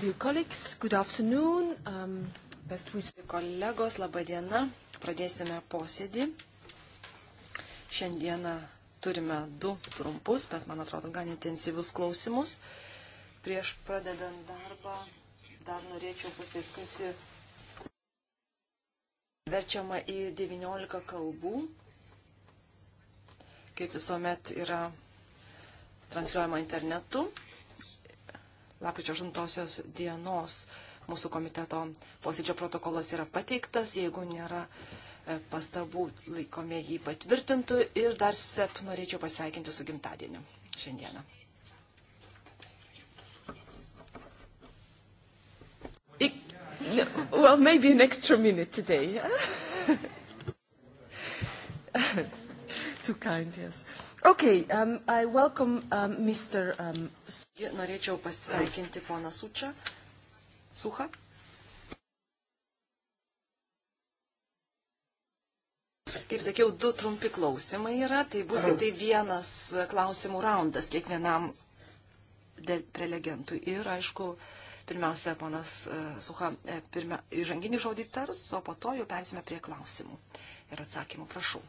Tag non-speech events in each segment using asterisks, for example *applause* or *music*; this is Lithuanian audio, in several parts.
Dear colleagues, good afternoon. Um, best wishes kolegos, laba diena. Pradėsime posėdį. Šiandieną turime du trumpus, bet man atrodo gan intensyvius klausimus. Prieš pradedant darbą dar norėčiau pasiskaisti verčiama į 19 kalbų. Kaip visuomet yra transliuojama internetu lapkričio 8 dienos mūsų komiteto posėdžio protokolas yra pateiktas, jeigu nėra e, pastabų laikome jį patvirtintų ir dar SEP norėčiau pasveikinti su gimtadieniu šiandieną. It, well, maybe an extra minute today. Yeah? *laughs* Too kind, yes. Okay, um, I welcome um, Mr. Um... Norėčiau pasveikinti poną Sučą. Suha. Kaip sakiau, du trumpi klausimai yra, tai bus tik tai vienas klausimų raundas kiekvienam prelegentui. Ir, aišku, pirmiausia, ponas e, Suha, e, pirmia, įžanginį žodį tars, o po to jau persime prie klausimų ir atsakymų. Prašau.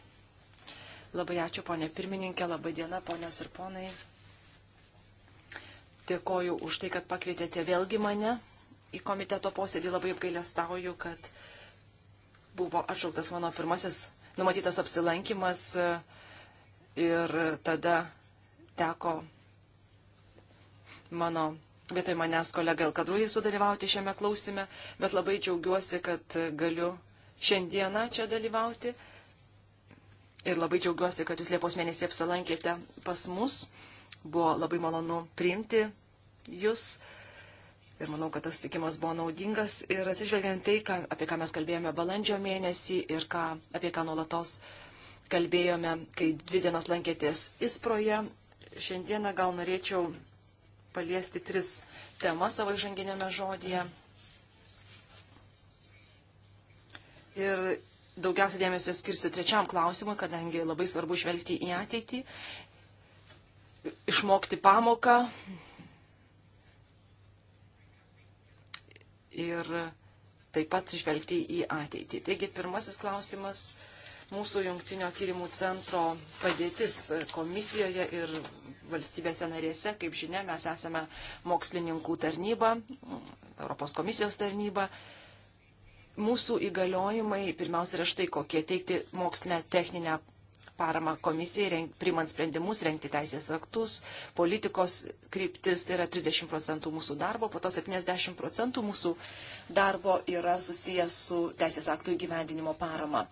Labai ačiū, ponė pirmininkė, labai diena, ponios ir ponai. Dėkoju už tai, kad pakvietėte vėlgi mane į komiteto posėdį. Labai apgailestauju, kad buvo atšauktas mano pirmasis numatytas apsilankimas e, ir tada teko mano vietoj manęs kolega Elkadrūjį sudalyvauti šiame klausime, bet labai džiaugiuosi, kad galiu šiandieną čia dalyvauti ir labai džiaugiuosi, kad jūs Liepos mėnesį apsilankėte pas mus. Buvo labai malonu priimti jūs ir manau, kad tas sutikimas buvo naudingas. Ir atsižvelgiant tai, ką, apie ką mes kalbėjome balandžio mėnesį ir ką, apie ką nuolatos kalbėjome, kai dvi dienas lankėtės įsproje, šiandieną gal norėčiau paliesti tris temas savo žanginėme žodėje. Ir daugiausia dėmesio skirsiu trečiam klausimui, kadangi labai svarbu žvelgti į ateitį, išmokti pamoką ir taip pat žvelgti į ateitį. Taigi pirmasis klausimas - mūsų jungtinio tyrimų centro padėtis komisijoje ir valstybėse narėse. Kaip žinia, mes esame mokslininkų tarnyba, Europos komisijos tarnyba mūsų įgaliojimai pirmiausia yra štai kokie teikti mokslinę techninę paramą komisijai, renk, primant sprendimus, renkti teisės aktus, politikos kryptis, tai yra 30 procentų mūsų darbo, po to 70 procentų mūsų darbo yra susijęs su teisės aktų įgyvendinimo parama.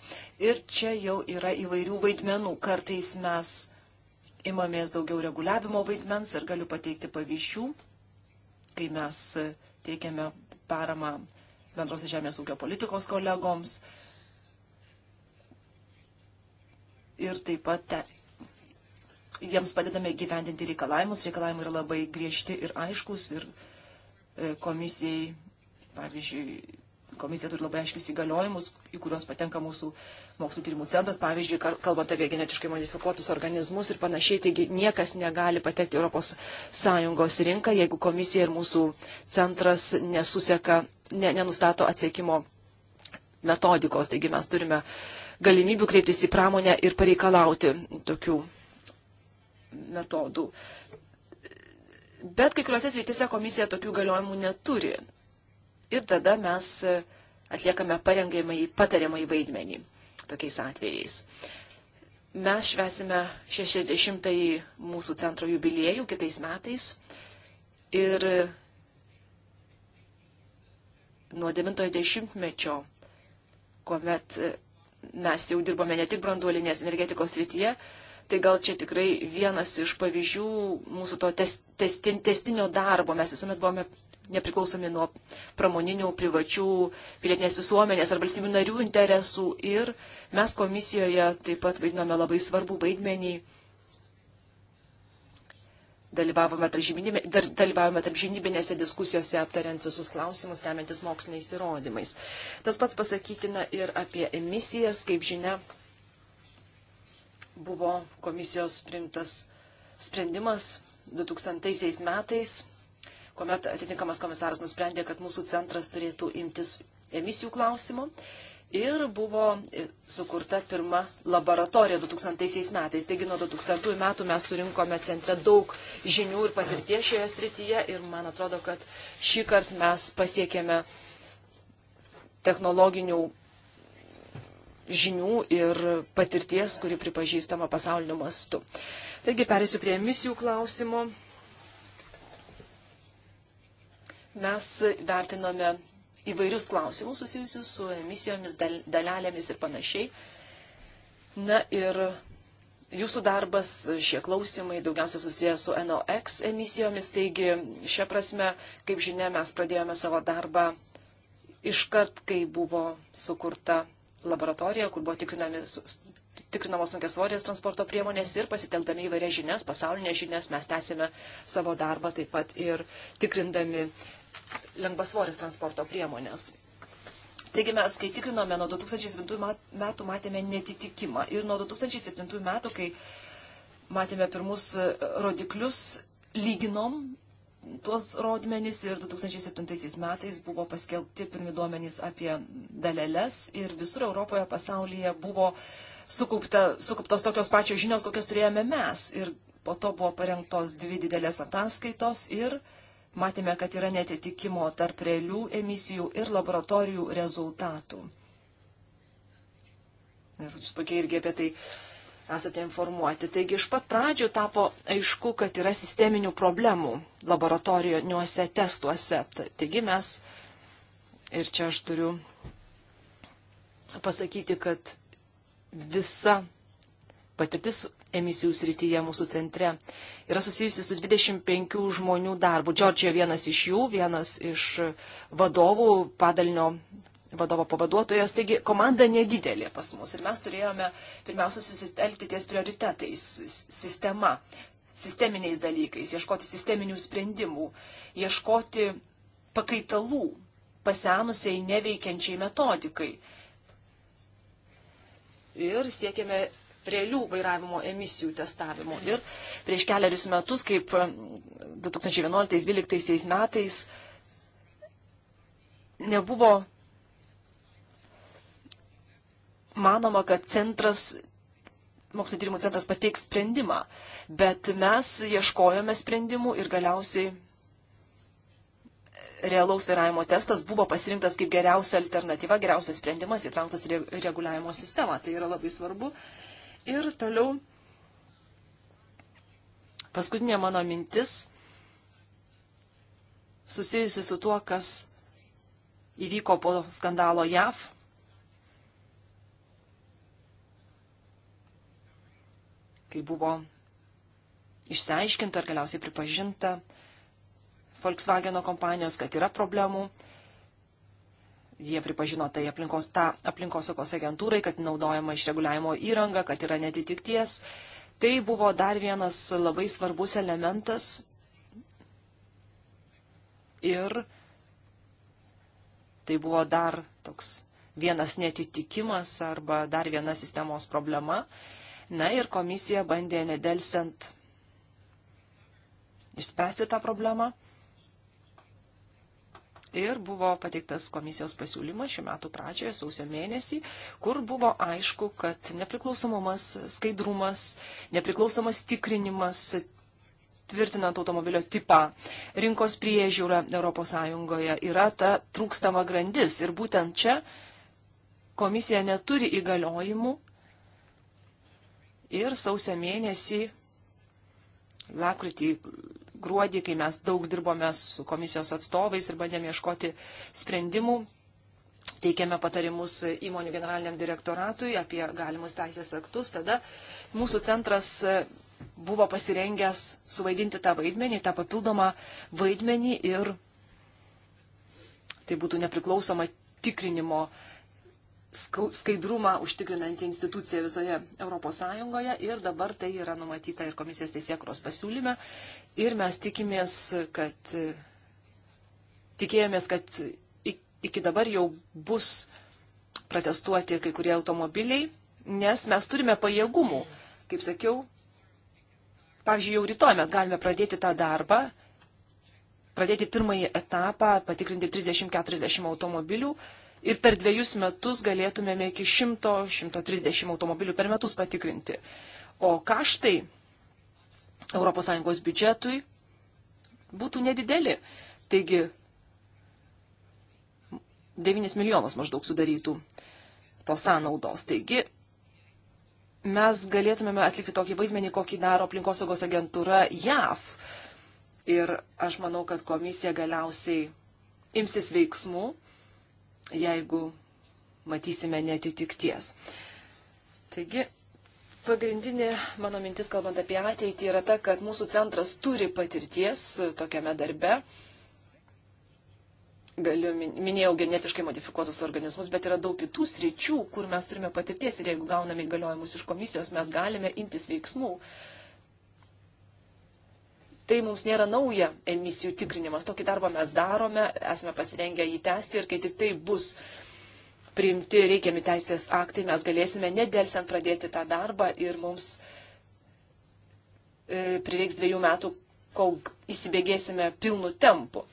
Ir čia jau yra įvairių vaidmenų. Kartais mes imamės daugiau reguliavimo vaidmens ir galiu pateikti pavyzdžių, kai mes teikiame paramą bendros žemės ūkio politikos kolegoms. Ir taip pat te, jiems padedame gyvendinti reikalavimus. Reikalavimai yra labai griežti ir aiškus. Ir e, komisijai, pavyzdžiui, Komisija turi labai aiškius įgaliojimus, į kuriuos patenka mūsų mokslo tyrimų centras, pavyzdžiui, kalbant apie genetiškai modifikuotus organizmus ir panašiai. Taigi niekas negali patekti ES rinką, jeigu komisija ir mūsų centras nesuseka, ne, nenustato atsiekimo metodikos. Taigi mes turime galimybių kreiptis į pramonę ir pareikalauti tokių metodų. Bet kai kuriuose srityse komisija tokių galiojimų neturi ir tada mes e, atliekame parengiamai, patariamai vaidmenį tokiais atvejais. Mes švesime 60-ąjį mūsų centro jubiliejų kitais metais ir nuo 90-mečio, kuomet e, mes jau dirbame ne tik branduolinės energetikos rytyje, tai gal čia tikrai vienas iš pavyzdžių mūsų to tes, tes, testinio darbo. Mes visuomet buvome nepriklausomi nuo pramoninių, privačių, pilietinės visuomenės ar valstybių narių interesų. Ir mes komisijoje taip pat vaidinome labai svarbų vaidmenį. Dalyvavome tarp žinybinėse diskusijose aptariant visus klausimus, remiantis moksliniais įrodymais. Tas pats pasakytina ir apie emisijas, kaip žinia, buvo komisijos primtas sprendimas 2000 metais kuomet atitinkamas komisaras nusprendė, kad mūsų centras turėtų imtis emisijų klausimo. Ir buvo sukurta pirma laboratorija 2000 metais. Taigi nuo 2000 metų mes surinkome centre daug žinių ir patirties šioje srityje ir man atrodo, kad šį kartą mes pasiekėme technologinių žinių ir patirties, kuri pripažįstama pasauliniu mastu. Taigi perėsiu prie emisijų klausimo. mes vertinome įvairius klausimus susijusius su emisijomis, dalelėmis ir panašiai. Na ir jūsų darbas, šie klausimai daugiausia susijęs su NOx emisijomis, taigi šią prasme, kaip žinia, mes pradėjome savo darbą iškart, kai buvo sukurta laboratorija, kur buvo tikrinami tikrinamos sunkiasvorės transporto priemonės ir pasitelkdami įvairias žinias, pasaulinės žinias, mes tęsime savo darbą taip pat ir tikrindami lengvasvoris transporto priemonės. Taigi mes, kai tikrinome, nuo 2007 metų matėme netitikimą. Ir nuo 2007 metų, kai matėme pirmus e, rodiklius, lyginom tuos rodmenys ir 2007 metais buvo paskelbti pirmi duomenys apie daleles ir visur Europoje, pasaulyje buvo sukaupta, sukauptos tokios pačios žinios, kokias turėjome mes. Ir po to buvo parengtos dvi didelės ataskaitos ir uh, matėme, kad yra netitikimo tarp realių emisijų ir laboratorijų rezultatų. Ir jūs puikiai irgi apie tai esate informuoti. Taigi iš pat pradžių tapo aišku, kad yra sisteminių problemų laboratoriniuose testuose. Taigi mes, ir čia aš turiu pasakyti, kad visa patirtis emisijų srityje mūsų centre yra susijusi su 25 žmonių darbu. Džordžija vienas iš jų, vienas iš vadovų, padalinio vadovo pavaduotojas. Taigi komanda nedidelė pas mus ir mes turėjome pirmiausia susitelkti ties prioritetais, sistema, sisteminiais dalykais, ieškoti sisteminių sprendimų, ieškoti pakaitalų pasenusiai neveikiančiai metodikai. Ir siekėme realių vairavimo emisijų testavimo. Ir prieš keliarius metus, kaip 2011-2012 metais, nebuvo manoma, kad centras mokslo tyrimų centras pateiks sprendimą, bet mes ieškojome sprendimų ir galiausiai realaus vairavimo testas buvo pasirinktas kaip geriausia alternatyva, geriausias sprendimas įtrauktas į reguliavimo sistemą. Tai yra labai svarbu, Ir toliau paskutinė mano mintis susijusi su tuo, kas įvyko po skandalo JAV. Kai buvo išsiaiškinta ir galiausiai pripažinta Volkswageno kompanijos, kad yra problemų jie pripažino tai aplinkos, ta, aplinkosaugos agentūrai, kad naudojama išreguliavimo įranga, kad yra netitikties. Tai buvo dar vienas labai svarbus elementas ir tai buvo dar toks vienas netitikimas arba dar viena sistemos problema. Na ir komisija bandė nedelsiant išspręsti tą problemą ir buvo pateiktas komisijos pasiūlymas šiuo metu pradžioje, sausio mėnesį, kur buvo aišku, kad nepriklausomumas, skaidrumas, nepriklausomas tikrinimas, tvirtinant automobilio tipą, rinkos priežiūra ES yra ta trūkstama grandis. Ir būtent čia komisija neturi įgaliojimų ir sausio mėnesį, lakrytį gruodį, kai mes daug dirbome su komisijos atstovais ir bandėme ieškoti sprendimų. Teikėme patarimus įmonių generaliniam direktoratui apie galimus teisės aktus. Tada mūsų centras e, buvo pasirengęs suvaidinti tą vaidmenį, tą papildomą vaidmenį ir tai būtų nepriklausoma tikrinimo uh, skaidrumą užtikrinanti institucija visoje ES ir dabar tai yra numatyta ir komisijos teisėkros pasiūlyme. Ir mes tikimės, kad, tikėjomės, kad iki dabar jau bus protestuoti kai kurie automobiliai, nes mes turime pajėgumų. Kaip sakiau, pavyzdžiui, jau rytoj mes galime pradėti tą darbą, pradėti pirmąjį etapą, patikrinti 30-40 automobilių ir per dviejus metus galėtumėme iki 100-130 automobilių per metus patikrinti. O kaštai ES biudžetui būtų nedideli. Taigi 9 milijonus maždaug sudarytų tos sąnaudos. Taigi mes galėtumėme atlikti tokį vaidmenį, kokį daro aplinkosaugos agentūra JAV. Ir aš manau, kad komisija galiausiai imsis veiksmų jeigu matysime netitikties. Taigi, pagrindinė mano mintis, kalbant apie ateitį, yra ta, kad mūsų centras turi patirties tokiame darbe. Galiu, minėjau genetiškai modifikuotus organizmus, bet yra daug kitų sričių, kur mes turime patirties ir jeigu gauname įgaliojimus iš komisijos, mes galime imtis veiksmų. Uh, tai mums nėra nauja emisijų tikrinimas. Tokį darbą mes darome, esame pasirengę jį tęsti ir kai tik tai bus priimti reikiami teisės aktai, mes galėsime nedelsiant pradėti tą darbą ir mums e, prireiks dviejų metų, kol įsibėgėsime pilnu tempu.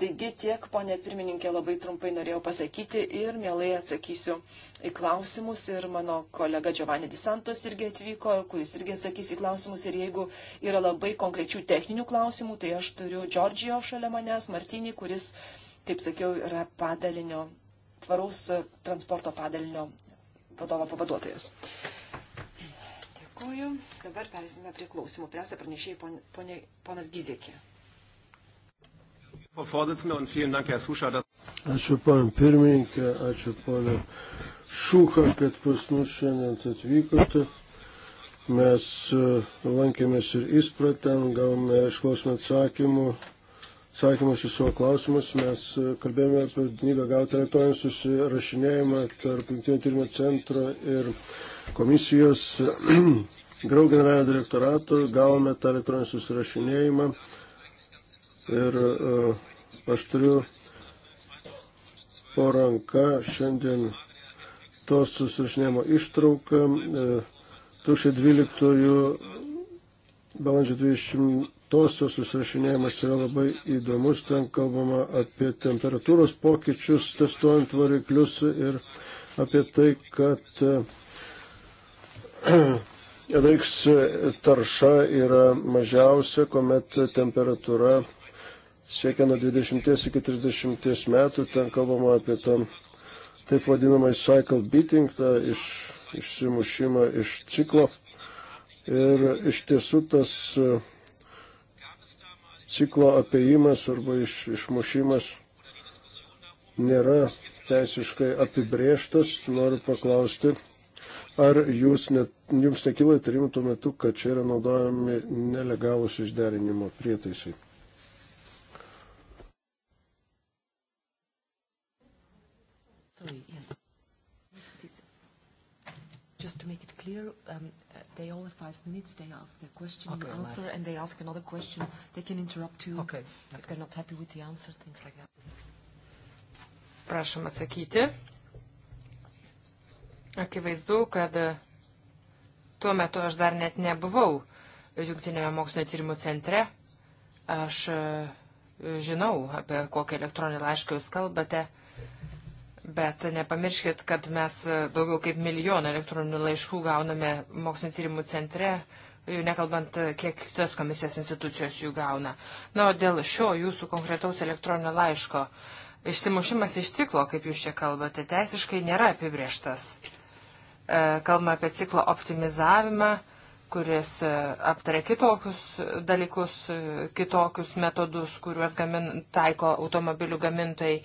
Taigi tiek, ponė pirmininkė, labai trumpai norėjau pasakyti ir mielai atsakysiu į klausimus. Ir mano kolega Giovanni Disantos irgi atvyko, kuris irgi atsakys į klausimus. Ir jeigu yra labai konkrečių techninių klausimų, tai aš turiu Giorgio šalia manęs, Martinį, kuris, kaip sakiau, yra padalinio, tvaraus transporto padalinio vadovo pavaduotojas. Dėkuoju. Dabar perėsime prie klausimų. Pirmiausia, pranešėjai pon, ponas Gizekė. Ačiū pan pirmininkė, ačiū ponė Šūka, kad pas mus šiandien atvykote. Mes e, lankėmės ir įspratėm, gavome išklausimą atsakymų, atsakymus į savo klausimus. Mes e, kalbėjome apie būtinybę gauti elektroninį susirašinėjimą tarp Junktinio tyrimo centro ir komisijos *clears throat* Grau generalinio direktorato. Gavome tą elektroninį susirašinėjimą. Ir e, aš turiu po ranka šiandien to susirašinėjimo ištrauką. 2012 e, balandžio 20-osios susirašinėjimas yra labai įdomus. Ten kalbama apie temperatūros pokyčius, testuojant variklius ir apie tai, kad e, *clears throat* reiks tarša yra mažiausia, kuomet temperatūra siekia nuo 20 iki 30 metų, ten kalbama apie tam taip vadinamą cycle beating, tą iš, išsimušimą iš ciklo. Ir iš tiesų tas e, ciklo apėjimas arba iš, išmušimas nėra teisiškai apibrėžtas. Noriu paklausti, ar jūs net, jums nekilo įtarimų tuo metu, kad čia yra naudojami nelegalus išderinimo prietaisai? just to make it clear, um, uh, they all have five minutes. They ask a question, okay, you answer, right. and they ask another question. They can interrupt you okay, okay. if they're not happy with the answer, things like that. Prašom atsakyti. Akivaizdu, kad uh, tuo metu aš dar net nebuvau Junktinėje mokslinio tyrimų centre. Aš uh, žinau, apie kokią elektroninį laišką jūs kalbate. Uh, Bet nepamirškit, kad mes daugiau kaip milijoną elektroninių laiškų gauname mokslinio tyrimų centre, jau nekalbant, kiek kitos komisijos institucijos jų gauna. Na, o dėl šio jūsų konkretaus elektroninio laiško, išsimušimas iš ciklo, kaip jūs čia kalbate, teisiškai nėra apibrieštas. E, kalbame apie ciklo optimizavimą, kuris e, aptarė kitokius dalykus, e, kitokius metodus, kuriuos gamin, taiko automobilių gamintojai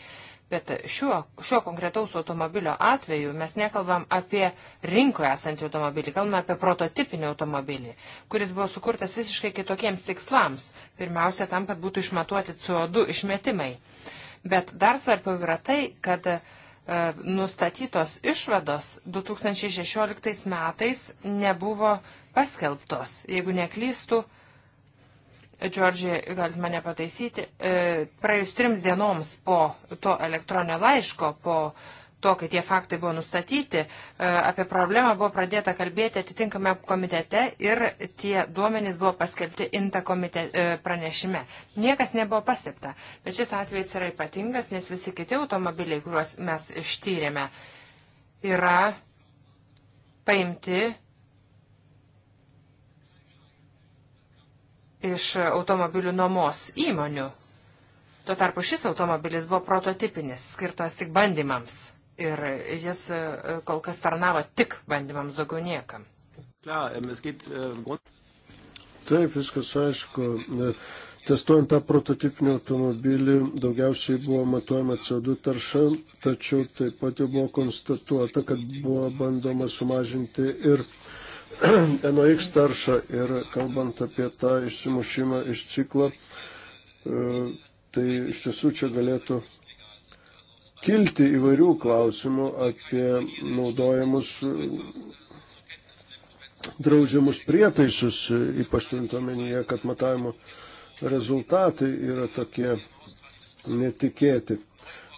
Bet šiuo, šiuo konkretaus automobilio atveju mes nekalbam apie rinkoje esantį automobilį, kalbam apie prototipinį automobilį, kuris buvo sukurtas visiškai kitokiems tikslams. Pirmiausia, tam, kad būtų išmatuoti CO2 išmetimai. Bet dar svarbiau yra tai, kad e, nustatytos išvados 2016 metais nebuvo paskelbtos. Jeigu neklystų, e, Džordžiai, galit mane pataisyti, e, praėjus trims dienoms po to elektroninio laiško, po to, kai tie faktai buvo nustatyti, e, apie problemą buvo pradėta kalbėti atitinkame komitete ir tie duomenys buvo paskelbti INTA komite, e, pranešime. Niekas nebuvo pasiepta, bet šis atvejis yra ypatingas, nes visi kiti automobiliai, kuriuos mes ištyrėme, yra paimti iš automobilių nuomos įmonių. Tuo tarpu šis automobilis buvo prototipinis, skirtas tik bandymams. Ir jis e, kol kas tarnavo tik bandymams daugiau niekam. Ähm, äh, taip, viskas aišku. E, testuojant tą prototipinį automobilį daugiausiai buvo matuojama CO2 tarša, tačiau taip pat jau buvo konstatuota, kad buvo bandoma sumažinti ir uh, *clears throat* NOX taršą ir kalbant apie tą išsimušimą iš ciklo, e, tai iš tiesų čia galėtų kilti įvairių klausimų apie naudojamus e, draudžiamus prietaisus, e, ypač turint omenyje, kad matavimo rezultatai yra tokie netikėti.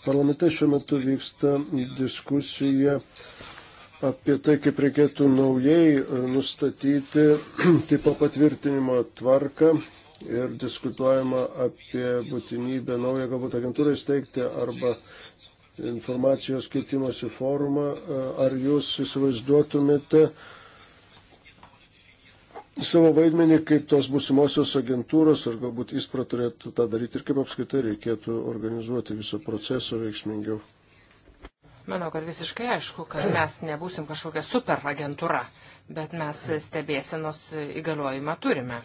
Parlamente šiuo metu vyksta diskusija apie tai, kaip reikėtų naujai e, nustatyti *clears throat* tipo patvirtinimo tvarką ir diskutuojama apie būtinybę naują galbūt agentūrą įsteigti arba informacijos keitimosi forumą. E, ar jūs įsivaizduotumėte savo vaidmenį, kaip tos būsimosios agentūros, ar galbūt įspra turėtų tą daryti ir kaip apskaitai reikėtų organizuoti visą procesą veiksmingiau? Manau, kad visiškai aišku, kad mes nebūsim kažkokia superagentūra, bet mes stebėsenos įgaliojimą turime.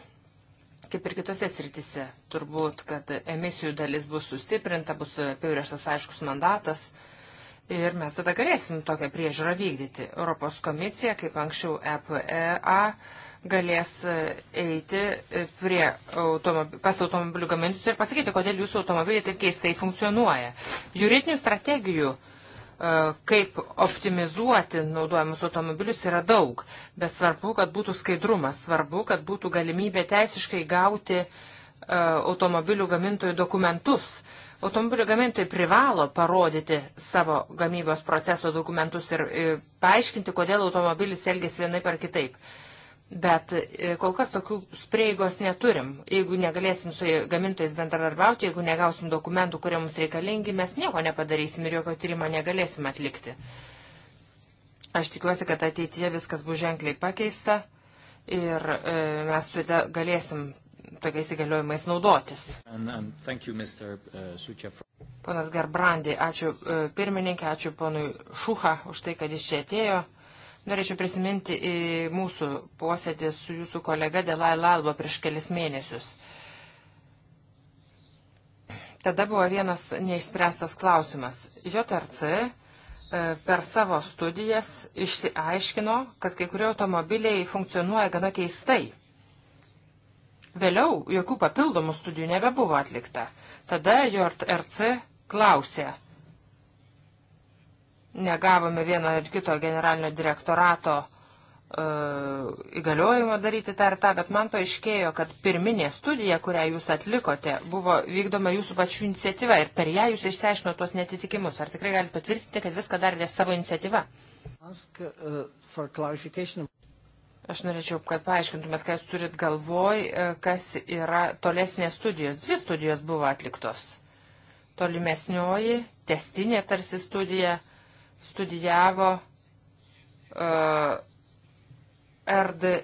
Kaip ir kitose sritise, turbūt, kad emisijų dalis bus sustiprinta, bus apibrieštas aiškus mandatas ir mes tada galėsim tokią priežiūrą vykdyti. Europos komisija, kaip anksčiau EPA, e galės eiti prie automobilių, pas automobilių gamintus ir pasakyti, kodėl jūsų automobiliai taip keistai funkcionuoja. Juridinių strategijų uh, E, kaip optimizuoti naudojamus automobilius yra daug, bet svarbu, kad būtų skaidrumas, svarbu, kad būtų galimybė teisiškai gauti e, automobilių gamintojų dokumentus. Automobilių gamintojai privalo parodyti savo gamybos proceso dokumentus ir paaiškinti, kodėl automobilis elgesi vienaip ar kitaip. Bet e, kol kas tokių prieigos neturim. Jeigu negalėsim su gamintojais bendradarbiauti, jeigu negausim dokumentų, kurie mums reikalingi, mes nieko nepadarysim ir jokio tyrimo negalėsim atlikti. Aš tikiuosi, kad ateityje viskas bus ženkliai pakeista ir e, mes tada galėsim tokiais įgaliojimais naudotis. And, and you, Mr, uh, Ponas Gerbrandi, ačiū e, pirmininkė, ačiū ponui Šuha už tai, kad jis čia atėjo. Norėčiau prisiminti į e, mūsų posėdį su jūsų kolega Delai Lalbo prieš kelis mėnesius. Tada buvo vienas neišspręstas klausimas. JRC e, per savo studijas išsiaiškino, kad kai kurie automobiliai funkcionuoja gana keistai. Vėliau jokių papildomų studijų nebebuvo atlikta. Tada JRC klausė, negavome vieno ir kito generalinio direktorato e, įgaliojimo daryti tą ir tą, bet man paaiškėjo, kad pirminė studija, kurią jūs atlikote, buvo vykdoma jūsų pačių iniciatyva ir per ją jūs išsiaiškino tuos netitikimus. Ar tikrai galite patvirtinti, kad viską darėte savo iniciatyva? Uh, Aš norėčiau, kad paaiškintumėt, ką jūs turit galvoj, e, kas yra tolesnės studijos. Dvi studijos buvo atliktos. Tolimesnioji, testinė tarsi studija studijavo uh, e, RDE e,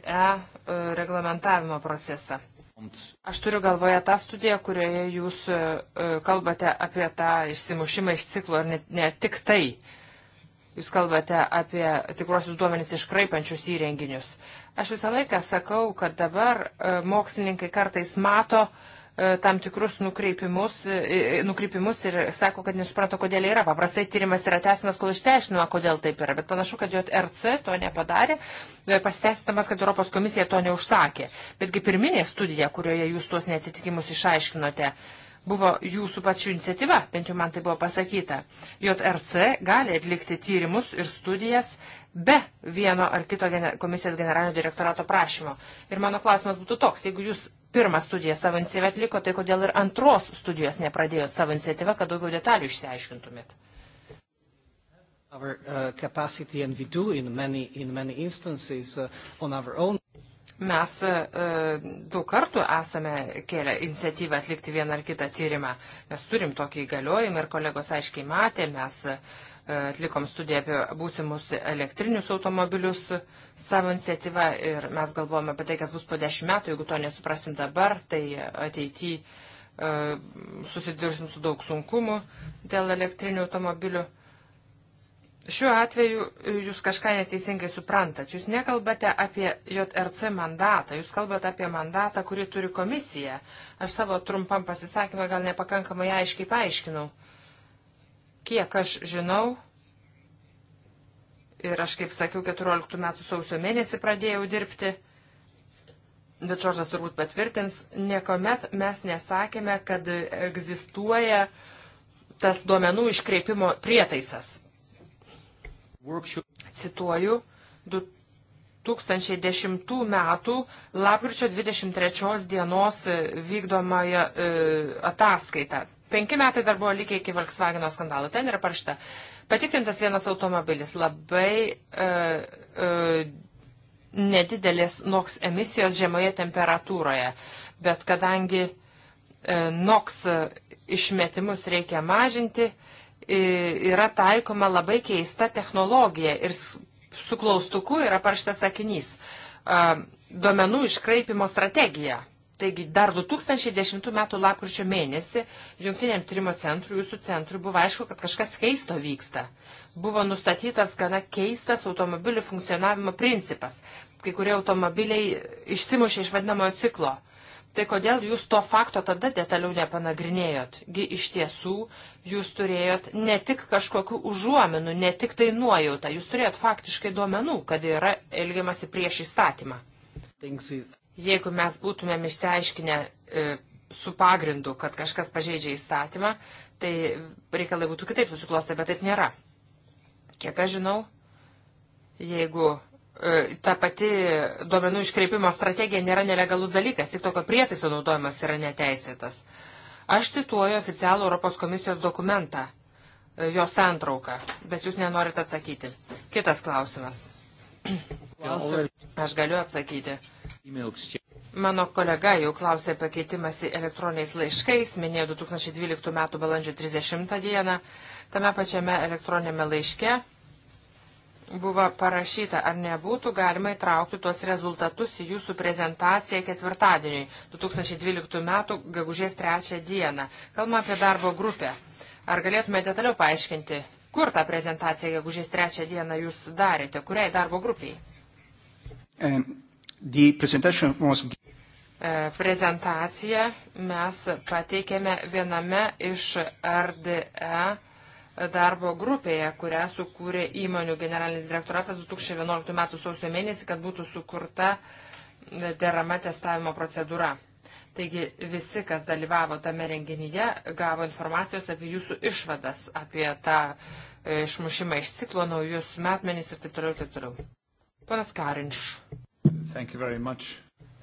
reglamentavimo procesą. Aš turiu galvoje tą studiją, kurioje jūs e, kalbate apie tą išsimušimą iš ciklo ir ne, ne tik tai. Jūs kalbate apie tikruosius duomenys iškraipančius įrenginius. Aš visą laiką sakau, kad dabar mokslininkai kartais mato uh, E, tam tikrus nukreipimus, e, e, nukreipimus ir sako, kad nesuprato, kodėl yra. Paprastai tyrimas yra tęsimas, kol išteišinama, kodėl taip yra, bet panašu, kad JRC to nepadarė, pasitęstamas, kad Europos komisija to neužsakė. Betgi pirminė studija, kurioje jūs tuos netitikimus išaiškinote, buvo jūsų pačių iniciatyva, bent jau man tai buvo pasakyta. JRC gali atlikti tyrimus ir studijas be vieno ar kito gener komisijos generalinio direktorato prašymo. Ir mano klausimas būtų toks, jeigu jūs pirmą studiją savo iniciatyvą atliko, tai kodėl ir antros studijos nepradėjot savo iniciatyvą, kad daugiau detalių išsiaiškintumėt? Our, uh, in many, in many instances, uh, own... Mes uh, daug kartų esame kėlę iniciatyvą atlikti vieną ar kitą tyrimą. Mes turim tokį įgaliojimą ir kolegos aiškiai matė, mes uh, atlikom studiją apie būsimus elektrinius automobilius savo iniciatyvą ir mes galvojame apie tai, kas bus po dešimt metų. Jeigu to nesuprasim dabar, tai ateityje susidursim su daug sunkumu dėl elektrinių automobilių. Šiuo atveju e, jūs kažką neteisingai suprantat. Jūs nekalbate apie JRC mandatą, jūs kalbate apie mandatą, kurį turi komisija. Aš savo trumpam pasisakymą gal nepakankamai aiškiai paaiškinau. Uh, Kiek aš žinau, ir aš, kaip sakiau, 14 metų sausio mėnesį pradėjau dirbti, bet Žoržas turbūt patvirtins, niekuomet mes nesakėme, kad egzistuoja tas duomenų iškreipimo prietaisas. Cituoju, 2010 metų lapkričio 23 dienos vykdomąją e, ataskaitą. Penki metai dar buvo likę iki Volkswagen skandalo. Ten yra parašta. Patikrintas vienas automobilis. Labai uh, uh, nedidelės NOX emisijos žemoje temperatūroje. Bet kadangi uh, NOX išmetimus reikia mažinti, yra taikoma labai keista technologija. Ir su klaustuku yra paraštas sakinys. Uh, duomenų iškraipimo strategija. Taigi dar 2010 m. lapkričio mėnesį Junktiniam tyrimo centrui, jūsų centrui, buvo aišku, kad kažkas keisto vyksta. Buvo nustatytas gana keistas automobilių funkcionavimo principas. Kai kurie automobiliai išsimušė iš vadinamojo ciklo. Tai kodėl jūs to fakto tada detaliau nepanagrinėjot? Gi iš tiesų jūs turėjot ne tik kažkokių užuominų, ne tik tai nuojautą, jūs turėjot faktiškai duomenų, kad yra elgiamasi prieš įstatymą. Jeigu mes būtumėm išsiaiškinę e, su pagrindu, kad kažkas pažeidžia įstatymą, tai reikalai būtų kitaip susiklostę, bet taip nėra. Kiek aš žinau, jeigu e, ta pati duomenų iškreipimo strategija nėra nelegalus dalykas, tik tokio prietaiso naudojimas yra neteisėtas. Aš cituoju oficialų Europos komisijos dokumentą, e, jo santrauką, bet jūs nenorite atsakyti. Kitas klausimas. Aš galiu atsakyti. Mano kolega jau klausė apie keitimąsi elektroniniais laiškais, minėjo 2012 m. balandžio 30 dieną. Tame pačiame elektroninėme laiške buvo parašyta, ar nebūtų galima įtraukti tuos rezultatus į jūsų prezentaciją ketvirtadieniui, 2012 m. gegužės 3 dieną. Kalbama apie darbo grupę. Ar galėtume detaliau paaiškinti, kur tą prezentaciją gegužės 3 dieną jūs darėte, kuriai darbo grupiai? Um, The presentation was e, prezentaciją mes pateikėme viename iš RDE darbo grupėje, kurią sukūrė įmonių generalinis direktoratas 2011 m. sausio mėnesį, kad būtų sukurta derama testavimo procedūra. Taigi visi, kas dalyvavo tame renginyje, gavo informacijos apie jūsų išvadas, apie tą e, išmušimą iš ciklo, naujus metmenys ir taip toliau, taip toliau. Panas Karinš.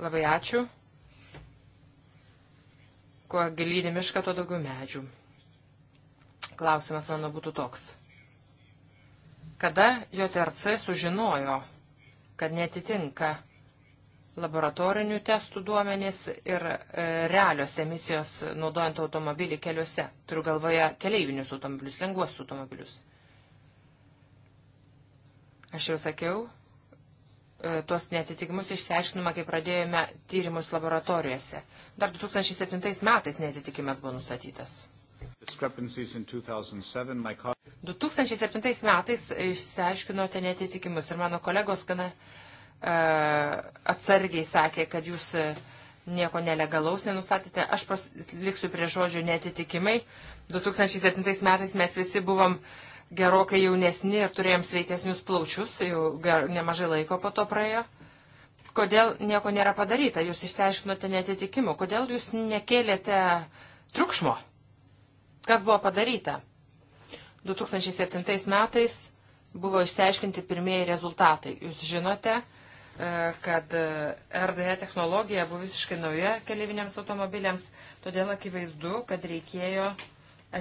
Labai ačiū. Kuo gilinį mišką, tuo daugiau medžių. Klausimas mano būtų toks. Kada JTRC sužinojo, kad netitinka laboratorinių testų duomenys ir e, realios emisijos naudojant automobilį keliuose. Turiu galvoje keleivinius automobilius, lengvuosius automobilius. Aš jau sakiau, E, tuos netitikimus išsiaiškinama, kai pradėjome tyrimus laboratorijose. Dar 2007 metais netitikimas buvo nustatytas. 2007 metais išsiaiškinote netitikimus ir mano kolegos gana uh, atsargiai sakė, kad jūs e, nieko nelegalaus nenustatėte. Aš liksiu prie žodžių netitikimai. 2007 metais mes visi buvom uh, gerokai jaunesni ir turėjom sveikesnius plaučius, jau nemažai laiko po to praėjo. Kodėl nieko nėra padaryta? Jūs išsiaiškinote netitikimų. Kodėl jūs nekėlėte triukšmo? Kas buvo padaryta? 2007 metais buvo išsiaiškinti pirmieji rezultatai. Jūs žinote, e, kad RDE e technologija buvo visiškai nauja keliaiviniams automobiliams, todėl akivaizdu, kad reikėjo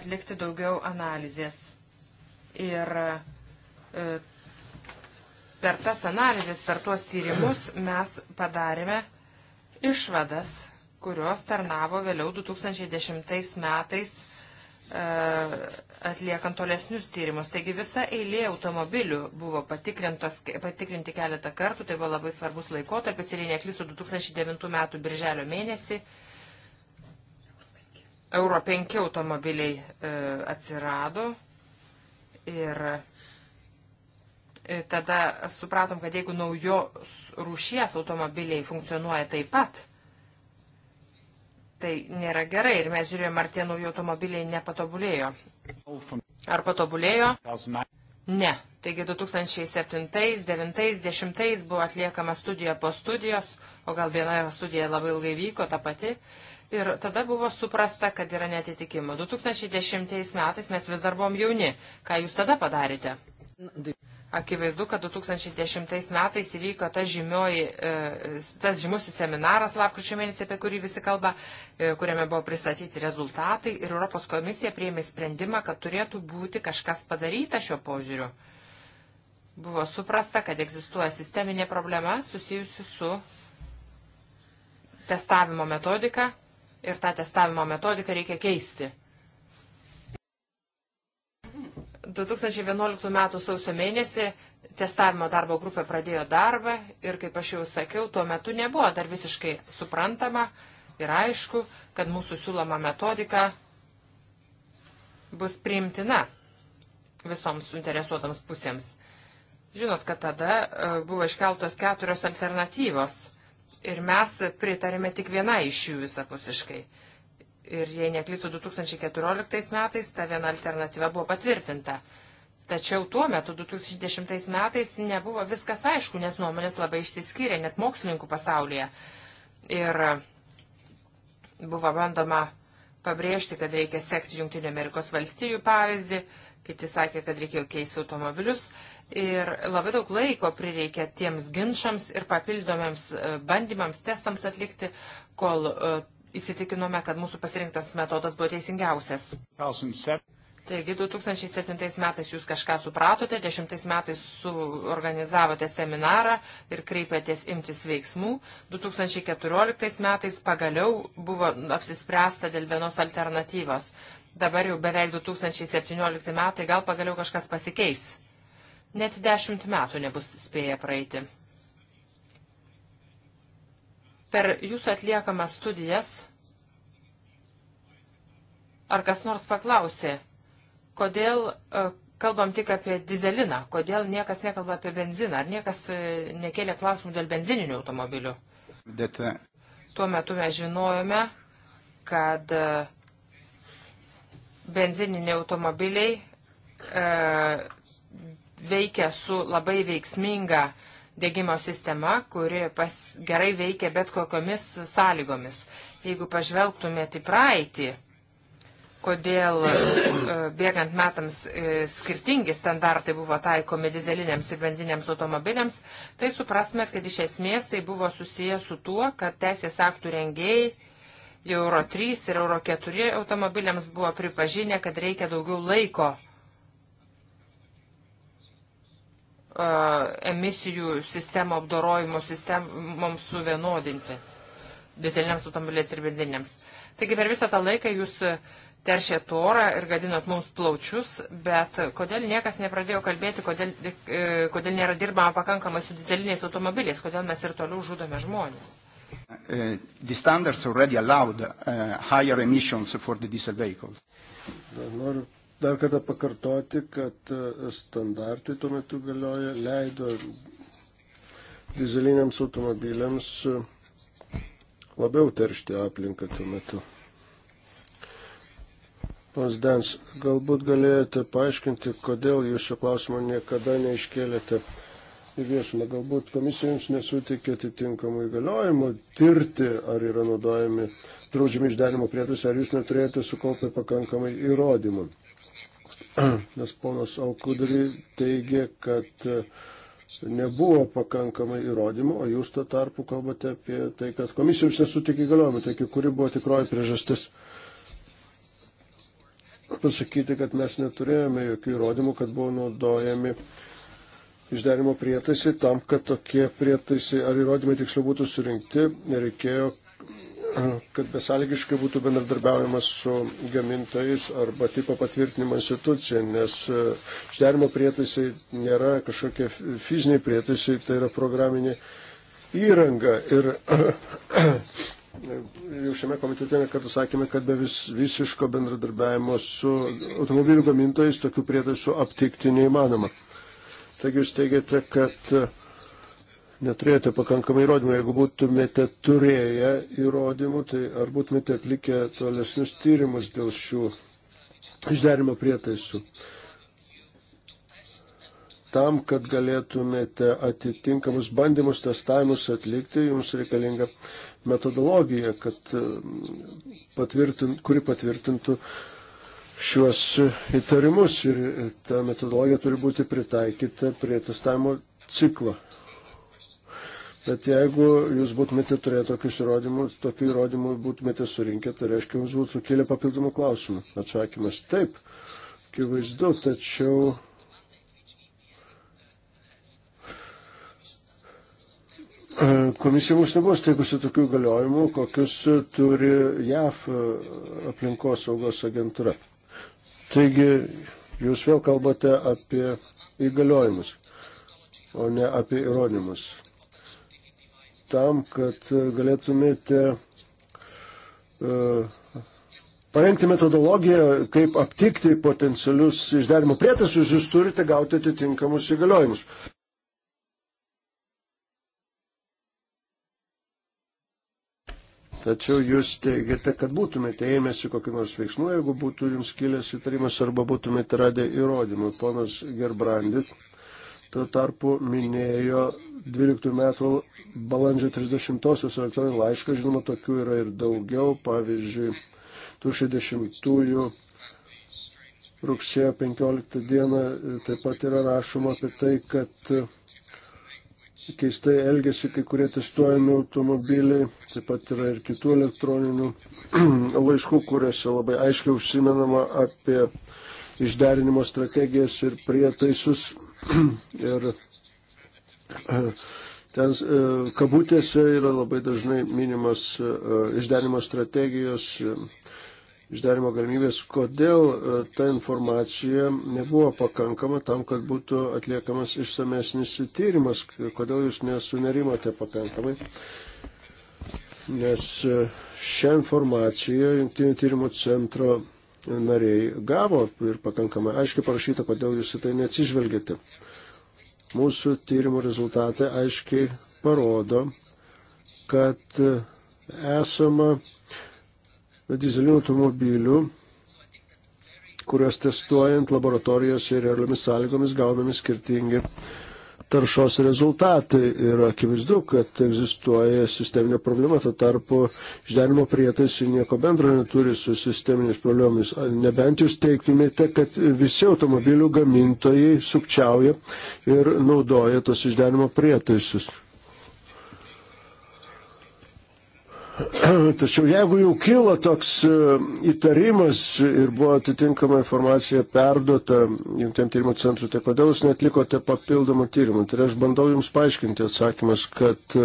atlikti daugiau analizės. Ir e, per tas analizės, per tuos tyrimus mes padarėme išvadas, kurios tarnavo vėliau 2010 metais e, atliekant tolesnius tyrimus. Taigi visa eilė automobilių buvo patikrinti keletą kartų, tai buvo labai svarbus laikotarpis ir jei neklysiu 2009 metų birželio mėnesį. Euro 5 automobiliai e, atsirado Ir e, tada supratom, kad jeigu naujo rūšies automobiliai funkcionuoja taip pat, tai nėra gerai. Ir mes žiūrėjom, ar tie nauji automobiliai nepatobulėjo. Ar patobulėjo? Ne. Taigi 2007, 2009, 2010 buvo atliekama studija po studijos, o gal viena studija labai ilgai vyko ta pati. Ir tada buvo suprasta, kad yra netitikimų. 2010 metais mes vis dar buvom jauni. Ką jūs tada padarėte? Akivaizdu, kad 2010 metais įvyko ta žymioji, e, tas žymusis seminaras lapkričio mėnesį, apie kurį visi kalba, e, kuriame buvo pristatyti rezultatai ir Europos komisija prieimė sprendimą, kad turėtų būti kažkas padaryta šio požiūriu. Buvo suprasta, kad egzistuoja sisteminė problema susijusi su testavimo metodika, ir tą testavimo metodiką reikia keisti. 2011 m. sausio mėnesį testavimo darbo grupė pradėjo darbą ir, kaip aš jau sakiau, tuo metu nebuvo dar visiškai suprantama ir aišku, kad mūsų siūloma metodika bus priimtina visoms suinteresuotams pusėms. Žinot, kad tada e, buvo iškeltos keturios alternatyvos ir mes pritarėme tik vieną iš jų visapusiškai. Ir jei neklysiu, 2014 metais ta viena alternatyva buvo patvirtinta. Tačiau tuo metu, 2010 metais, nebuvo viskas aišku, nes nuomonės labai išsiskyrė, net mokslininkų pasaulyje. Ir buvo bandoma pabrėžti, kad reikia sekti Junktinio Amerikos valstijų pavyzdį, kiti sakė, kad reikėjo keisti automobilius. Ir labai daug laiko prireikė tiems ginčiams ir papildomiams e, bandymams, testams atlikti, kol e, įsitikinome, kad mūsų pasirinktas metodas buvo teisingiausias. 2007. Taigi 2007 metais jūs kažką supratote, 10 metais suorganizavote seminarą ir kreipėtės imtis veiksmų. 2014 metais pagaliau buvo apsispręsta dėl vienos alternatyvos. Dabar jau beveik 2017 metai, gal pagaliau kažkas pasikeis. Net dešimt metų nebus spėję praeiti. Per jūsų atliekamas studijas, ar kas nors paklausė, kodėl e, kalbam tik apie dizeliną, kodėl niekas nekalba apie benziną, ar niekas e, nekėlė klausimų dėl benzininių automobilių. That, uh... Tuo metu mes žinojome, kad uh, benzininiai automobiliai e, veikia su labai veiksminga dėgymo sistema, kuri pas, gerai veikia bet kokiomis sąlygomis. Jeigu pažvelgtumėte į praeitį, kodėl e, bėgant metams e, skirtingi standartai buvo taikomi dizeliniams ir benziniams automobiliams, tai suprastumėt, kad iš esmės tai buvo susiję su tuo, kad teisės aktų rengėjai Euro 3 ir Euro 4 automobiliams buvo pripažinę, kad reikia daugiau laiko emisijų sistemų apdorojimo sistemoms suvienodinti dizeliniams automobiliais ir benzininiams. Taigi per visą tą laiką jūs teršėt orą ir gadinot mums plaučius, bet kodėl niekas nepradėjo kalbėti, kodėl, e, kodėl nėra dirbama pakankamai su dizeliniais automobiliais, kodėl mes ir toliau žudome žmonės. Uh, the standards already allowed uh, higher emissions for the diesel vehicles. Dar noriu dar kartą pakartoti, kad uh, standartai tuo metu galioja, leido dizeliniams automobiliams uh, labiau teršti aplinką tuo metu. Pons Dans, galbūt galėjote paaiškinti, kodėl jūs šio klausimo niekada neiškėlėte viešina. Galbūt komisija jums nesutikė atitinkamų įgaliojimų tirti, ar yra naudojami draudžiami išdenimo prietaisai, ar jūs neturėjote sukaupę pakankamai įrodymų. *clears throat* Nes ponas Alkudri teigia, kad nebuvo pakankamai įrodymų, o jūs tuo tarpu kalbate apie tai, kad komisija jums nesutikė įgaliojimų, taigi kuri buvo tikroji priežastis pasakyti, kad mes neturėjome jokių įrodymų, kad buvo naudojami išdarimo prietaisai, tam, kad tokie prietaisai ar įrodymai tiksliau būtų surinkti, reikėjo, *clears throat* kad besalgiškai būtų bendradarbiaujamas su gamintojais arba tipo patvirtinimo institucija, nes e, išdarimo prietaisai nėra kažkokie fiziniai prietaisai, tai yra programinė įranga. Ir *clears throat* jau šiame komitete nekartą sakėme, kad be vis, visiško bendradarbiavimo su automobilių gamintojais tokių prietaisų aptikti neįmanoma. Taigi jūs teigiate, kad e, neturėjote pakankamai įrodymų. Jeigu būtumėte turėję įrodymų, tai ar būtumėte atlikę tolesnius tyrimus dėl šių išderimo prietaisų? Tam, kad galėtumėte atitinkamus bandymus, testavimus atlikti, jums reikalinga metodologija, kad e, patvirtint, kuri patvirtintų uh, šiuos įtarimus ir ta metodologija turi būti pritaikyta prie testavimo ciklo. Bet jeigu jūs būtumėte turėję tokius įrodymus, tokių įrodymų būtumėte surinkę, tai reiškia, jums būtų sukėlė papildomų klausimų. Atsakymas taip, akivaizdu, tačiau Komisija mums nebuvo steigusi tokių galiojimų, kokius turi JAF aplinkos saugos agentūra. Taigi, jūs vėl kalbate apie įgaliojimus, o ne apie įrodymus. Tam, kad galėtumėte uh, parengti metodologiją, kaip aptikti potencialius išdarimo prietaisus, jūs turite gauti atitinkamus įgaliojimus. Tačiau jūs teigiate, kad būtumėte ėmėsi kokį nors veiksmų, jeigu būtų jums kilęs įtarimas arba būtumėte radę įrodymų. Ponas Gerbrandit tuo tarpu minėjo 12 metų balandžio 30-osios elektroninį laišką, žinoma, tokių yra ir daugiau, pavyzdžiui, tų 60-ųjų rugsėjo 15 dieną taip pat yra rašoma apie tai, kad keistai elgesi kai kurie testuojami automobiliai, taip pat yra ir kitų elektroninių *clears throat* laiškų, kuriuose labai aiškiai užsimenama apie išderinimo strategijas ir prietaisus. *clears throat* ir *clears throat* ten e, kabutėse yra labai dažnai minimas e, išderinimo strategijos e, išdarimo galimybės, kodėl e, ta informacija nebuvo pakankama tam, kad būtų atliekamas išsamesnis tyrimas, kodėl jūs nesunerimote pakankamai. Nes e, šią informaciją Junktinių tyrimų centro nariai gavo ir pakankamai aiškiai parašyta, kodėl jūs į tai neatsižvelgėte. Mūsų tyrimų rezultatai aiškiai parodo, kad e, esama dizelinių automobilių, kuriuos testuojant laboratorijose ir realiomis sąlygomis gaunami skirtingi taršos rezultatai. Ir akivaizdu, kad egzistuoja sisteminė problema, tuo tarpu išdenimo prietaisai nieko bendro neturi su sisteminės problemais. Nebent jūs teiktumėte, kad visi automobilių gamintojai sukčiauja ir naudoja tos išdenimo prietaisus. *clears throat* Tačiau jeigu jau kilo toks e, įtarimas ir buvo atitinkama informacija perduota Junktėm tyrimo centrui, tai kodėl jūs netlikote papildomų tyrimų? Tai aš bandau jums paaiškinti atsakymas, kad e,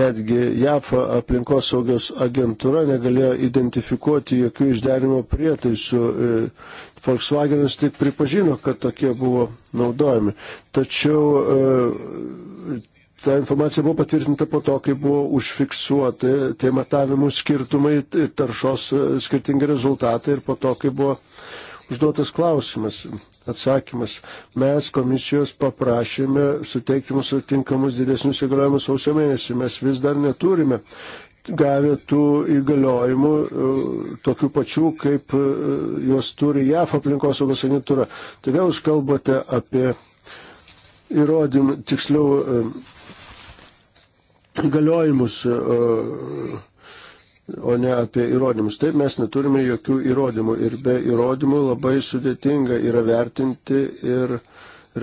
netgi JAF aplinkosaugos agentūra negalėjo identifikuoti jokių išderimo prietaisų. E, Volkswagenas tik pripažino, kad tokie buvo naudojami. Tačiau ta informacija buvo patvirtinta po to, kai buvo užfiksuoti tie matavimų skirtumai, taršos e, skirtingi rezultatai ir po to, kai buvo užduotas klausimas. Atsakymas. Mes komisijos paprašėme suteikti mums atitinkamus didesnius įgaliojimus sausio mėnesį. Mes vis dar neturime gavę tų įgaliojimų e, tokių pačių, kaip e, juos turi JAF aplinkosaugos agentūra. Tai vėl jūs kalbate apie įrodymų, tiksliau įgaliojimus, e, o ne apie įrodymus. Taip mes neturime jokių įrodymų ir be įrodymų labai sudėtinga yra vertinti ir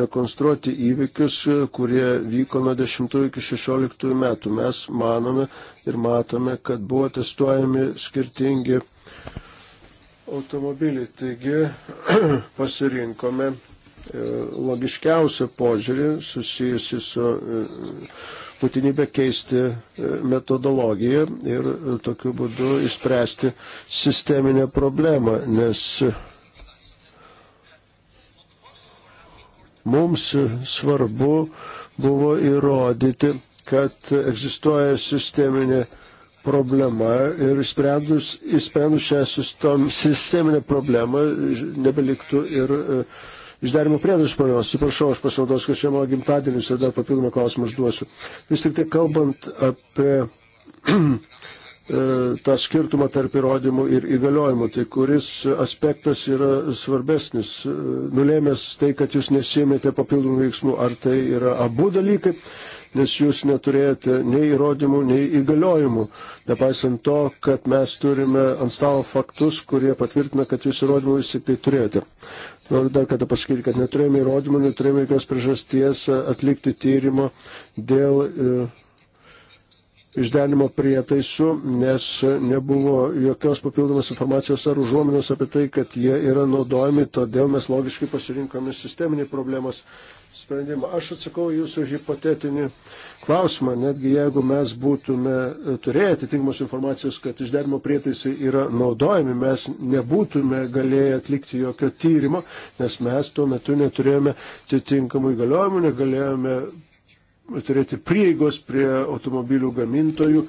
rekonstruoti įvykius, kurie vyko nuo 10 iki 16 metų. Mes manome ir matome, kad buvo testuojami skirtingi automobiliai. Taigi *clears throat* pasirinkome e, logiškiausią požiūrį susijusi su e, būtinybę keisti e, metodologiją ir e, tokiu būdu išspręsti sisteminę problemą, nes mums svarbu buvo įrodyti, kad egzistuoja sisteminė problema ir išsprendus, išsprendus šią sisteminę problemą nebeliktų ir uh, išdarimo priedus žmonėms. Atsiprašau, aš pasinaudosiu, kad šiame gimtadienis ir dar papildomą klausimą užduosiu. Vis tik tai kalbant apie *clears throat* e, tą skirtumą tarp įrodymų ir įgaliojimų, tai kuris aspektas yra svarbesnis, e, nulėmęs tai, kad jūs nesėmėte papildomų veiksmų, ar tai yra abu dalykai, nes jūs neturėjote nei įrodymų, nei įgaliojimų. Nepaisant to, kad mes turime ant stalo faktus, kurie patvirtina, kad jūs įrodymų vis tik tai turėjote. Noriu dar kartą pasakyti, kad neturėjome įrodymų, neturėjome jokios priežasties e, atlikti tyrimo dėl e, išdenimo prietaisų, nes e, nebuvo jokios papildomos informacijos ar užuominos apie tai, kad jie yra naudojami, todėl mes logiškai pasirinkome sisteminį problemos sprendimą. Aš atsakau jūsų hipotetinį klausimą, netgi jeigu mes būtume e, turėję atitinkamos informacijos, kad išderimo prietaisai yra naudojami, mes nebūtume galėję atlikti jokio tyrimo, nes mes tuo metu neturėjome atitinkamų įgaliojimų, negalėjome turėti prieigos prie automobilių gamintojų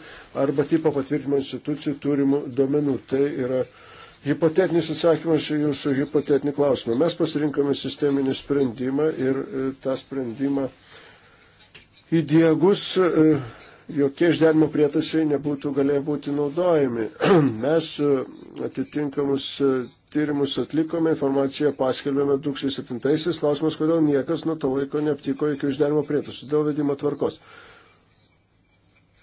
arba tipo patvirtinimo institucijų turimų duomenų. Tai yra hipotetinis atsakymas į jūsų hipotetinį klausimą. Mes pasirinkome sisteminį sprendimą ir e, tą sprendimą uh, įdėgus e, jokie išderimo prietaisai nebūtų galėję būti naudojami. *clears throat* Mes e, atitinkamus e, tyrimus atlikome, informaciją paskelbėme 2007-aisiais, klausimas, kodėl niekas nuo to laiko neaptiko jokių išderimo prietaisų dėl vedimo tvarkos.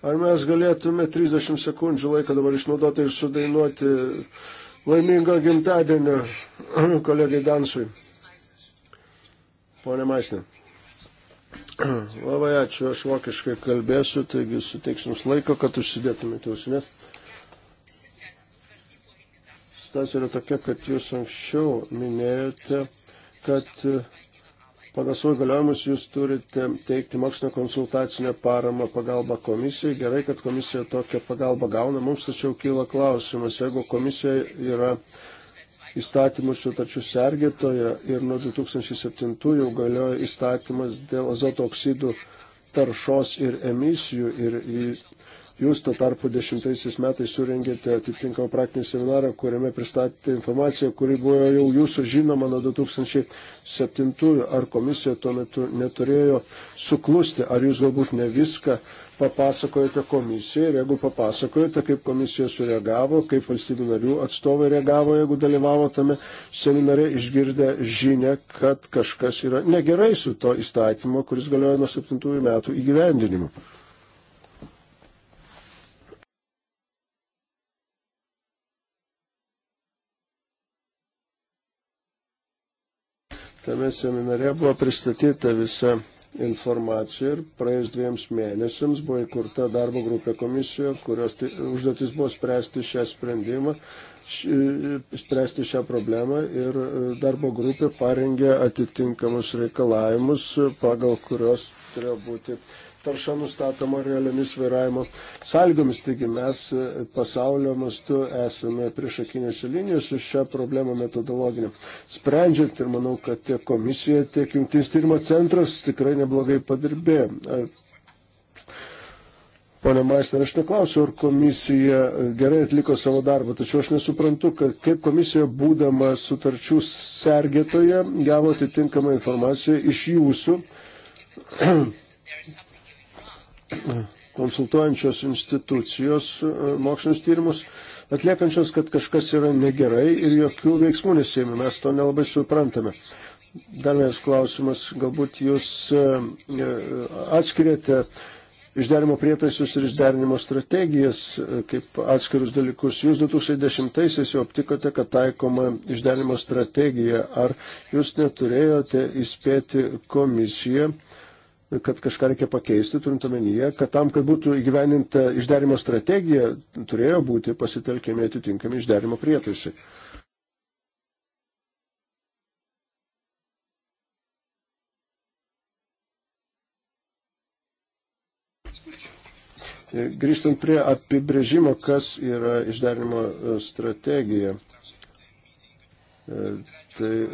Ar mes galėtume 30 sekundžių laiką dabar išnaudoti ir sudainuoti laimingo gimtadienio *clears throat* kolegai Dansui? Pone Maisne. *clears throat* Labai ačiū, aš vokiškai kalbėsiu, taigi suteiksim laiko, kad užsidėtumėte ausinės. Situacija yra tokia, kad jūs anksčiau minėjote, kad e, pagal savo galiojimus jūs turite teikti mokslinio konsultacinę paramą pagalbą komisijai. Gerai, kad komisija tokią pagalbą gauna, mums tačiau kyla klausimas, jeigu komisija yra įstatymų ir sutarčių sergėtoje ir nuo 2007 jau galioja įstatymas dėl azoto oksidų taršos ir emisijų ir jūs tuo tarpu dešimtaisiais metais surengėte atitinkamą praktinį seminarą, kuriame pristatėte informaciją, kuri buvo jau jūsų žinoma nuo 2007 ar komisija tuo metu neturėjo suklusti, ar jūs galbūt ne viską papasakojote komisijai ir jeigu papasakojote, kaip komisija sureagavo, kaip valstybių narių atstovai reagavo, jeigu dalyvavo tame seminare, išgirdę žinę, kad kažkas yra negerai su to įstatymo, kuris galioja nuo 7 metų įgyvendinimu. Tame seminare buvo pristatyta visa informaciją ir praėjus dviems mėnesiams buvo įkurta darbo grupė komisijoje, kurios tai, užduotis buvo spręsti šią sprendimą, š, spręsti šią problemą ir e, darbo grupė parengė atitinkamus reikalavimus, pagal kurios turėjo būti tarša nustatoma realiomis vairavimo sąlygomis. Taigi mes e, pasaulio mastu esame priešakinėse linijose šią problemą metodologinę sprendžiant ir manau, kad tiek komisija, tiek jungtinis tyrimo centras tikrai neblogai padirbėjo. Pone Maisner, aš neklausiu, ar komisija gerai atliko savo darbą, tačiau aš nesuprantu, kad kaip komisija, būdama sutarčių sergėtoje, gavo atitinkamą informaciją iš jūsų, *clears throat* konsultuojančios institucijos e, mokslinius tyrimus atliekančios, kad kažkas yra negerai ir jokių veiksmų nesėmė. Mes to nelabai suprantame. Dar vienas klausimas, galbūt jūs e, e, atskiriate išderimo prietaisus ir išderinimo strategijas kaip atskirus dalykus. Jūs 2010-aisiais jau aptikote, kad taikoma išderinimo strategija. Ar jūs neturėjote įspėti komisiją? kad kažką reikia pakeisti, turint omenyje, kad tam, kad būtų įgyveninta išderimo strategija, turėjo būti pasitelkiami atitinkami išderimo prietaisai. Grįžtant prie apibrėžimo, kas yra išderimo e, strategija. E, Tai e,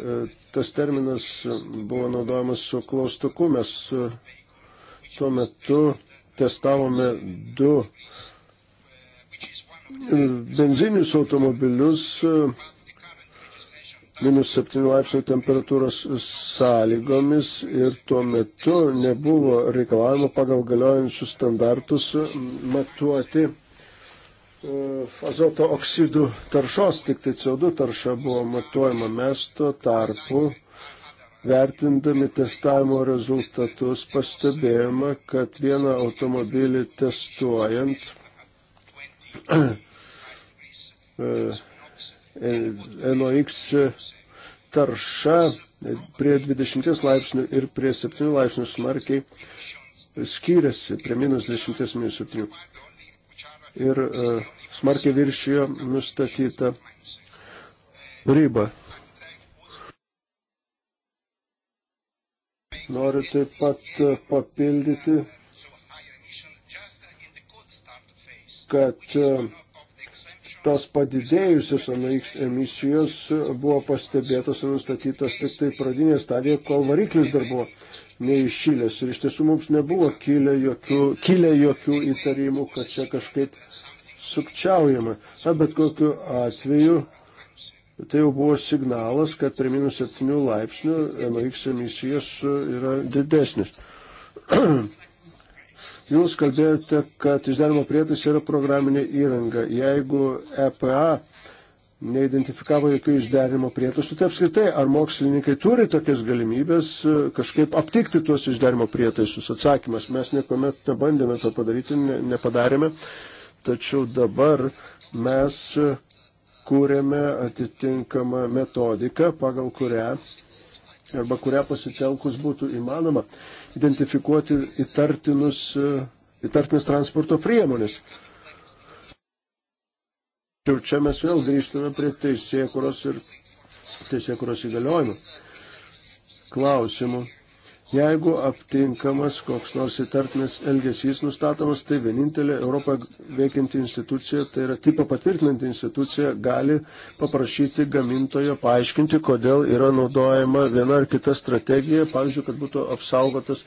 tas terminas buvo naudojamas su klaustuku. Mes e, tuo metu testavome du e, benzinius automobilius minus 7 laipsnių temperatūros sąlygomis ir tuo metu nebuvo reikalavimo pagal galiojančius standartus matuoti azoto oksidų taršos, tik tai CO2 tarša buvo matuojama. Mes tuo tarpu, vertindami testavimo rezultatus, pastebėjome, kad vieną automobilį testuojant *clears throat* e, NOX tarša prie 20 laipsnių ir prie 7 laipsnių smarkiai skiriasi prie minus 10 minus 7 ir e, smarkiai viršijo nustatytą ribą. Noriu taip pat papildyti, kad e, tos padidėjusios NX emisijos buvo pastebėtos ir nustatytos tik tai pradinėje stadijoje, kol variklis dar buvo nei iš Šilės. Ir iš tiesų mums nebuvo kilę jokių, kilę jokių įtarimų, kad čia kažkaip sukčiaujama. Na, bet kokiu atveju tai jau buvo signalas, kad prie minus 7 laipsnių NOX emisijos e, yra didesnis. *clears throat* Jūs kalbėjote, kad išdarimo prietais yra programinė įranga. Jeigu EPA neidentifikavo jokių išderimo prietaisų. Tai apskritai, ar mokslininkai turi tokias galimybės e, kažkaip aptikti tuos išderimo prietaisus? Atsakymas, mes niekuomet nebandėme to padaryti, ne, nepadarėme, tačiau dabar mes e, kūrėme atitinkamą metodiką, pagal kurią arba kurią pasitelkus būtų įmanoma identifikuoti įtartinus, e, įtartinus transporto priemonės. Tačiau čia mes vėl grįžtame prie teisėkuros ir teisėkuros įgaliojimų klausimų. Jeigu aptinkamas koks nors įtartinas elgesys nustatomas, tai vienintelė Europą veikianti institucija, tai yra tipo patvirtinanti institucija, gali paprašyti gamintojo paaiškinti, kodėl yra naudojama viena ar kita strategija, pavyzdžiui, kad būtų apsaugotas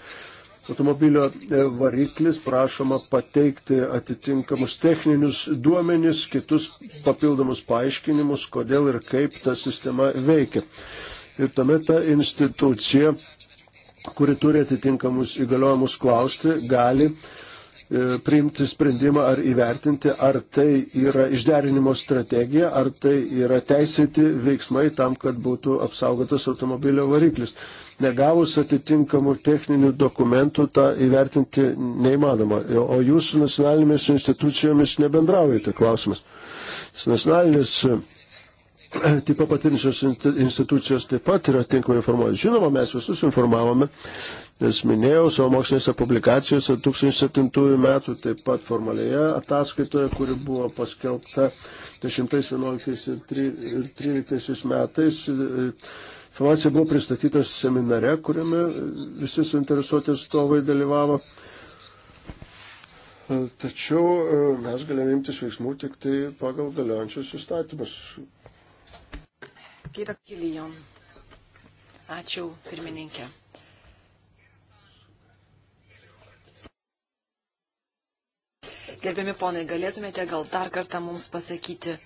automobilio e, variklis, prašoma pateikti atitinkamus techninius duomenis, kitus papildomus paaiškinimus, kodėl ir kaip ta sistema veikia. Ir tuomet ta institucija, kuri turi atitinkamus įgaliojimus klausti, gali e, priimti sprendimą ar įvertinti, ar tai yra išderinimo strategija, ar tai yra teisėti veiksmai tam, kad būtų apsaugotas automobilio variklis negavus atitinkamų techninių dokumentų tą įvertinti neįmanoma. O jūs su nacionalinėmis institucijomis nebendraujate, klausimas. Nacionalinės eh, tipo patirinčios institucijos taip pat yra tinkamai informuojamos. Žinoma, mes visus informavome, nes minėjau savo mokslinėse publikacijose 2007 metų, taip pat formalėje ataskaitoje, kuri buvo paskelbta 10, 11 ir 13 metais Informacija buvo pristatyta seminare, kuriame visi suinteresuoti atstovai dalyvavo. E, tačiau e, mes galime imtis veiksmų tik tai pagal galiojančius įstatymus. Kita Kilijon. Ačiū, pirmininkė. Gerbiami ponai, galėtumėte gal dar kartą mums pasakyti,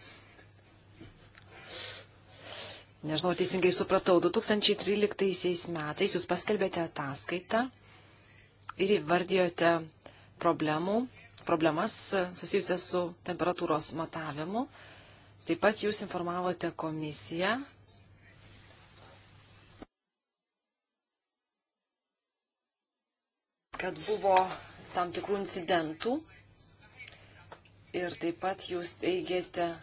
Nežinau, teisingai supratau, 2013 metais jūs paskelbėte ataskaitą ir įvardijote problemų, problemas susijusias su temperatūros matavimu. Taip pat jūs informavote komisiją kad buvo tam tikrų incidentų ir taip pat jūs teigiate,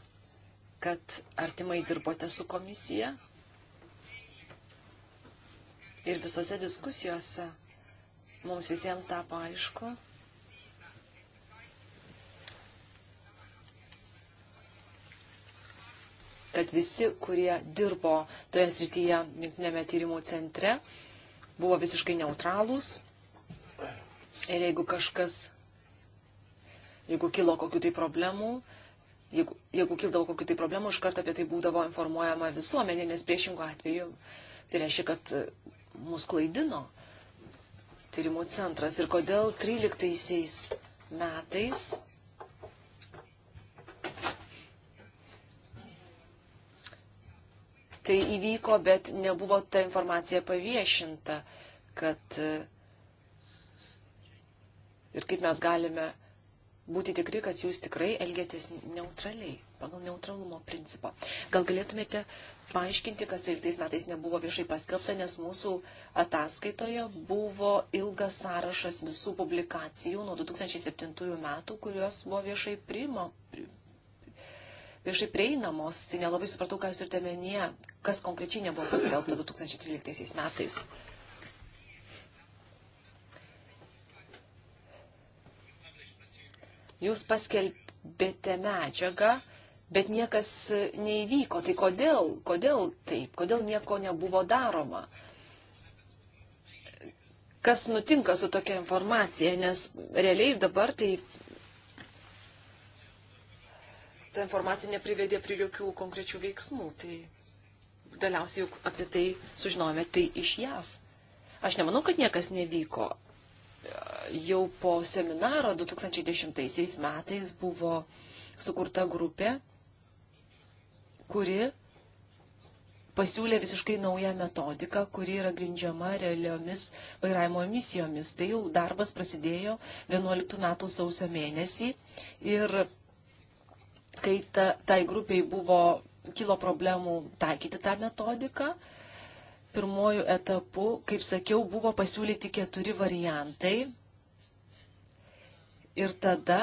kad artimai dirbote su komisija ir visose diskusijose mums visiems tapo aišku, kad visi, kurie dirbo toje srityje jungtinėme tyrimų centre, buvo visiškai neutralūs. Ir jeigu kažkas, jeigu kilo kokių tai problemų, jeigu, jeigu kildavo kokių tai problemų, iš karto apie tai būdavo informuojama visuomenė, nes priešingų atveju tai reiškia, kad e, mus klaidino tyrimų centras. Ir kodėl 13 metais tai įvyko, bet nebuvo ta informacija paviešinta, kad e, ir kaip mes galime būti tikri, kad jūs tikrai elgėtės neutraliai, pagal neutralumo principą. Gal galėtumėte paaiškinti, kas 13 metais nebuvo viešai paskelbta, nes mūsų ataskaitoje buvo ilgas sąrašas visų publikacijų nuo 2007 metų, kurios buvo viešai priima. Pri, viešai prieinamos, tai nelabai supratau, ką jūs turite menyje, kas konkrečiai nebuvo paskelbta 2013 metais. Jūs paskelbėte medžiagą, bet niekas neįvyko. Tai kodėl? Kodėl taip? Kodėl nieko nebuvo daroma? Kas nutinka su tokia informacija? Nes realiai dabar tai ta informacija neprivedė prie jokių konkrečių veiksmų. Tai galiausiai juk apie tai sužinojome tai iš JAV. Aš nemanau, kad niekas nevyko jau po seminaro 2010 metais buvo sukurta grupė, kuri pasiūlė visiškai naują metodiką, kuri yra grindžiama realiomis vairavimo emisijomis. Tai jau darbas prasidėjo 11 metų sausio mėnesį ir kai ta, tai grupiai buvo, kilo problemų taikyti tą metodiką, uh, pirmojų etapų, kaip sakiau, buvo pasiūlyti keturi variantai. Ir tada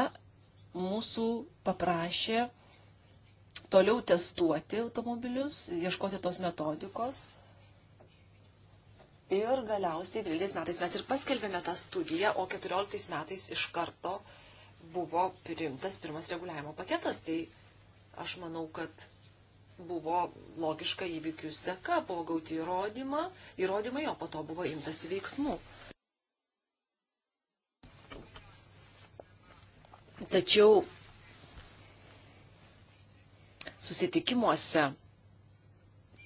mūsų paprašė toliau testuoti automobilius, ieškoti tos metodikos. Ir galiausiai 12 metais mes ir paskelbėme tą studiją, o 14 metais iš karto buvo priimtas pirmas reguliavimo paketas. Tai aš manau, kad buvo logiška įvykių seka, buvo gauti įrodymą, įrodymai, o po to buvo imtas veiksmų. Tačiau susitikimuose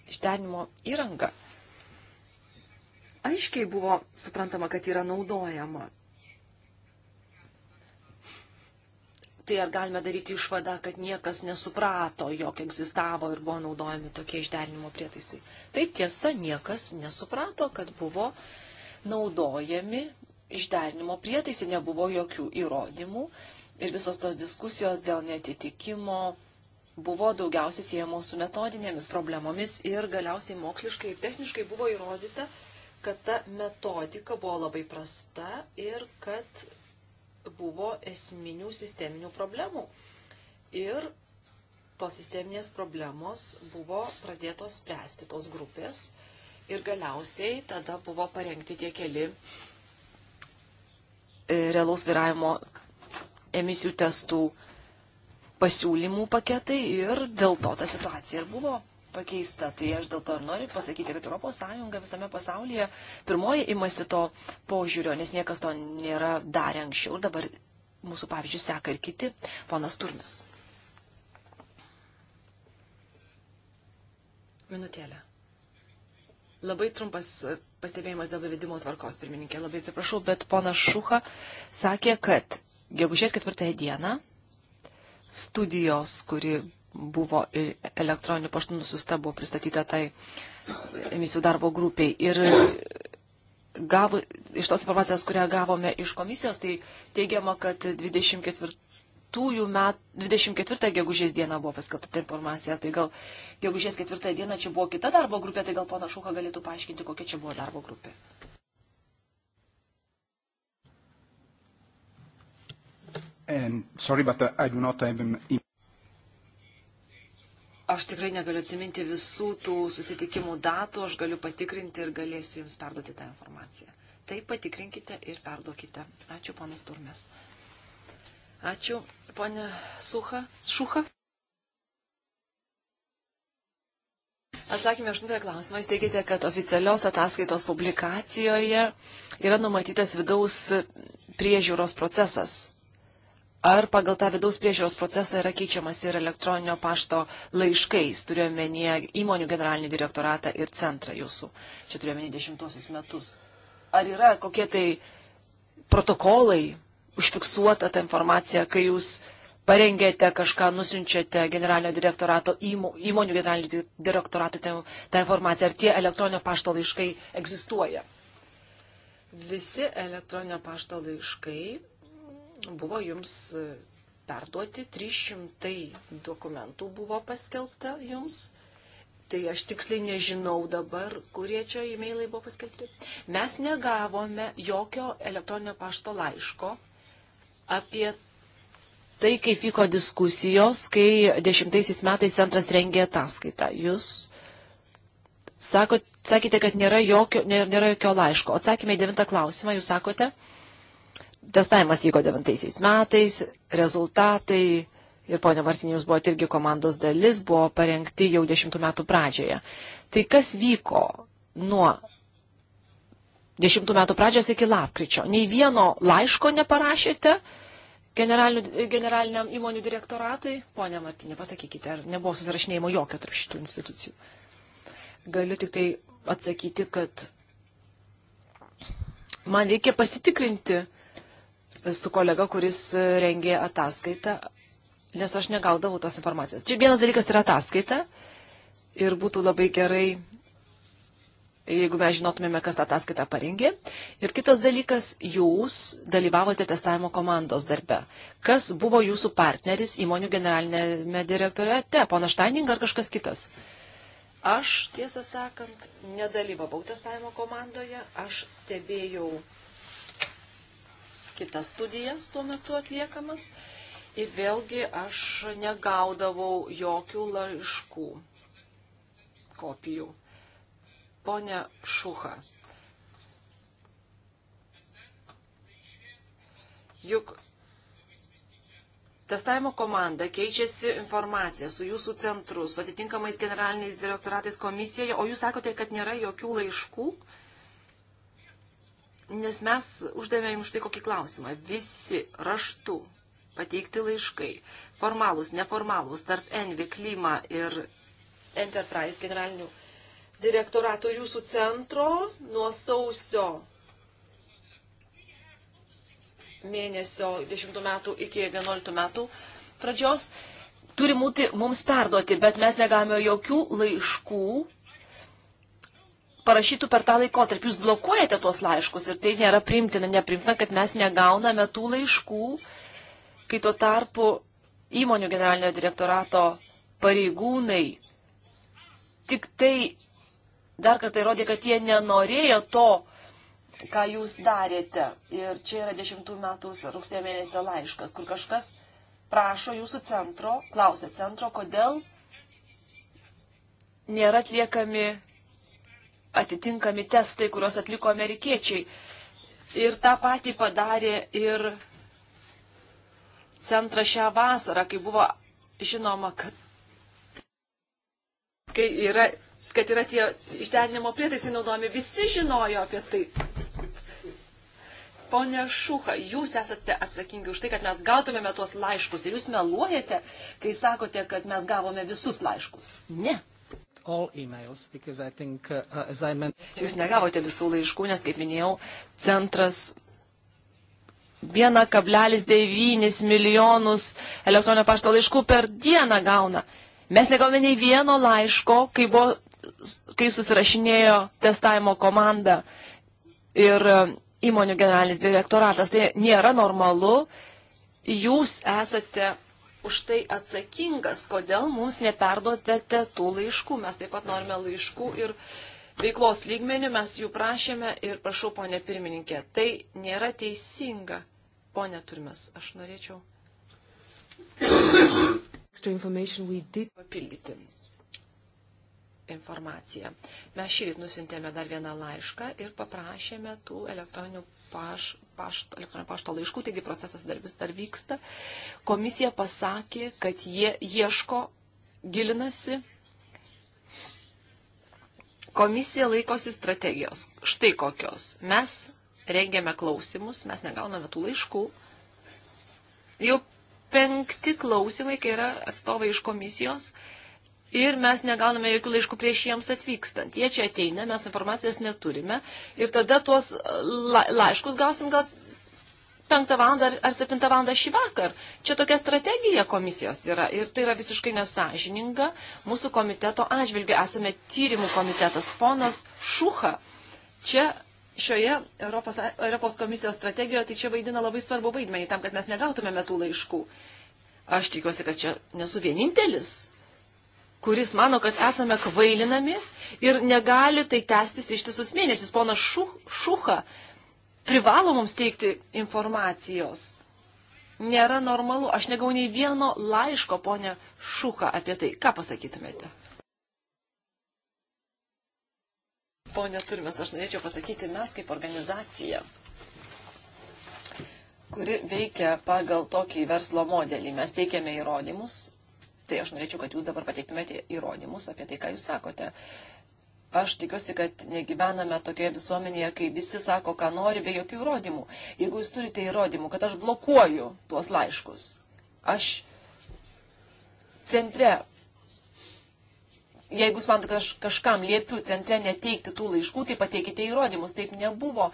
išdenimo įranga aiškiai buvo suprantama, kad yra naudojama tai ar galime daryti išvadą, kad niekas nesuprato, jog egzistavo ir buvo naudojami tokie išderinimo prietaisai. Taip tiesa, niekas nesuprato, kad buvo naudojami išderinimo prietaisai, nebuvo jokių įrodymų ir visos tos diskusijos dėl netitikimo buvo daugiausiai siejamos su metodinėmis problemomis ir galiausiai moksliškai ir techniškai buvo įrodyta, kad ta metodika buvo labai prasta ir kad buvo esminių sisteminių problemų. Ir tos sisteminės problemos buvo pradėtos spręsti tos grupės ir galiausiai tada buvo parengti tie keli e, realaus viravimo emisijų testų pasiūlymų paketai ir dėl to ta situacija ir buvo pakeista. Tai aš dėl to ir noriu pasakyti, kad ES visame pasaulyje pirmoji imasi to požiūrio, nes niekas to nėra darę anksčiau. Ir dabar mūsų pavyzdžių seka ir kiti. Ponas Turmes. Minutėlė. Labai trumpas pastebėjimas dėl vedimo tvarkos, pirmininkė. Labai atsiprašau, bet ponas Šuha sakė, kad gegužės ketvirtąją dieną studijos, kuri buvo ir elektroniniu paštu nusiusta, buvo pristatyta tai emisijų darbo grupiai. Ir gavo, iš tos informacijos, kurią gavome iš komisijos, tai teigiama, kad 24. Met, 24 gegužės dieną buvo paskelbta ta informacija, tai gal gegužės 4 dieną čia buvo kita darbo grupė, tai gal panašu, ką galėtų paaiškinti, kokia čia buvo darbo grupė. And sorry, but uh, I do not have um, Aš tikrai negaliu atsiminti visų tų susitikimų datų, aš galiu patikrinti ir galėsiu Jums perduoti tą informaciją. Tai patikrinkite ir perduokite. Ačiū, ponas Turmes. Ačiū, ponė Suha. Šuha. Atsakymė aštuntąją klausimą. Jūs teikite, kad oficialios ataskaitos publikacijoje yra numatytas vidaus priežiūros procesas ar pagal tą vidaus priežiūros procesą yra keičiamas ir elektroninio pašto laiškais, turiuomenė įmonių generalinį direktoratą ir centrą jūsų, čia turiuomenė dešimtosius metus. Ar yra kokie tai protokolai užfiksuota ta informacija, kai jūs parengėte kažką, nusinčiate generalinio direktorato įmonių generalinio direktorato tą, tą informaciją, ar tie elektroninio pašto laiškai egzistuoja? Visi elektroninio pašto laiškai buvo jums e, perduoti, 300 dokumentų buvo paskelbta jums. Tai aš tiksliai nežinau dabar, kurie čia e-mailai buvo paskelbti. Mes negavome jokio elektroninio pašto laiško apie tai, kaip vyko diskusijos, kai dešimtaisiais metais centras rengė ataskaitą. Jūs sakot, sakėte, kad nėra jokio, nėra jokio laiško. Atsakymė į devintą klausimą, jūs sakote, Testavimas vyko 9 metais, rezultatai ir ponia Martinė, jūs buvote irgi komandos dalis, buvo parengti jau 10 metų pradžioje. Tai kas vyko nuo 10 metų pradžios iki lapkričio? Nei vieno laiško neparašėte generaliniam įmonių direktoratui? Ponia Martinė, pasakykite, ar nebuvo susirašinėjimo jokio tarp šitų institucijų? Galiu tik tai atsakyti, kad man reikia pasitikrinti su kolega, kuris rengė ataskaitą, nes aš negaudavau tos informacijos. Čia vienas dalykas yra ataskaita ir būtų labai gerai, jeigu mes žinotumėme, kas tą ataskaitą parengė. Ir kitas dalykas, jūs dalyvavote testavimo komandos darbe. Kas buvo jūsų partneris įmonių generalinėme direktorate? Pana Štaining ar kažkas kitas? Aš, tiesą sakant, nedalyvavau testavimo komandoje, aš stebėjau kitas studijas tuo metu atliekamas ir vėlgi aš negaudavau jokių laiškų kopijų. Pone Šuha, juk testavimo komanda keičiasi informaciją su jūsų centru, su atitinkamais generaliniais direktoratais komisijoje, o jūs sakote, kad nėra jokių laiškų? Nes mes uždavėm jums štai kokį klausimą. Visi raštu pateikti laiškai, formalūs, neformalūs, tarp Envi, Klima ir Enterprise generalinių direktorato jūsų centro nuo sausio mėnesio 10 metų iki 11 metų pradžios turi būti mums perduoti, bet mes negavome jokių laiškų parašytų per tą laikotarpį. Jūs blokuojate tuos laiškus ir tai nėra primtina, neprimtina, kad mes negauname tų laiškų, kai tuo tarpu įmonių generalinio direktorato pareigūnai tik tai dar kartą įrodė, kad jie nenorėjo to, ką jūs darėte. Ir čia yra dešimtų metų rugsėjo mėnesio laiškas, kur kažkas prašo jūsų centro, klausia centro, kodėl nėra atliekami atitinkami testai, kuriuos atliko amerikiečiai. Ir tą patį padarė ir centras šią vasarą, kai buvo žinoma, kad, kai yra, kad yra tie išdeginimo prietaisai naudojami, visi žinojo apie tai. Pone Šūcha, jūs esate atsakingi už tai, kad mes gautumėme tuos laiškus ir jūs meluojate, kai sakote, kad mes gavome visus laiškus. Ne, emails, I think, uh, uh I meant... Jūs negavote visų laiškų, nes, kaip minėjau, centras 1,9 milijonus elektroninio pašto laiškų per dieną gauna. Mes negavome nei vieno laiško, kai, buvo, kai susirašinėjo testavimo komanda ir um, įmonių generalinis direktoratas. Tai nėra normalu. Jūs esate už tai atsakingas, kodėl mums neperduotėte tų laiškų. Mes taip pat norime laiškų ir veiklos lygmenių, mes jų prašėme ir prašau, ponė pirmininkė, tai nėra teisinga. Pone Turmes, aš norėčiau papildyti informaciją. Mes šįryt nusintėme dar vieną laišką ir paprašėme tų elektroninių paš, pašto, elektroninio pašto laiškų, taigi procesas dar vis dar vyksta. Komisija pasakė, kad jie ieško, gilinasi. Komisija laikosi strategijos. Štai kokios. Mes rengiame klausimus, mes negauname tų laiškų. Jau penkti klausimai, kai yra atstovai iš komisijos ir mes negauname jokių laiškų prieš jiems atvykstant. Jie čia ateina, mes informacijos neturime ir tada tuos la laiškus gausim gal 5 val. ar 7 val. šį vakar. Čia tokia strategija komisijos yra ir tai yra visiškai nesažininga. Mūsų komiteto atžvilgiu esame tyrimų komitetas. Ponas Šuha čia šioje Europos, Europos komisijos strategijoje tai čia vaidina labai svarbu vaidmenį tam, kad mes negautumėme tų laiškų. Aš tikiuosi, kad čia nesu vienintelis kuris mano, kad esame kvailinami ir negali tai tęstis ištisus mėnesius. Pona Šuha privalo mums teikti informacijos. Nėra normalu. Aš negau nei vieno laiško, ponė Šuha, apie tai. Ką pasakytumėte? Pone Turmes, aš norėčiau pasakyti, mes kaip organizacija, kuri veikia pagal tokį verslo modelį, mes teikiame įrodymus Tai aš norėčiau, kad jūs dabar pateiktumėte įrodymus apie tai, ką jūs sakote. Aš tikiuosi, kad negyvename tokioje visuomenėje, kai visi sako, ką nori, be jokių įrodymų. Jeigu jūs turite įrodymų, kad aš blokuoju tuos laiškus, aš centre, jeigu jūs man kaž, kažkam liepiu centre neteikti tų laiškų, tai pateikite įrodymus. Taip nebuvo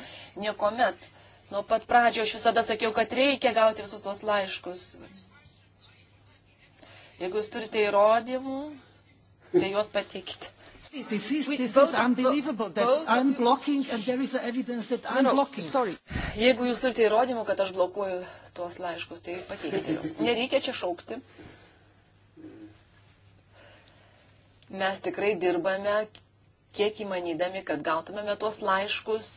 niekuomet. Nuo pat pradžio aš visada sakiau, kad reikia gauti visus tuos laiškus. Jeigu jūs turite įrodymų, tai juos pateikite. This is, this, this is unbelievable that unblocking and there is evidence that unblocking. No, no, Jeigu jūs turite įrodymų, kad aš blokuoju tuos laiškus, tai pateikite juos. *laughs* Nereikia čia šaukti. Mes tikrai dirbame, kiek įmanydami, kad gautumėme tuos laiškus,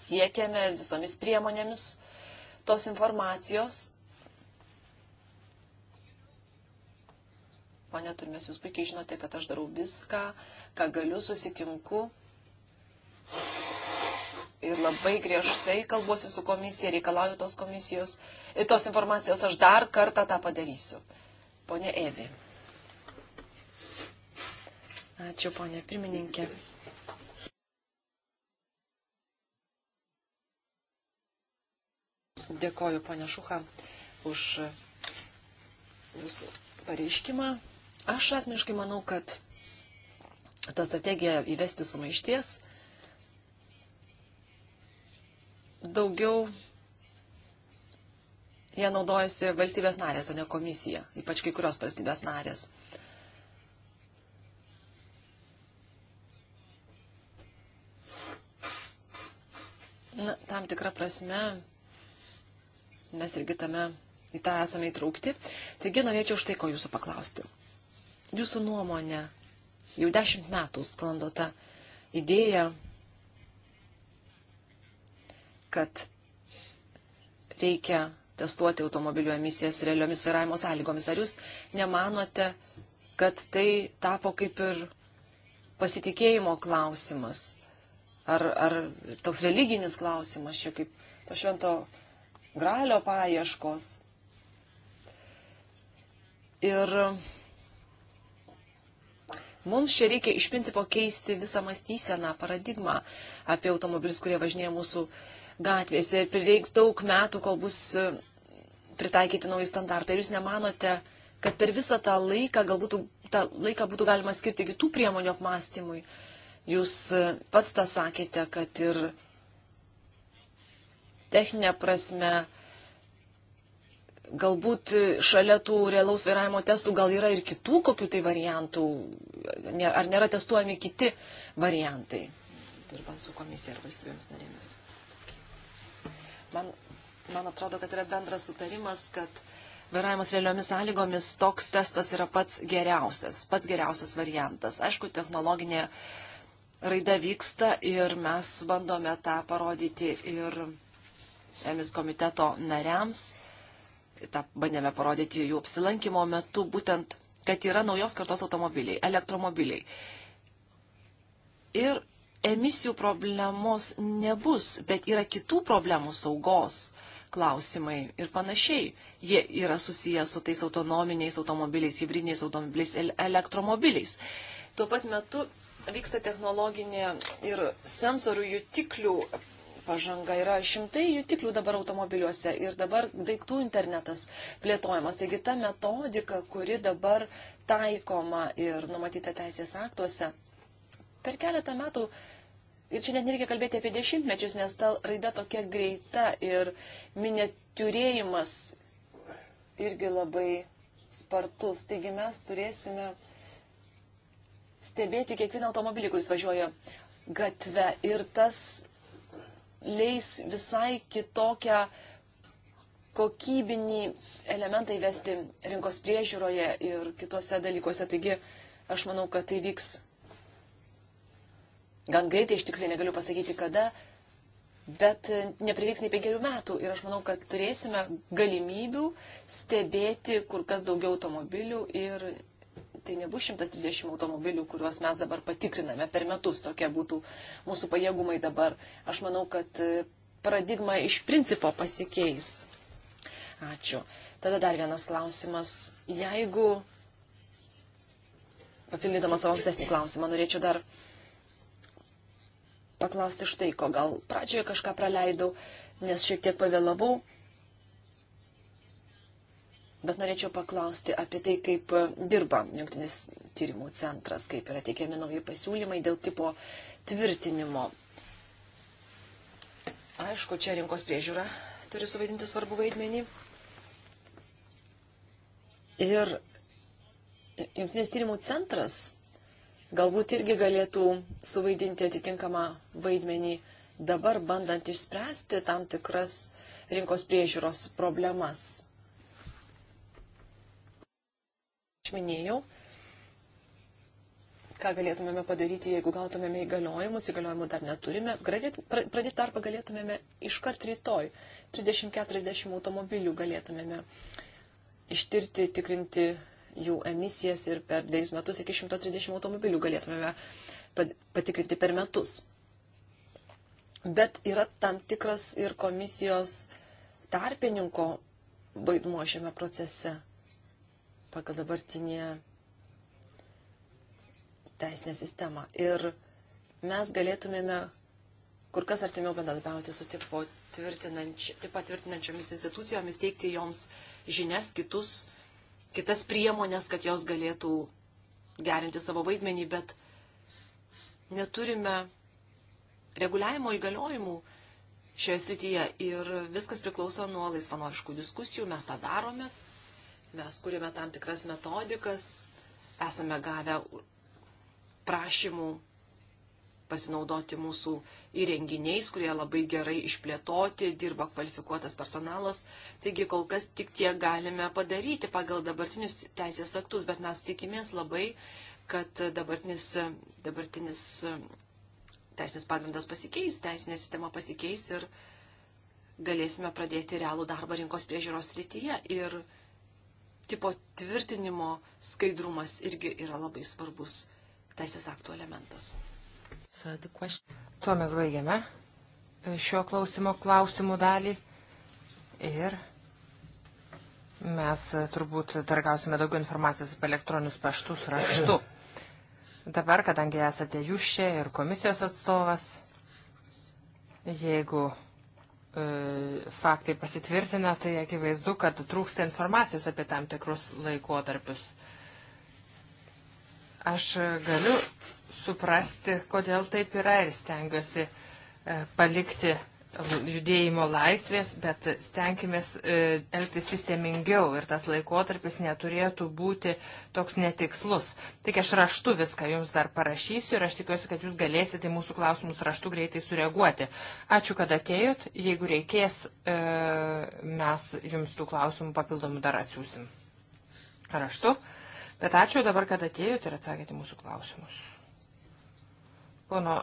siekiame visomis priemonėmis tos informacijos Pane Turmės, jūs puikiai žinote, kad aš darau viską, ką galiu, susitinku. Ir labai griežtai kalbuosi su komisija, reikalauju tos komisijos, e, tos informacijos, aš dar kartą tą padarysiu. Pone Evi. Ačiū, ponė pirmininkė. Dėkoju, ponė Šuha, už jūsų pareiškimą. Aš asmeniškai manau, kad ta strategija įvesti sumaišties daugiau jie naudojasi valstybės narės, o ne komisija, ypač kai kurios valstybės narės. Na, tam tikrą prasme mes irgi tame į tą esame įtraukti. Taigi norėčiau štai ko jūsų paklausti. Jūsų nuomonė, jau dešimt metų sklando ta idėja, kad reikia testuoti automobilių emisijas realiomis vairavimo sąlygomis. Ar jūs nemanote, kad tai tapo kaip ir pasitikėjimo klausimas? Ar, ar toks religinis klausimas, čia kaip to švento gralio paieškos? Ir Mums čia reikia iš principo keisti visą mąstyseną, paradigmą apie automobilius, kurie važinėja mūsų gatvėse. Ir prireiks daug metų, kol bus e, pritaikyti nauji standartai. Ir jūs nemanote, kad per visą tą laiką, galbūt tą laiką būtų galima skirti kitų priemonių apmąstymui. Jūs e, pats tą sakėte, kad ir techninė prasme Galbūt šalia tų realaus vairavimo testų gal yra ir kitų kokių tai variantų, ar nėra testuojami kiti variantai, dirbant su komisija ir valstybėmis narėmis. Man, man atrodo, kad yra bendras sutarimas, kad vairavimas realiomis sąlygomis toks testas yra pats geriausias, pats geriausias variantas. Aišku, technologinė raida vyksta ir mes bandome tą parodyti ir emis komiteto nariams tą bandėme parodyti jų apsilankimo metu, būtent, kad yra naujos kartos automobiliai, elektromobiliai. Ir emisijų problemos nebus, bet yra kitų problemų saugos klausimai ir panašiai. Jie yra susiję su tais autonominiais automobiliais, hybridiniais automobiliais, elektromobiliais. Tuo pat metu vyksta technologinė ir sensorių jutiklių pažanga, yra šimtai jutiklių dabar automobiliuose ir dabar daiktų internetas plėtojamas. Taigi ta metodika, kuri dabar taikoma ir numatyta teisės aktuose, per keletą metų. Ir čia net nereikia kalbėti apie dešimtmečius, nes ta raida tokia greita ir miniatiūrėjimas irgi labai spartus. Taigi mes turėsime stebėti kiekvieną automobilį, kuris važiuoja gatve. Ir tas leis visai kitokią kokybinį elementą įvesti rinkos priežiūroje ir kitose dalykuose. Taigi aš manau, kad tai vyks gan greitai, iš tiksliai negaliu pasakyti kada, bet e, neprireiks nei penkerių metų ir aš manau, kad turėsime galimybių stebėti kur kas daugiau automobilių ir tai nebus 130 automobilių, kuriuos mes dabar patikriname per metus. Tokie būtų mūsų pajėgumai dabar. Aš manau, kad e, paradigma iš principo pasikeis. Ačiū. Tada dar vienas klausimas. Jeigu, papildydama savo ankstesnį klausimą, norėčiau dar paklausti štai ko. Gal pradžioje kažką praleidau, nes šiek tiek pavėlavau. Bet norėčiau paklausti apie tai, kaip dirba Junktinis tyrimų centras, kaip yra teikiami nauji pasiūlymai dėl tipo tvirtinimo. Aišku, čia rinkos priežiūra turi suvaidinti svarbu vaidmenį. Ir Junktinis tyrimų centras galbūt irgi galėtų suvaidinti atitinkamą vaidmenį dabar, bandant išspręsti tam tikras rinkos priežiūros problemas aš minėjau, ką galėtumėme padaryti, jeigu gautumėme įgaliojimus, įgaliojimų dar neturime. Pradėti darbą galėtumėme iškart rytoj. 30-40 automobilių galėtumėme ištirti, tikrinti jų emisijas ir per dviejus metus iki 130 automobilių galėtumėme patikrinti per metus. Bet yra tam tikras ir komisijos tarpininko vaidmuo šiame procese pagal dabartinę teisinę sistemą. Ir mes galėtumėme kur kas artimiau bendradarbiauti su tipo tvirtinančiomis institucijomis, teikti joms žinias, kitus, kitas priemonės, kad jos galėtų gerinti savo vaidmenį, bet neturime reguliavimo įgaliojimų šioje srityje ir viskas priklauso nuo laisvanoriškų diskusijų, mes tą darome, Mes kūrėme tam tikras metodikas, esame gavę prašymų pasinaudoti mūsų įrenginiais, kurie labai gerai išplėtoti, dirba kvalifikuotas personalas. Taigi kol kas tik tiek galime padaryti pagal dabartinius teisės aktus, bet mes tikimės labai, kad dabartinis, dabartinis teisinis pagrindas pasikeis, teisinė sistema pasikeis ir galėsime pradėti realų darbą rinkos priežiūros srityje. Ir tipo tvirtinimo skaidrumas irgi yra labai svarbus teisės aktų elementas. So question... Tuo mes baigiame e, šio klausimo klausimų dalį ir mes e, turbūt dar gausime daugiau informacijos apie elektroninius paštus raštu. *clears throat* Dabar, kadangi esate jūs čia ir komisijos atstovas, jeigu E, faktai pasitvirtina, tai akivaizdu, kad trūksta informacijos apie tam tikrus laikotarpius. Aš galiu suprasti, kodėl taip yra ir stengiuosi e, palikti judėjimo laisvės, bet stenkimės e, elgtis sistemingiau ir tas laikotarpis neturėtų būti toks netikslus. Tik aš raštu viską jums dar parašysiu ir aš tikiuosi, kad jūs galėsite mūsų klausimus raštu greitai sureaguoti. Ačiū, kad atėjot. Jeigu reikės, e, mes jums tų klausimų papildomų dar atsiūsim raštu. Bet ačiū dabar, kad atėjot ir atsakėte mūsų klausimus. Pono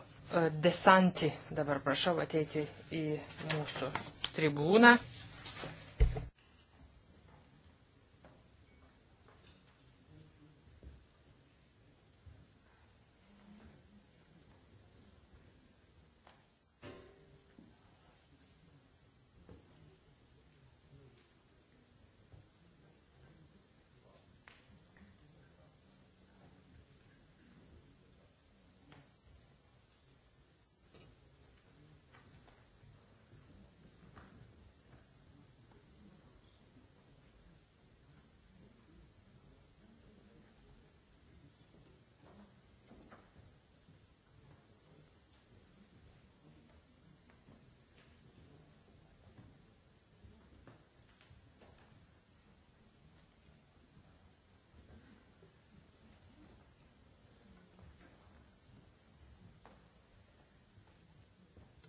Desanti dabar prašau ateiti į mūsų tribūną.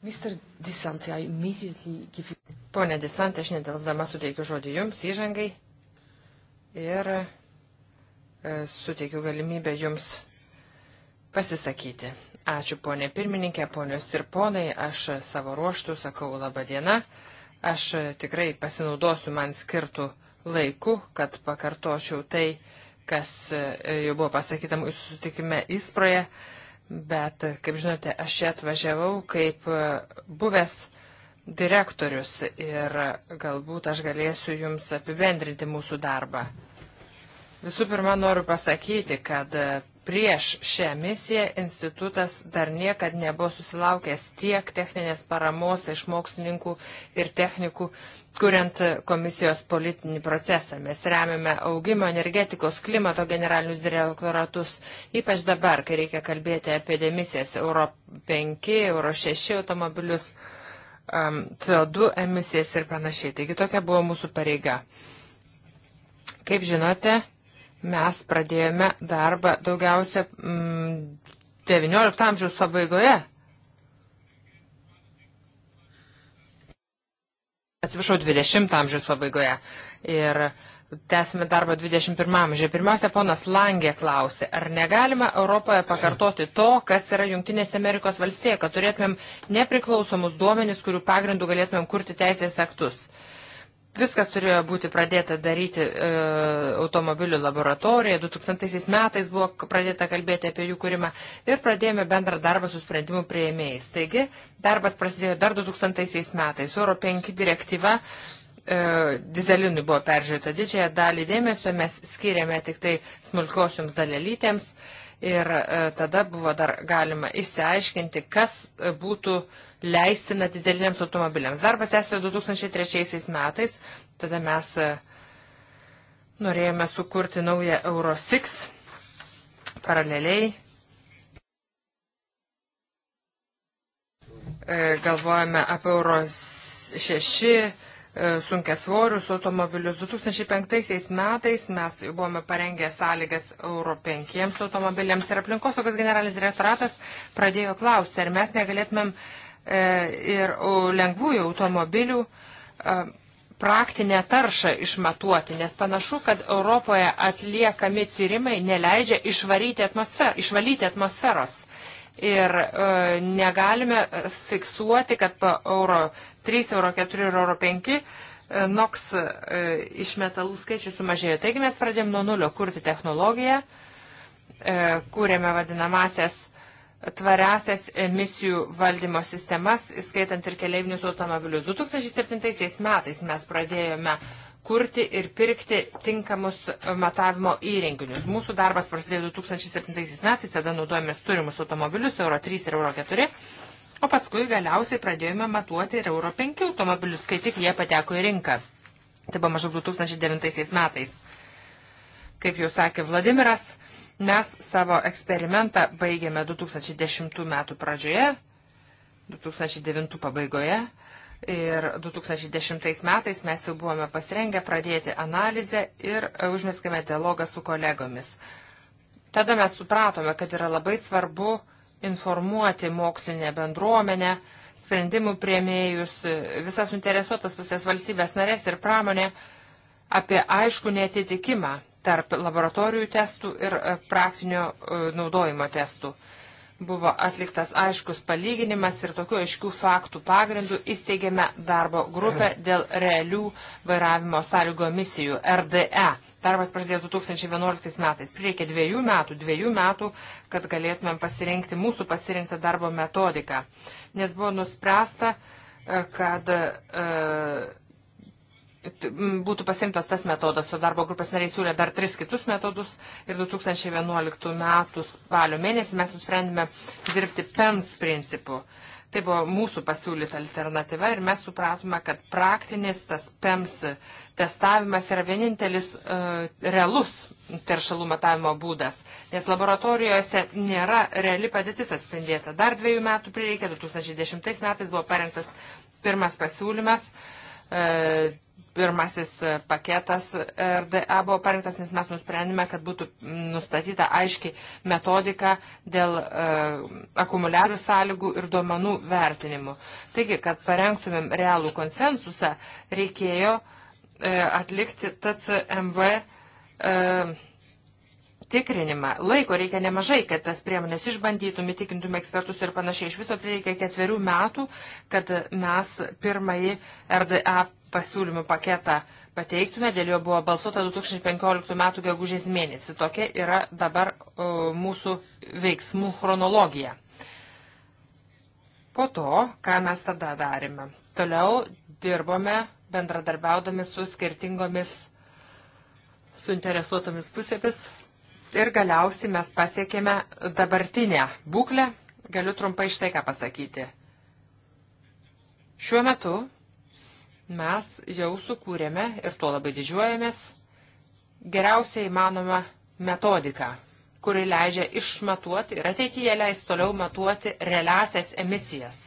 Give... Pone Disantė, aš nedelsdama suteikiu žodį Jums įžangai ir e, suteikiu galimybę Jums pasisakyti. Ačiū ponė pirmininkė, ponios ir ponai, aš savo ruoštų sakau labą dieną. Aš tikrai pasinaudosiu man skirtų laiku, kad pakartočiau tai, kas e, jau buvo pasakyta mūsų susitikime įsproje. E, Bet, kaip žinote, aš čia atvažiavau kaip buvęs direktorius ir galbūt aš galėsiu jums apibendrinti mūsų darbą. Visų pirma, noriu pasakyti, kad Prieš šią misiją institutas dar niekad nebuvo susilaukęs tiek techninės paramos iš mokslininkų ir technikų, kuriant komisijos politinį procesą. Mes remiame augimo, energetikos, klimato generalinius direktoratus, ypač dabar, kai reikia kalbėti apie demisijas Euro 5, Euro 6 automobilius, um, CO2 emisijas ir panašiai. Taigi tokia buvo mūsų pareiga. Kaip žinote, Mes pradėjome darbą daugiausia mm, 19 amžiaus pabaigoje. Atsiprašau, 20 amžiaus pabaigoje. Ir tęsime darbą 21 amžiuje. Pirmiausia, ponas Langė klausė, ar negalima Europoje pakartoti to, kas yra Junktinėse Amerikos valstija, kad turėtumėm nepriklausomus duomenis, kurių pagrindų galėtumėm kurti teisės aktus. Viskas turėjo būti pradėta daryti e, automobilių laboratorijoje. 2000 metais buvo pradėta kalbėti apie jų kūrimą ir pradėjome bendrą darbą su sprendimų prieimėjais. Taigi, darbas prasidėjo dar 2000 metais. Euro 5 direktyva e, dizelinui buvo peržiūrėta didžiąją dalį dėmesio, mes skiriame tik tai smulkiosioms dalelytėms ir e, tada buvo dar galima išsiaiškinti, kas e, būtų e, leistina dizeliniams automobiliams. Darbas esė 2003 metais, tada mes e, norėjome sukurti naują Euro 6 paraleliai. E, galvojame apie Euro 6 e, sunkia svorius automobilius. 2005 metais mes buvome parengę sąlygas Euro 5 automobiliams ir aplinkosaugos generalinis direktoratas pradėjo klausti, ar mes negalėtumėm uh, E, ir lengvųjų automobilių e, praktinę taršą išmatuoti, nes panašu, kad Europoje atliekami tyrimai neleidžia išvaryti atmosfer, išvalyti atmosferos. Ir e, negalime fiksuoti, kad po euro 3, euro 4 ir euro 5 e, NOX e, išmetalų skaičius sumažėjo. Taigi mes pradėjome nuo nulio kurti technologiją, e, kūrėme vadinamasias tvariasias emisijų valdymo sistemas, įskaitant ir keleivinius automobilius. 2007 metais mes pradėjome kurti ir pirkti tinkamus matavimo įrenginius. Mūsų darbas prasidėjo 2007 metais, tada naudojomės turimus automobilius Euro 3 ir Euro 4, o paskui galiausiai pradėjome matuoti ir Euro 5 automobilius, kai tik jie pateko į rinką. Tai buvo maždaug 2009 metais. Kaip jau sakė Vladimiras, Mes savo eksperimentą baigėme 2010 metų pradžioje, 2009 pabaigoje ir 2010 metais mes jau buvome pasirengę pradėti analizę ir e, užmeskime dialogą su kolegomis. Tada mes supratome, kad yra labai svarbu informuoti mokslinę bendruomenę, sprendimų prieimėjus, e, visas interesuotas pusės valstybės narės ir pramonė apie aišku netitikimą tarp laboratorijų testų ir e, praktinio e, naudojimo testų. Buvo atliktas aiškus palyginimas ir tokių aiškių faktų pagrindų įsteigėme darbo grupę dėl realių vairavimo sąlygo misijų RDE. Darbas prasidėjo 2011 metais. Prireikė dviejų metų, dviejų metų, kad galėtumėm pasirinkti mūsų pasirinktą darbo metodiką. Nes buvo nuspręsta, e, kad. Uh, būtų pasimtas tas metodas, o darbo grupės nariai siūlė dar tris kitus metodus ir 2011 metų spalio mėnesį mes nusprendėme dirbti PEMS principu. Tai buvo mūsų pasiūlyta alternatyva ir mes supratome, kad praktinis tas PEMS testavimas yra vienintelis e, realus teršalų matavimo būdas, nes laboratorijose nėra reali padėtis atspindėta. Dar dviejų metų prireikė, 2010 metais buvo parengtas pirmas pasiūlymas. E, E, pirmasis paketas RDA buvo parengtas, nes mes nusprendėme, kad būtų nustatyta aiški metodika dėl e, akumuliarių sąlygų ir duomenų vertinimų. Taigi, kad parengtumėm realų konsensusą, reikėjo e, atlikti TCMV tikrinimą. Laiko reikia nemažai, kad tas priemonės išbandytum, įtikintum ekspertus ir panašiai. Iš viso prireikia ketverių metų, kad mes pirmąjį RDA pasiūlymų paketą pateiktume, dėl jo buvo balsuota 2015 m. gegužės mėnesį. Tokia yra dabar o, mūsų veiksmų chronologija. Po to, ką mes tada darėme, toliau dirbome bendradarbiaudami su skirtingomis suinteresuotomis pusėmis ir galiausiai mes pasiekėme dabartinę būklę. Galiu trumpai štai ką pasakyti. Šiuo metu mes jau sukūrėme ir tuo labai didžiuojamės geriausiai įmanoma metodiką, kuri leidžia išmatuoti ir ateityje leis toliau matuoti realiasias emisijas.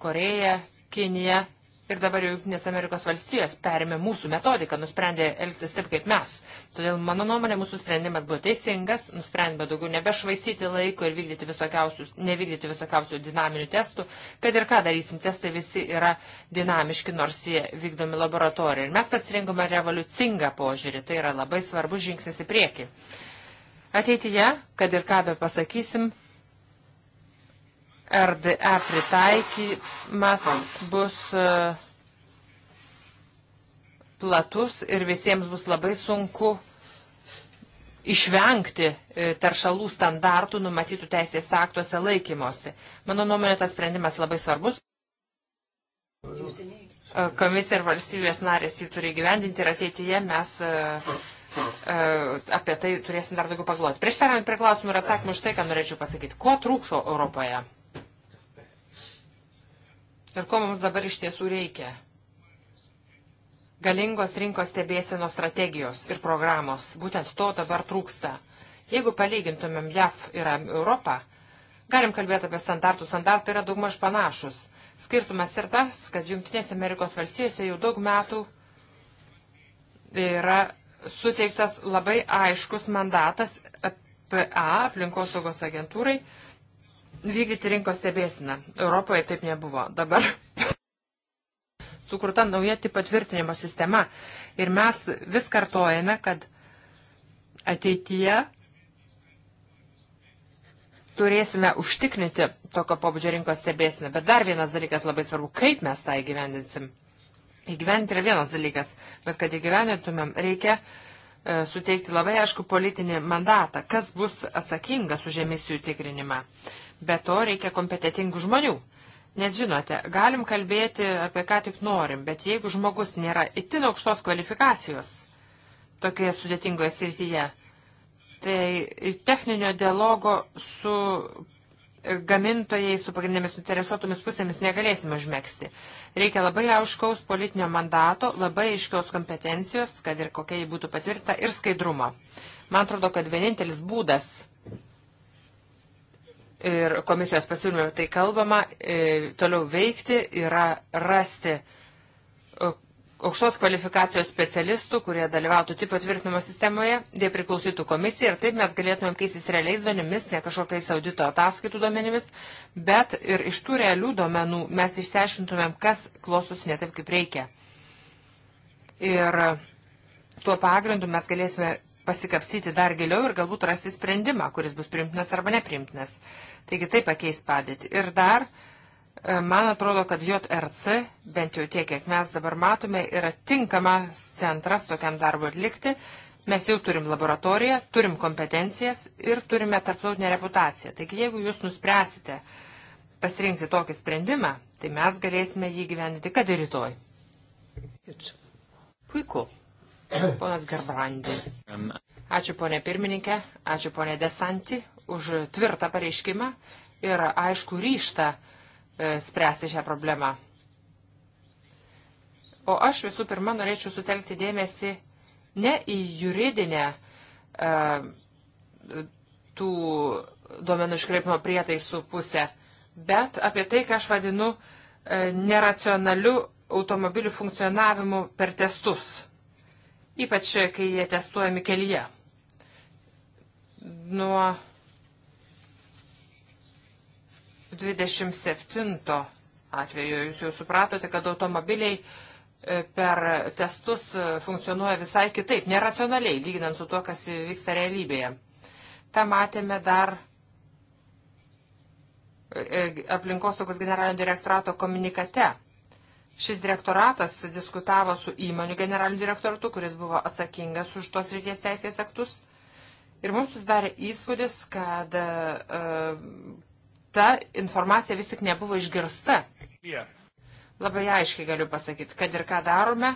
Koreja, Kinija Ir dabar jau Junktinės Amerikos valstijos perėmė mūsų metodiką, nusprendė elgtis taip kaip mes. Todėl, mano nuomonė, mūsų sprendimas buvo teisingas, nusprendė daugiau nebešvaistyti laiko ir vykdyti visokiausius, nevykdyti visokiausių dinaminių testų, kad ir ką darysim, testai visi yra dinamiški, nors jie vykdomi laboratorijoje. Ir mes pasirinkome revoliucingą požiūrį, tai yra labai svarbus žingsnis į priekį. Ateityje, kad ir ką be pasakysim, RDE pritaikymas bus e, platus ir visiems bus labai sunku išvengti e, taršalų standartų numatytų teisės aktuose laikymosi. Mano nuomonė, tas sprendimas labai svarbus. E, komisija ir valstybės narės jį turi gyvendinti ir ateityje mes apie tai turėsim dar daugiau pagalvoti. Prieš perant prie klausimų ir atsakymų, štai ką norėčiau pasakyti. Ko trūkso Europoje? Ir ko mums dabar iš tiesų reikia? Galingos rinkos stebėsienos strategijos ir programos. Būtent to dabar trūksta. Jeigu palygintumėm JAF ir Europą, galim kalbėti apie standartus. Standartai yra daugmaž panašus. Skirtumas ir tas, kad Junktinės Amerikos valstijose jau daug metų yra suteiktas labai aiškus mandatas PA, aplinkosaugos agentūrai, vykdyti rinkos stebėsiną. Europoje taip nebuvo. Dabar *laughs* sukurta nauja tik patvirtinimo sistema. Ir mes vis kartojame, kad ateityje turėsime užtikrinti tokio pobūdžio rinkos stebėsiną. Bet dar vienas dalykas labai svarbu, kaip mes tą įgyvendinsim. Įgyvendinti yra vienas dalykas, bet kad įgyvendintumėm, reikia e, suteikti labai aišku politinį mandatą, kas bus atsakingas už emisijų tikrinimą. E, Be to reikia kompetitingų žmonių. Nes žinote, galim kalbėti apie ką tik norim, bet jeigu žmogus nėra itin aukštos kvalifikacijos tokioje sudėtingoje srityje, tai techninio dialogo su gamintojai, su pagrindinėmis interesuotomis pusėmis negalėsime užmėgsti. Reikia labai aiškaus politinio mandato, labai aiškios kompetencijos, kad ir kokia jį būtų patvirta, ir skaidrumo. Man atrodo, kad vienintelis būdas ir komisijos pasiūlymė tai kalbama, e, toliau veikti yra rasti e, aukštos kvalifikacijos specialistų, kurie dalyvautų tipo tvirtinimo sistemoje, jie priklausytų komisijai ir taip mes galėtumėm keistis realiais duomenimis, ne kažkokiais audito ataskaitų duomenimis, bet ir iš tų realių duomenų mes išsiaiškintumėm, kas klostosi ne taip, kaip reikia. Ir tuo pagrindu mes galėsime pasikapsyti dar giliau ir galbūt rasti sprendimą, kuris bus primtinas arba neprimtinas. Taigi tai pakeis padėtį. Ir dar, e, man atrodo, kad JRC, bent jau tiek, kiek mes dabar matome, yra tinkamas centras tokiam darbui atlikti. Mes jau turim laboratoriją, turim kompetencijas ir turime tarptautinę reputaciją. Taigi jeigu jūs nuspręsite pasirinkti tokį sprendimą, tai mes galėsime jį gyvendyti, kad ir rytoj. Puiku. Ponas Garbrandi. Ačiū ponė pirmininkė, ačiū ponė Desanti už tvirtą pareiškimą ir aišku ryštą e, spręsti šią problemą. O aš visų pirma norėčiau sutelkti dėmesį ne į juridinę e, tų duomenų iškreipimo prietaisų pusę, bet apie tai, ką aš vadinu e, neracionaliu automobilių funkcionavimu per testus ypač kai jie testuojami kelyje. Nuo 27 atveju jūs jau supratote, kad automobiliai e, per testus e, funkcionuoja visai kitaip, neracionaliai, lyginant su to, kas vyksta realybėje. Ta matėme dar e, aplinkosaugos generalinio direktorato komunikate Šis direktoratas diskutavo su įmonių generaliniu direktoratu, kuris buvo atsakingas už tos ryties teisės aktus. Ir mums susidarė įspūdis, kad uh, ta informacija vis tik nebuvo išgirsta. Yeah. Labai aiškiai galiu pasakyti, kad ir ką darome,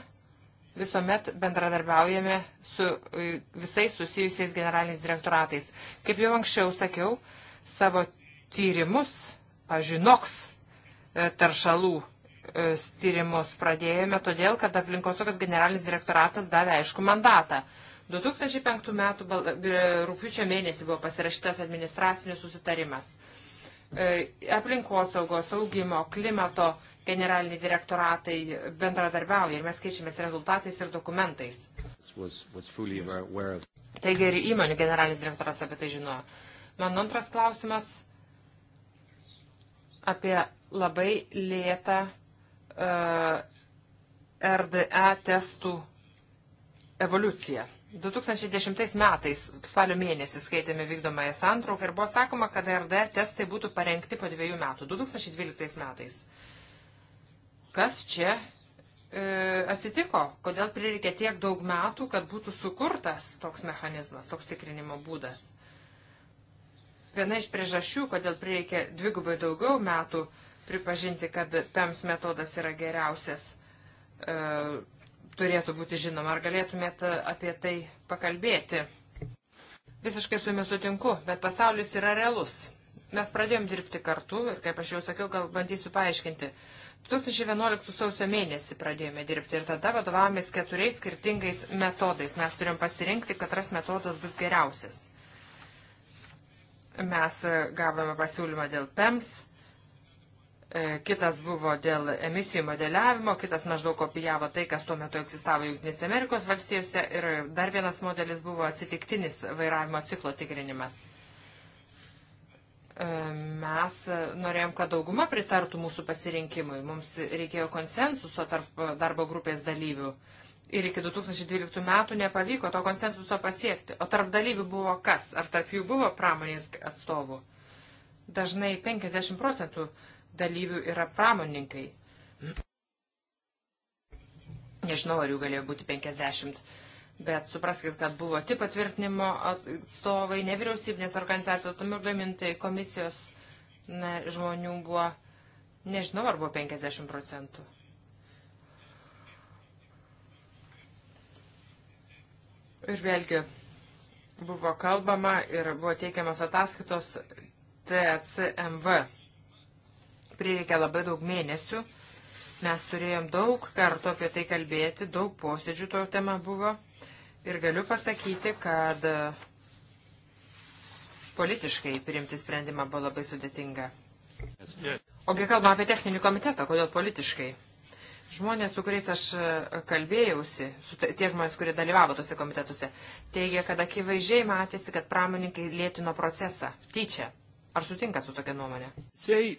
visuomet bendradarbiaujame su e, visais susijusiais generaliniais direktoratais. Kaip jau anksčiau sakiau, savo tyrimus, pažinoks e, taršalų E, tyrimus pradėjome, todėl kad aplinkosaugos generalinis direktoratas davė aišku mandatą. 2005 m. E, rūpiučio mėnesį buvo pasirašytas administracinis susitarimas. E, aplinkosaugos, saugimo, klimato generaliniai direktoratai bendradarbiauja ir mes keičiamės rezultatais ir dokumentais. Was, was Taigi ir įmonių generalinis direktoras apie tai žinojo. Mano antras klausimas apie labai lėtą RDE e testų evoliuciją. 2010 metais, spalio mėnesį, skaitėme vykdomąją santrauką ir buvo sakoma, kad RD e testai būtų parengti po dviejų metų, 2012 metais. Kas čia e, atsitiko? Kodėl prireikė tiek daug metų, kad būtų sukurtas toks mechanizmas, toks tikrinimo būdas? Viena iš priežasčių, kodėl prireikė dvigubai daugiau metų, e, pripažinti, kad PEMS metodas yra geriausias, e, turėtų būti žinoma. Ar galėtumėt e, apie tai pakalbėti? Visiškai su jumis sutinku, bet pasaulis yra realus. Mes pradėjom dirbti kartu ir, kaip aš jau sakiau, gal bandysiu paaiškinti. 2011 sausio mėnesį pradėjome dirbti ir tada vadovavomės keturiais skirtingais metodais. Mes turim pasirinkti, katras metodas bus geriausias. Mes e, gavome pasiūlymą dėl PEMS, E, kitas buvo dėl emisijų modeliavimo, kitas maždaug kopijavo tai, kas tuo metu egzistavo Junktinėse Amerikos valstijose ir dar vienas modelis buvo atsitiktinis vairavimo ciklo tikrinimas. E, mes norėjom, kad dauguma pritartų mūsų pasirinkimui. Mums reikėjo konsensuso tarp darbo grupės dalyvių. Ir iki 2012 metų nepavyko to konsensuso pasiekti. O tarp dalyvių buvo kas? Ar tarp jų buvo pramonės atstovų? Dažnai 50 procentų uh, dalyvių yra pramoninkai. Nežinau, ar jų galėjo būti 50, bet supraskite, kad buvo tik patvirtinimo atstovai, nevyriausybinės organizacijos, tuomet gamintai, komisijos na, žmonių buvo, nežinau, ar buvo 50 procentų. Ir vėlgi buvo kalbama ir buvo teikiamas ataskaitos TCMV prireikė labai daug mėnesių. Mes turėjom daug kartų apie tai kalbėti, daug posėdžių to tema buvo. Ir galiu pasakyti, kad e, politiškai priimti sprendimą buvo labai sudėtinga. Ogi kalbam apie techninį komitetą, kodėl politiškai? Žmonės, su kuriais aš e, kalbėjausi, tie žmonės, kurie dalyvavo tose komitetuose, teigia, kad akivaizdžiai matėsi, kad pramoninkai lėtino procesą. Tyčia. Ar sutinka su tokia nuomonė? Sei,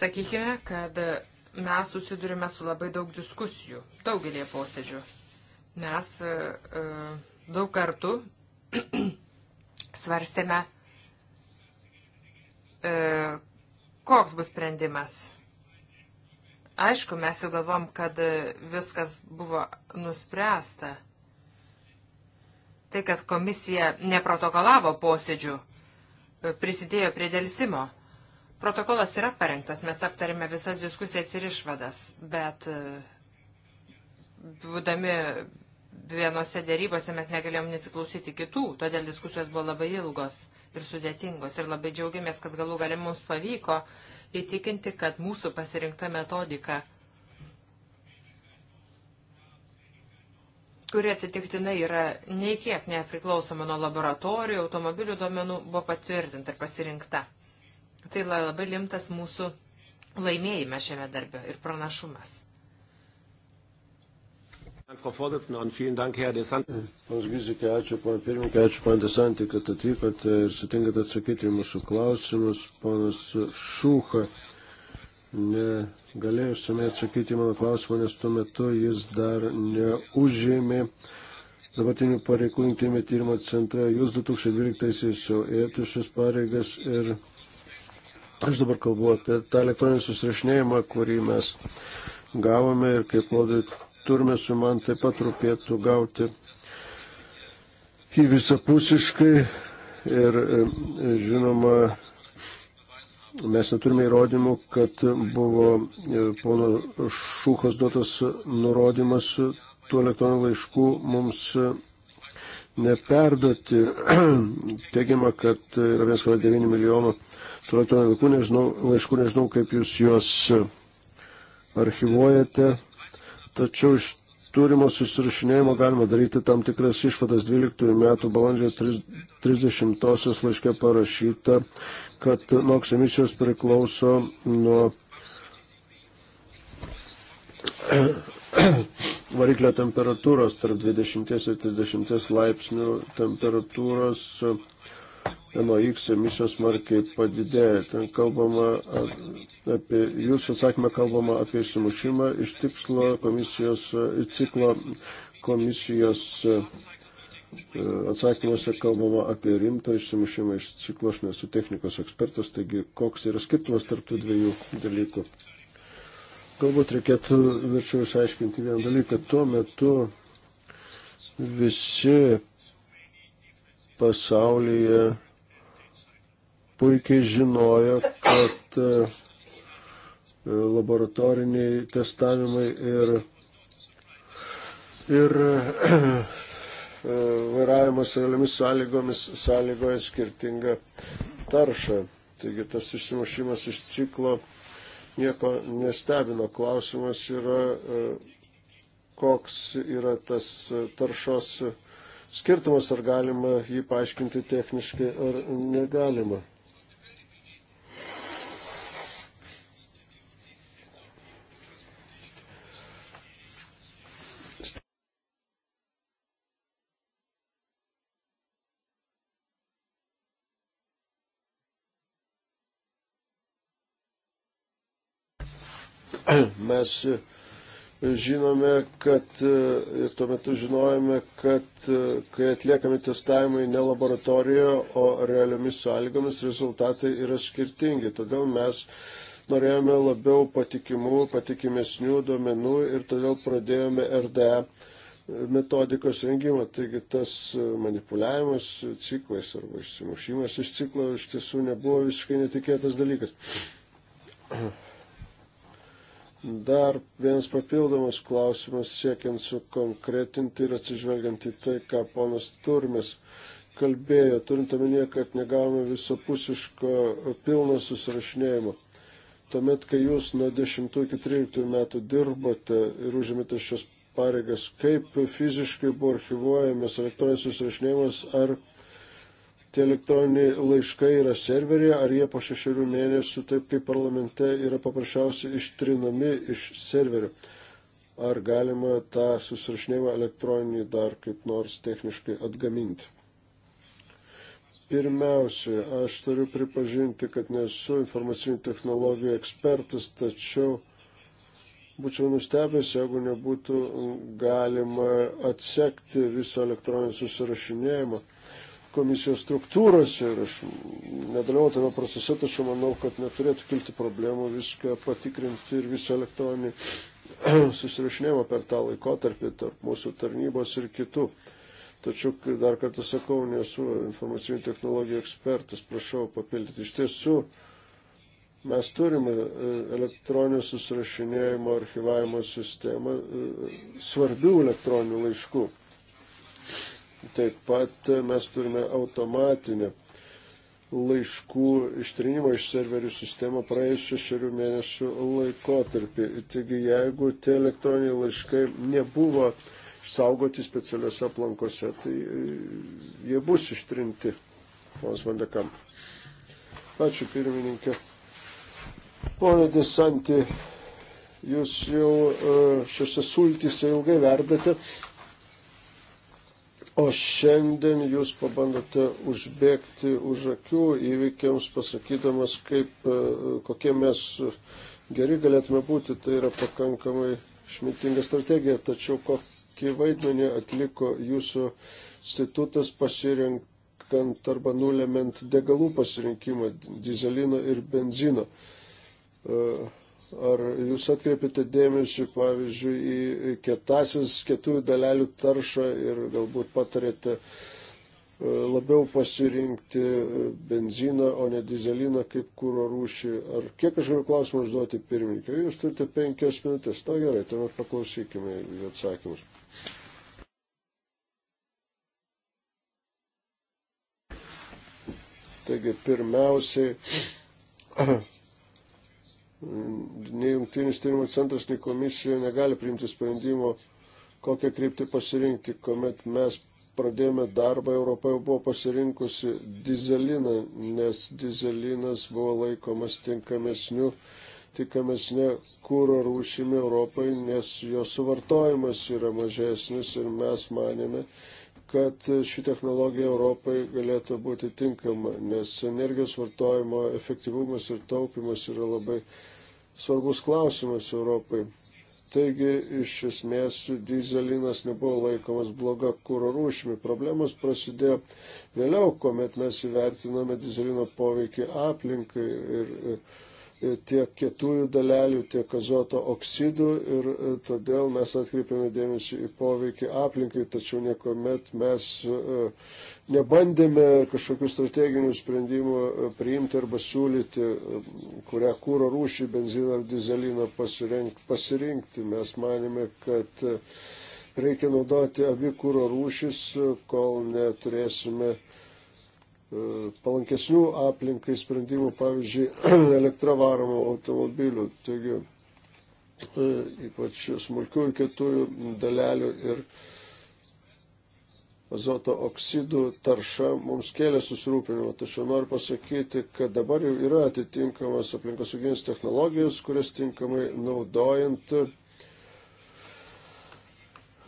Sakykime, kad mes susidurime su labai daug diskusijų, daugelie posėdžių. Mes e, e, daug kartų *clears throat* svarstėme, e, koks bus sprendimas. Aišku, mes jau galvom, kad viskas buvo nuspręsta. Tai, kad komisija neprotokolavo posėdžių, prisidėjo prie dėlsimo. Protokolas yra parengtas, mes aptarėme visas diskusijas ir išvadas, bet e, būdami vienose dėrybose mes negalėjom nesiklausyti kitų, todėl diskusijos buvo labai ilgos ir sudėtingos ir labai džiaugiamės, kad galų galia mums pavyko įtikinti, kad mūsų pasirinkta metodika, kuri atsitiktinai yra nei kiek nepriklausoma nuo laboratorijų, automobilių duomenų, buvo patvirtinta ir pasirinkta. Tai labai limtas mūsų laimėjime šiame darbe ir pranašumas. Frau Vorsitzende, und vielen Dank, Herr Desante. Panas Gizikė, ačiū, pana pirmininkė, ačiū, pana Desante, kad atvykote ir sutinkat atsakyti į mūsų klausimus. Panas Šūcha, negalėjau sumai atsakyti į mano klausimą, nes tuo metu jis dar neužėmė dabartinių pareigų jungtinėme tyrimo centre. Jūs 2012-aisiais jau ėjote šias pareigas ir Aš dabar kalbu apie tą elektroninį susirašinėjimą, kurį mes gavome ir kaip Klaudai turime su man taip pat rūpėtų gauti jį visapusiškai ir e, žinoma, mes neturime įrodymų, kad buvo e, pono Šūkos duotas nurodymas tų elektroninių laiškų mums e, neperduoti. *clears throat* Teigiama, kad yra 1,9 milijono Turėtume vaikų, nežinau, laiškų nežinau, kaip jūs juos e, archivuojate, tačiau iš turimo susirašinėjimo galima daryti tam tikras išvadas 12 metų balandžio 30 laiške parašyta, kad NOX emisijos priklauso nuo *coughs* variklio temperatūros tarp 20 ir 30 laipsnių temperatūros NOX emisijos markiai padidėja. Ten kalbama apie, jūsų atsakymą kalbama apie išsimušimą iš tikslo komisijos, e, ciklo komisijos e, atsakymuose kalbama apie rimtą išsimušimą iš ciklo, aš nesu technikos ekspertas, taigi koks yra skirtumas tarp tų dviejų dalykų. Galbūt reikėtų verčiau išaiškinti vieną dalyką. Tuo metu visi pasaulyje puikiai žinojo, kad e, laboratoriniai testavimai ir, ir e, e, vairavimas realiomis sąlygomis sąlygoja skirtingą taršą. Taigi tas išsimušimas iš ciklo nieko nestebino. Klausimas yra, koks yra tas taršos skirtumas, ar galima jį paaiškinti techniškai ar negalima. *clears throat* mes žinome, kad e, ir tuo metu žinojame, kad e, kai atliekami testavimai ne laboratorijoje, o realiomis sąlygomis, rezultatai yra skirtingi. Todėl mes norėjome labiau patikimų, patikimesnių duomenų ir todėl pradėjome RDE metodikos rengimą. Taigi tas e, manipuliavimas ciklais arba išsimušimas iš ciklo iš tiesų nebuvo visiškai netikėtas dalykas. Dar vienas papildomas klausimas siekiant sukonkretinti ir atsižvelgiant į tai, ką ponas Turmes kalbėjo, turint omenyje, kad negavome visapusiško pilno susirašinėjimo. Tuomet, kai jūs nuo 10 iki 13 metų dirbote ir užėmėte šios pareigas, kaip fiziškai buvo archivuojamas elektroninis susirašinėjimas, ar tie elektroniniai laiškai yra serveryje, ar jie po šešių mėnesių, taip kaip parlamente, yra paprasčiausiai ištrinami iš serverio. Ar galima tą susirašinėjimą elektroninį dar kaip nors techniškai atgaminti? Pirmiausia, aš turiu pripažinti, kad nesu informacinių technologijų ekspertas, tačiau būčiau nustebęs, jeigu nebūtų galima atsekti viso elektroninį susirašinėjimą komisijos struktūrose ir aš nedalyvau tame procese, tačiau manau, kad neturėtų kilti problemų viską patikrinti ir visą elektroninį *clears throat* susirašinėjimą per tą laikotarpį tarp mūsų tarnybos ir kitų. Tačiau, dar kartą sakau, nesu informacinių technologijų ekspertas, prašau papildyti. Iš tiesų, mes turime e, elektroninio susirašinėjimo archivavimo sistemą e, svarbių elektroninių laiškų. Taip pat mes turime automatinę laiškų ištrinimo iš serverių sistemą praėjus šešių mėnesių laikotarpį. Taigi, jeigu tie elektroniniai laiškai nebuvo išsaugoti specialiuose aplankose, tai e, jie bus ištrinti. Ponas Vandekam. Ačiū pirmininkė. Pone Desanti, jūs jau e, šiose sultyse ilgai verdate. O šiandien jūs pabandote užbėgti už akių įvykiams, pasakydamas, kaip, e, kokie mes geri galėtume būti. Tai yra pakankamai šmitinga strategija, tačiau kokį vaidmenį atliko jūsų institutas pasirinkant arba nulemiant degalų pasirinkimą - dizelino ir benzino. Uh, Ar jūs atkreipite dėmesį, pavyzdžiui, į kietasis kietųjų dalelių taršą ir galbūt patarėte e, labiau pasirinkti e, benziną, o ne dizeliną kaip kūro rūšį? Ar kiek aš galiu klausimą užduoti pirmininkai? Jūs turite penkias minutės. Na gerai, tuomet paklausykime atsakymus. Taigi, pirmiausiai *clears throat* nei Jungtinis tyrimų centras, nei komisija negali priimti sprendimo, kokią kryptį pasirinkti. Komet mes pradėjome darbą, Europa jau buvo pasirinkusi dizeliną, nes dizelinas buvo laikomas tinkamesniu, tinkamesnė kūro rūšimi Europai, nes jo suvartojimas yra mažesnis ir mes manėme, kad ši technologija Europai galėtų būti tinkama, nes energijos vartojimo efektyvumas ir taupimas yra labai svarbus klausimas Europai. Taigi, iš esmės, dizelinas nebuvo laikomas bloga kūro rūšimi. Problemos prasidėjo vėliau, kuomet mes įvertinome dizelino poveikį aplinkai ir, ir tiek kietųjų dalelių, tiek azoto oksidų ir e, todėl mes atkreipiame dėmesį į poveikį aplinkai, tačiau niekuomet mes e, nebandėme kažkokių strateginių sprendimų e, priimti arba siūlyti, kurią kūro rūšį, benziną ar dizeliną pasirinkti. Mes manėme, kad reikia naudoti abi kūro rūšis, kol neturėsime E, palankesnių aplinkai sprendimų, pavyzdžiui, *clears throat* elektravaromų automobilių, taigi e, ypač smulkių ir kietųjų dalelių ir azoto oksidų tarša mums kėlė susirūpinimą. Tačiau noriu pasakyti, kad dabar jau yra atitinkamas aplinkosauginės technologijos, kurias tinkamai naudojant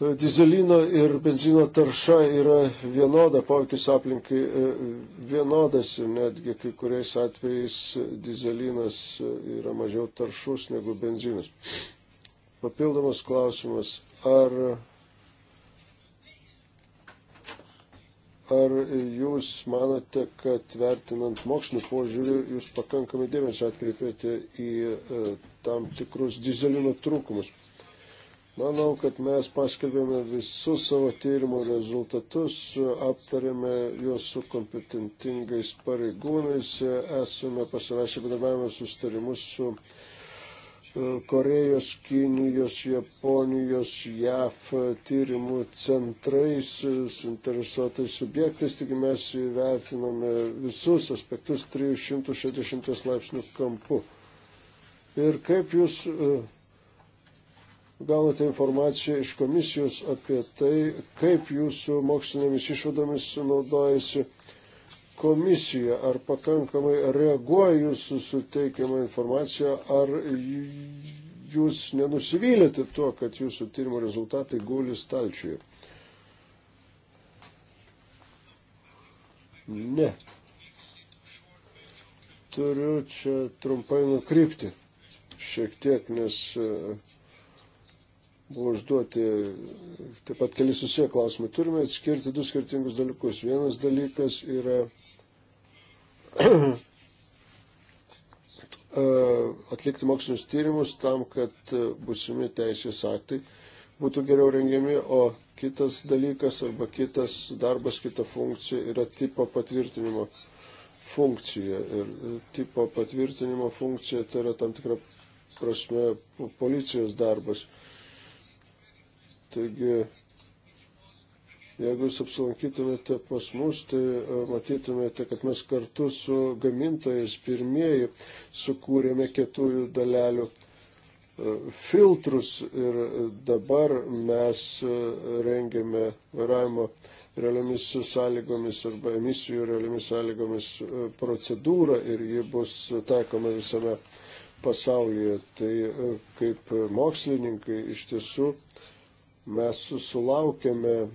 E, dizelino ir benzino tarša yra vienoda, poveikis aplinkai e, vienodas ir netgi kai kuriais atvejais dizelinas e, yra mažiau taršus negu benzinas. Papildomas klausimas, ar, ar jūs manote, kad vertinant mokslinį požiūrį, jūs pakankamai dėmesio atkreipėte į tam tikrus dizelino trūkumus? Manau, kad mes paskelbėme visus savo tyrimo rezultatus, aptarėme juos su kompetentingais pareigūnais, esame pasirašę bendradarbiavimo sustarimus su e, Korejos, Kinijos, Japonijos, JAF tyrimų centrais, e, suinteresuotais subjektais, taigi mes įvertiname visus aspektus 360 laipsnių kampu. Ir kaip jūs e, gaunate informaciją iš komisijos apie tai, kaip jūsų mokslinėmis išvadomis naudojasi komisija, ar pakankamai reaguoja jūsų suteikiamą informaciją, ar jūs nenusivylėte tuo, kad jūsų tyrimo rezultatai guli stalčiuje. Ne. Turiu čia trumpai nukrypti šiek tiek, nes uh, buvo užduoti taip pat keli susiję klausimai. Turime atskirti du skirtingus dalykus. Vienas dalykas yra *clears throat* atlikti mokslinius tyrimus tam, kad busimi teisės aktai būtų geriau rengiami, o kitas dalykas arba kitas darbas, kita funkcija yra tipo patvirtinimo funkcija. Ir tipo patvirtinimo funkcija tai yra tam tikra prasme policijos darbas. Taigi, jeigu jūs apsilankytumėte pas mus, tai e, matytumėte, kad mes kartu su gamintojais pirmieji sukūrėme kietųjų dalelių e, filtrus ir dabar mes e, rengiame vairavimo realiomis sąlygomis arba emisijų realiomis sąlygomis procedūra ir ji bus taikoma visame pasaulyje. Tai kaip mokslininkai iš tiesų mes sulaukėme,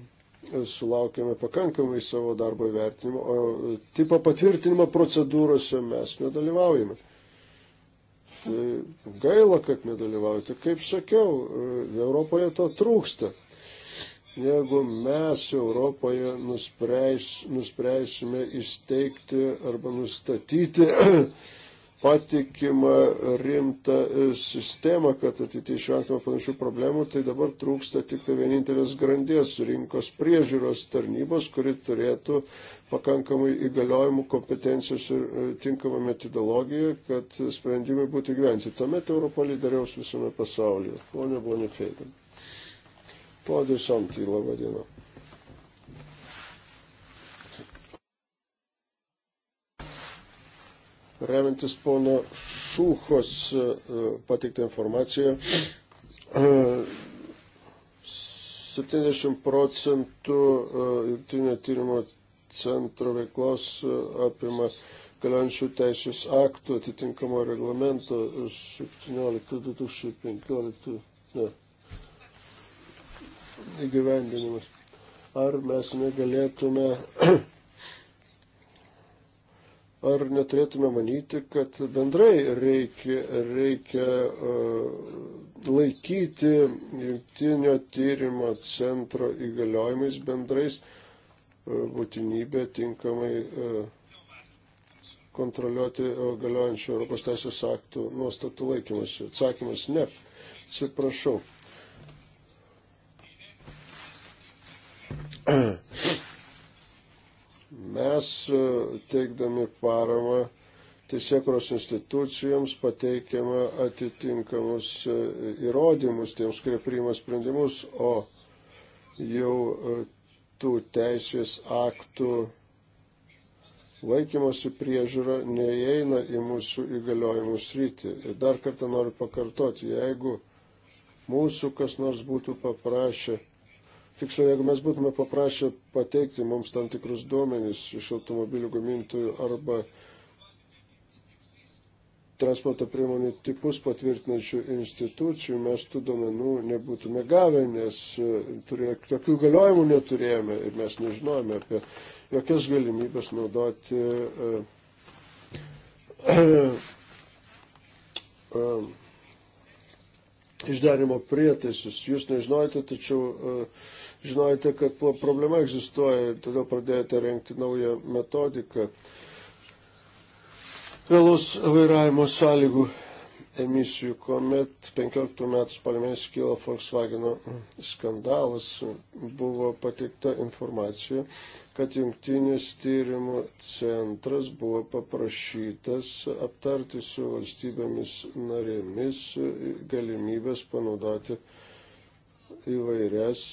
sulaukėme pakankamai savo darbo įvertinimo, o tipo patvirtinimo procedūrose mes nedalyvaujame. Tai gaila, kad nedalyvaujate. Kaip sakiau, Europoje to trūksta. Jeigu mes Europoje nuspreis, nuspreisime įsteigti arba nustatyti patikimą rimtą e, sistemą, kad ateityje išvengtume panašių problemų, tai dabar trūksta tik tai vienintelės grandies rinkos priežiūros tarnybos, kuri turėtų pakankamai įgaliojimų, kompetencijos ir e, tinkamą metodologiją, kad sprendimai būtų gyventi. Tuomet Europo lyderiaus visame pasaulyje. Pone Bonifeikin. Pone Santylą vadinam. Remiantis pono Šūchos e, pateiktą informaciją, 70 e, procentų e, jungtinio tyrimo centro veiklos apima galiojančių teisės aktų atitinkamo reglamento 17-2015 įgyvendinimas. Ar mes negalėtume ar neturėtume manyti, kad bendrai reikia, reikia e, laikyti jungtinio tyrimo centro įgaliojimais bendrais e, būtinybę tinkamai e, kontroliuoti galiojančių Europos teisės aktų nuostatų laikymas. Atsakymas ne. Atsiprašau. *clears throat* Mes e, teikdami paramą teisėkuros institucijoms pateikiame atitinkamus e, įrodymus tiems, kurie priima sprendimus, o jau e, tų teisės aktų laikymosi priežiūra neįeina į mūsų įgaliojimų sritį. Ir dar kartą noriu pakartoti, jeigu mūsų kas nors būtų paprašę Tiksliau, jeigu mes būtume paprašę pateikti mums tam tikrus duomenys iš automobilių gamintojų arba transporto priemonių tipus patvirtinančių institucijų, mes tų duomenų nebūtume gavę, nes e, turė, tokių galiojimų neturėjome ir mes nežinojome apie jokias galimybės naudoti e, *coughs* e, išdarimo prietaisus. Jūs nežinojate, tačiau uh, žinojote, kad problema egzistuoja, todėl pradėjote renkti naują metodiką realaus vairavimo sąlygų emisijų, kuomet 15 metų spalio mėnesį kilo Volkswagen skandalas, buvo pateikta informacija, kad jungtinis tyrimų centras buvo paprašytas aptarti su valstybėmis narėmis galimybės panaudoti įvairias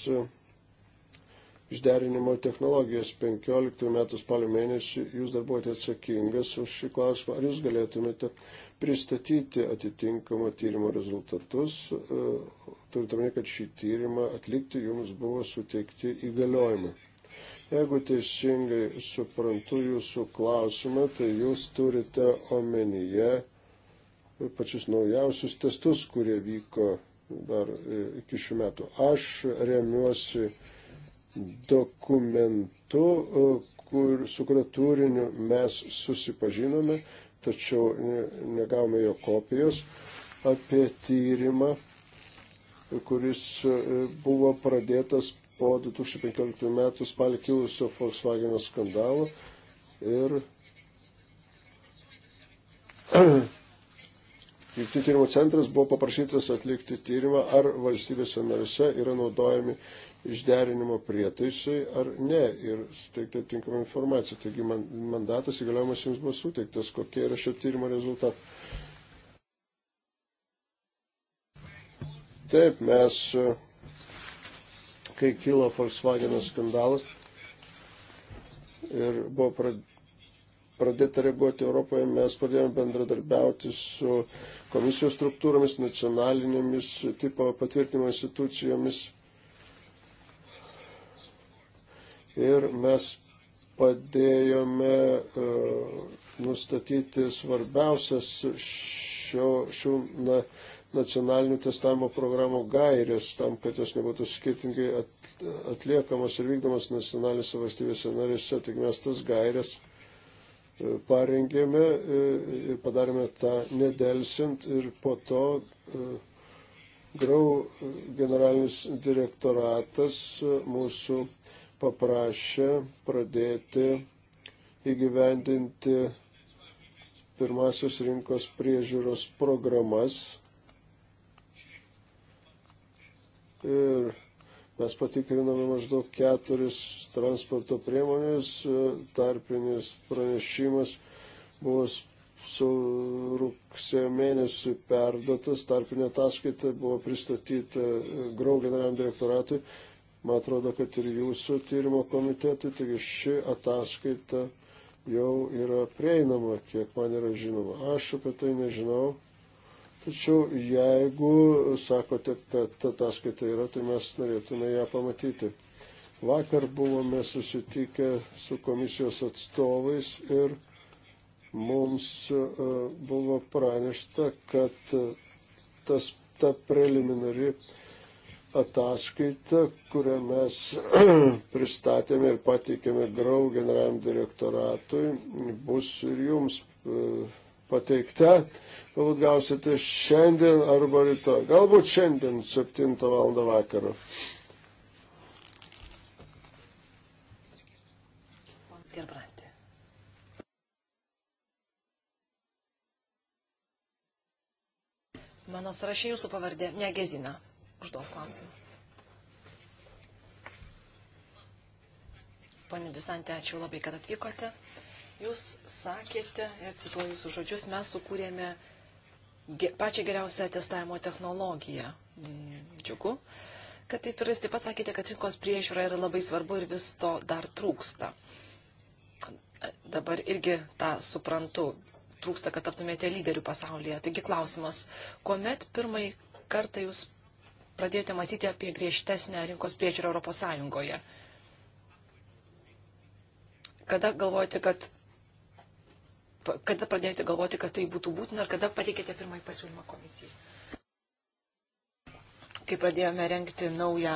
išderinimo technologijas. 15 metų spalio mėnesį jūs dar buvote atsakingas už šį klausimą. Ar jūs galėtumėte pristatyti atitinkamo tyrimo rezultatus, e, turint omenyje, kad šį tyrimą atlikti jums buvo suteikti įgaliojimai? Jeigu teisingai suprantu jūsų klausimą, tai jūs turite omenyje pačius naujausius testus, kurie vyko dar e, iki šių metų. Aš remiuosi dokumentu, e, kur, su kurio turiniu mes susipažinome, tačiau negavome jo kopijos apie tyrimą, kuris e, buvo pradėtas po 2015 metų spalį kilusio Volkswagen skandalo. Ir Jungtinių *clears throat* tyrimų centras buvo paprašytas atlikti tyrimą, ar valstybėse narėse yra naudojami išderinimo prietaisai ar ne ir suteikti tinkamą informaciją. Taigi man, mandatas įgaliojimas jums buvo suteiktas, kokie yra šio tyrimo rezultatai. Taip, mes, kai kilo Volkswagen skandalas ir buvo pradėta reaguoti Europoje, mes pradėjome bendradarbiauti su komisijos struktūromis, nacionalinėmis tipo patvirtinimo institucijomis ir mes padėjome e, nustatyti svarbiausias šio, šių na, nacionalinių testavimo programų gairės tam, kad jos nebūtų skirtingai at, atliekamos ir vykdomos nacionalinėse valstybėse narėse. Tik mes tas gairės e, parengėme e, ir padarėme tą nedelsint ir po to Grau generalinis direktoratas mūsų uh, paprašė pradėti įgyvendinti pirmasis rinkos priežiūros programas. Ir mes patikrinome maždaug keturis transporto priemonės, tarpinis pranešimas buvo su rugsėjo mėnesį perdotas, tarpinė ataskaita buvo pristatyta Grau generaliniam direktoratui Man atrodo, kad ir jūsų tyrimo komitetui, taigi ši ataskaita jau yra prieinama, kiek man yra žinoma. Aš apie tai nežinau. Tačiau jeigu sakote, kad ataskaita yra, tai mes norėtume ją pamatyti. Vakar buvome susitikę su komisijos atstovais ir mums e, buvo pranešta, kad tas, ta preliminari uh, ataskaitą, kurią mes *clears throat* pristatėme ir pateikėme Grau generaliniam direktoratui, bus ir jums e, pateikta. Galbūt gausite šiandien arba rytoj. Galbūt šiandien 7 val. vakaro. Mano sąrašė jūsų pavardė, ne Gezina užduos klausimą. Pane Disantė, ačiū labai, kad atvykote. Jūs sakėte, ir cituoju jūsų žodžius, mes sukūrėme pačią geriausią testavimo technologiją. Mm, džiugu, kad taip ir jūs taip pat sakėte, kad rinkos priežiūra yra labai svarbu ir vis to dar trūksta. Dabar irgi tą suprantu, trūksta, kad taptumėte lyderių pasaulyje. Taigi klausimas, kuomet pirmai kartą jūs pradėjote mąstyti apie griežtesnę rinkos priežiūrą Europos Sąjungoje? Kada galvojate, kad kada pradėjote galvoti, kad tai būtų būtina ir kada pateikėte pirmąjį pasiūlymą komisijai? Kai pradėjome renkti naują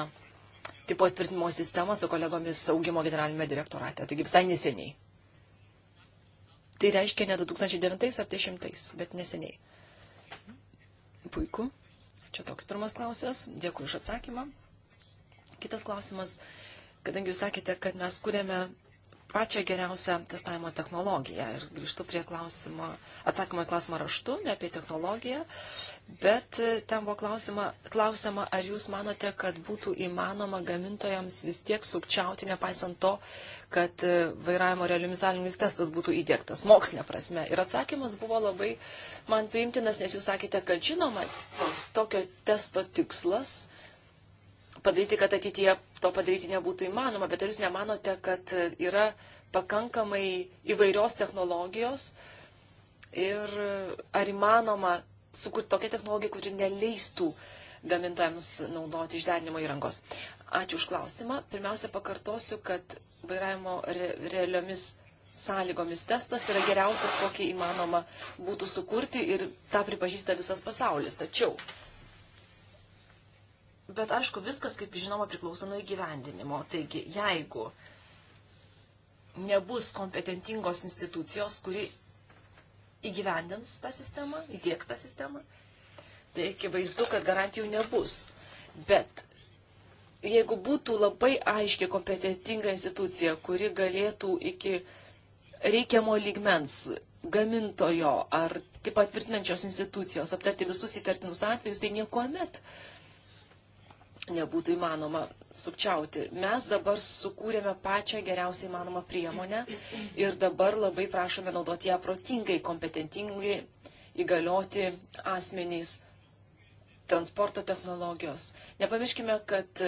tipo atvirtinimo sistemą su kolegomis augimo generalinėme direktorate, taigi visai neseniai. Tai reiškia ne 2009 ar 2010, bet neseniai. Puiku. Čia toks pirmas klausimas. Dėkui už atsakymą. Kitas klausimas, kadangi jūs sakėte, kad mes kūrėme pačią geriausią testavimo technologiją. Ir grįžtu prie klausimo, atsakymo į klausimą raštu, ne apie technologiją, bet ten buvo klausima, klausima, ar jūs manote, kad būtų įmanoma gamintojams vis tiek sukčiauti, nepaisant to, kad e, vairavimo realizavimis testas būtų įdėktas mokslinė prasme. Ir atsakymas buvo labai man priimtinas, nes jūs sakėte, kad žinoma, tokio testo tikslas padaryti, kad ateityje to padaryti nebūtų įmanoma, bet ar jūs nemanote, kad yra pakankamai įvairios technologijos ir ar įmanoma sukurti tokią technologiją, kuri neleistų gamintojams naudoti išderinimo įrangos. Ačiū už klausimą. Pirmiausia, pakartosiu, kad vairavimo re realiomis sąlygomis testas yra geriausias, kokį įmanoma būtų sukurti ir tą pripažįsta visas pasaulis. Tačiau Bet aišku, viskas, kaip žinoma, priklauso nuo įgyvendinimo. Taigi, jeigu nebus kompetentingos institucijos, kuri įgyvendins tą sistemą, įdėks tą sistemą, tai akivaizdu, kad garantijų nebus. Bet jeigu būtų labai aiškiai kompetentinga institucija, kuri galėtų iki reikiamo lygmens gamintojo ar taip pat tvirtinančios institucijos aptarti visus įtartinus atvejus, tai niekuomet met nebūtų įmanoma sukčiauti. Mes dabar sukūrėme pačią geriausiai įmanomą priemonę ir dabar labai prašome naudoti ją protingai, kompetentingai, įgalioti asmenys transporto technologijos. Nepamirškime, kad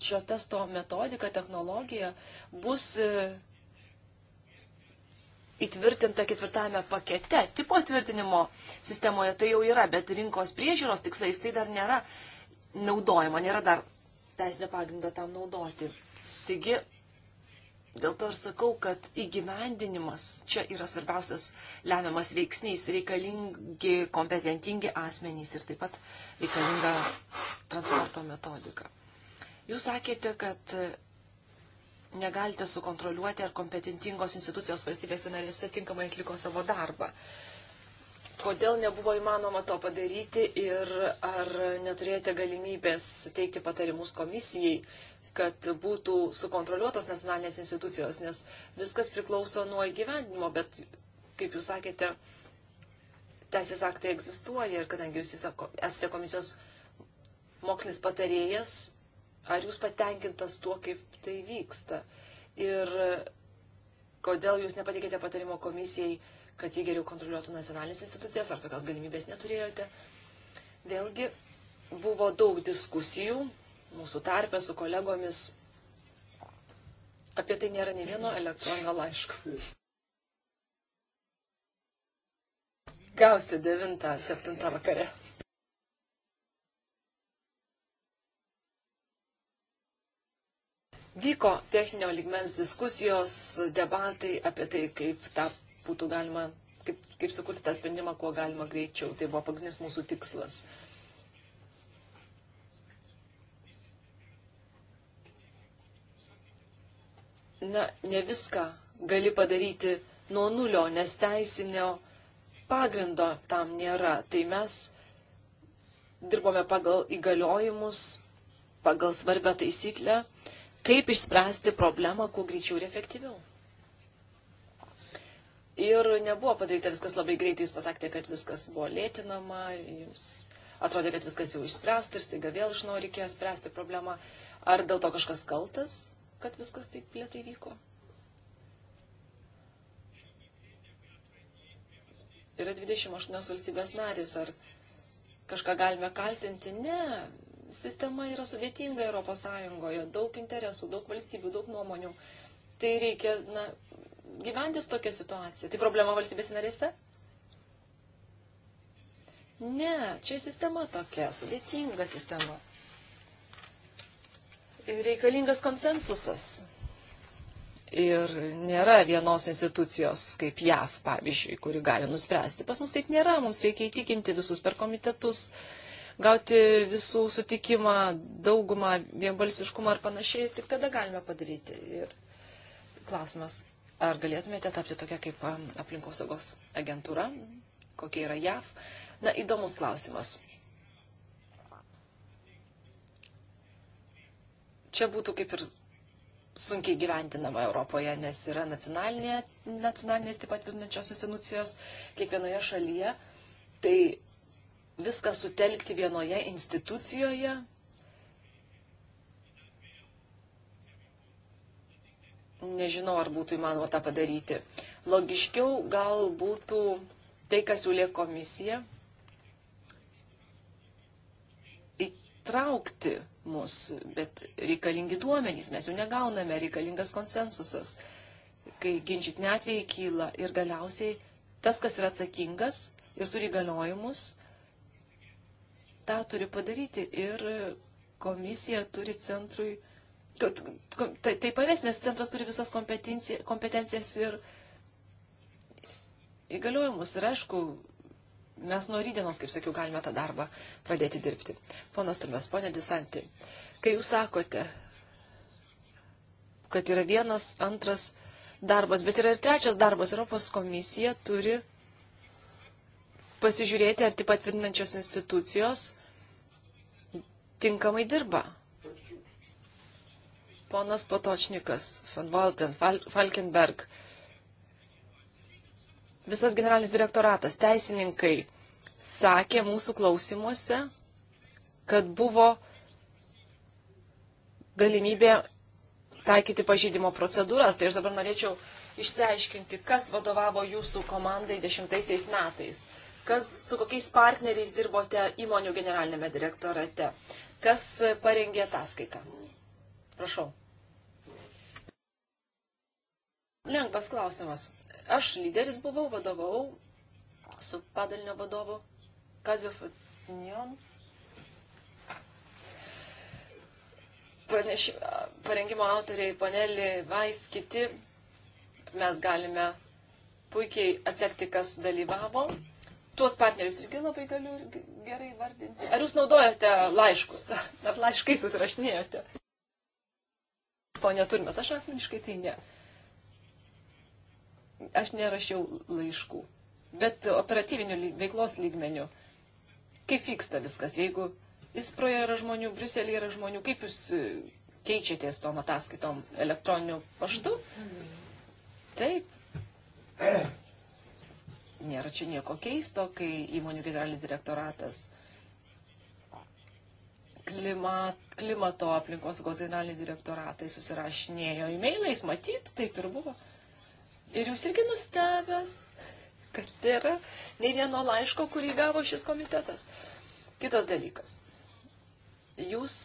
šio testo metodika, technologija bus e, įtvirtinta ketvirtame pakete. Tipo tvirtinimo sistemoje tai jau yra, bet rinkos priežiūros tikslais tai dar nėra naudojama, nėra dar teisinio pagrindo tam naudoti. Taigi, dėl to ir sakau, kad įgyvendinimas čia yra svarbiausias lemiamas veiksnys, reikalingi kompetentingi asmenys ir taip pat reikalinga transporto metodika. Jūs sakėte, kad negalite sukontroliuoti, ar kompetentingos institucijos valstybėse narėse tinkamai atliko savo darbą. Kodėl nebuvo įmanoma to padaryti ir ar neturėjote galimybės teikti patarimus komisijai, kad būtų sukontroliuotos nacionalinės institucijos, nes viskas priklauso nuo įgyvendinimo, bet, kaip jūs sakėte, teisės aktai egzistuoja ir kadangi jūs esate komisijos mokslinis patarėjas, ar jūs patenkintas tuo, kaip tai vyksta? Ir kodėl jūs nepatikėte patarimo komisijai? kad jie geriau kontroliuotų nacionalinės institucijas, ar tokios galimybės neturėjote. Vėlgi buvo daug diskusijų mūsų tarpę su kolegomis. Apie tai nėra nei vieno elektroninio laiško. Gausi 9-7 vakare. vyko techninio ligmens diskusijos, debatai apie tai, kaip tą būtų galima, kaip, kaip sukurti tą sprendimą, kuo galima greičiau. Tai buvo pagrindinis mūsų tikslas. Na, ne viską gali padaryti nuo nulio, nes teisinio pagrindo tam nėra. Tai mes dirbome pagal įgaliojimus, pagal svarbę taisyklę, kaip išspręsti problemą kuo greičiau ir efektyviau. Ir nebuvo padaryta viskas labai greitai, jūs pasakėte, kad viskas buvo lėtinama, jums atrodė, kad viskas jau išspręsta ir staiga vėl iš naujo reikėjo spręsti problemą. Ar dėl to kažkas kaltas, kad viskas taip lėtai vyko? Yra 28 valstybės narys, ar kažką galime kaltinti? Ne, sistema yra sudėtinga Europos Sąjungoje, daug interesų, daug valstybių, daug nuomonių. Tai reikia na, gyventis tokią situaciją? Tai problema valstybės narėse? Ne, čia sistema tokia, sudėtinga sistema. Ir reikalingas konsensusas. Ir nėra vienos institucijos kaip JAV, pavyzdžiui, kuri gali nuspręsti. Pas mus taip nėra, mums reikia įtikinti visus per komitetus, gauti visų sutikimą, daugumą, vienbalsiškumą ar panašiai, tik tada galime padaryti. Ir klausimas, Ar galėtumėte tapti tokia kaip aplinkosaugos agentūra, kokia yra JAV? Na, įdomus klausimas. Čia būtų kaip ir sunkiai gyventinama Europoje, nes yra nacionalinė, nacionalinės taip pat vidinančios institucijos kiekvienoje šalyje. Tai viską sutelkti vienoje institucijoje nežinau, ar būtų įmanoma tą padaryti. Logiškiau gal būtų tai, kas siūlė komisija, įtraukti mus, bet reikalingi duomenys, mes jų negauname, reikalingas konsensusas, kai ginčytini atvejai kyla ir galiausiai tas, kas yra atsakingas ir turi galiojimus, tą turi padaryti ir komisija turi centrui Tai, tai pavės, nes centras turi visas kompetencijas ir įgaliojimus. Ir aišku, mes nuo rydienos, kaip sakiau, galime tą darbą pradėti dirbti. Ponas Tumės, ponė Disanti, kai jūs sakote, kad yra vienas, antras darbas, bet yra ir trečias darbas, Europos komisija turi pasižiūrėti, ar tik patvirtinančios institucijos tinkamai dirba. Ponas Potočnikas, von Walten, Fal Falkenberg, visas generalinis direktoratas, teisininkai sakė mūsų klausimuose, kad buvo galimybė taikyti pažydimo procedūras. Tai aš dabar norėčiau išsiaiškinti, kas vadovavo jūsų komandai dešimtaisiais metais, kas su kokiais partneriais dirbote įmonių generalinėme direktorate, kas parengė ataskaitą. Prašau. Lengvas klausimas. Aš lyderis buvau, vadovau su padalinio vadovu Kazio Fatinion. Praneš, parengimo autoriai, panelį, vais, kiti, mes galime puikiai atsekti, kas dalyvavo. Tuos partnerius irgi labai galiu gerai vardinti. Ar jūs naudojate laiškus? *laughs* Ar laiškai susirašinėjote? Pone Turmes, aš asmeniškai tai ne. Aš nerašiau laiškų, bet operatyvinių veiklos lygmenių. Kaip vyksta viskas, jeigu Isproje yra žmonių, Briuselėje yra žmonių, kaip jūs e, keičiatės tom ataskaitom elektroniniu paštu? Taip. Nėra čia nieko keisto, kai įmonių generalinis direktoratas klimat, klimato aplinkosaugos generaliniai direktoratai susirašinėjo e-mailais, matyt, taip ir buvo. Ir jūs irgi nustebęs, kad nėra nei vieno laiško, kurį gavo šis komitetas. Kitas dalykas. Jūs,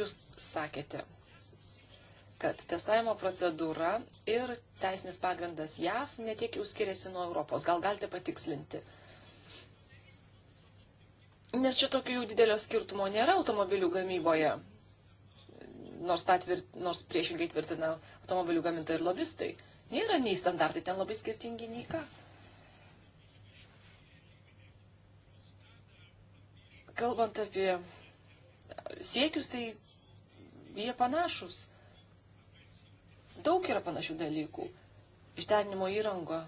jūs sakėte, kad testavimo procedūra ir teisinis pagrindas JAV netiek jau skiriasi nuo Europos. Gal galite patikslinti? Nes čia tokio jau didelio skirtumo nėra automobilių gamyboje. Nors, tvirt, nors priešingai tvirtina automobilių gamintojai ir lobistai. Nėra nei standartai ten labai skirtingi, nei ką. Kalbant apie siekius, tai jie panašus. Daug yra panašių dalykų. Išderinimo įrango.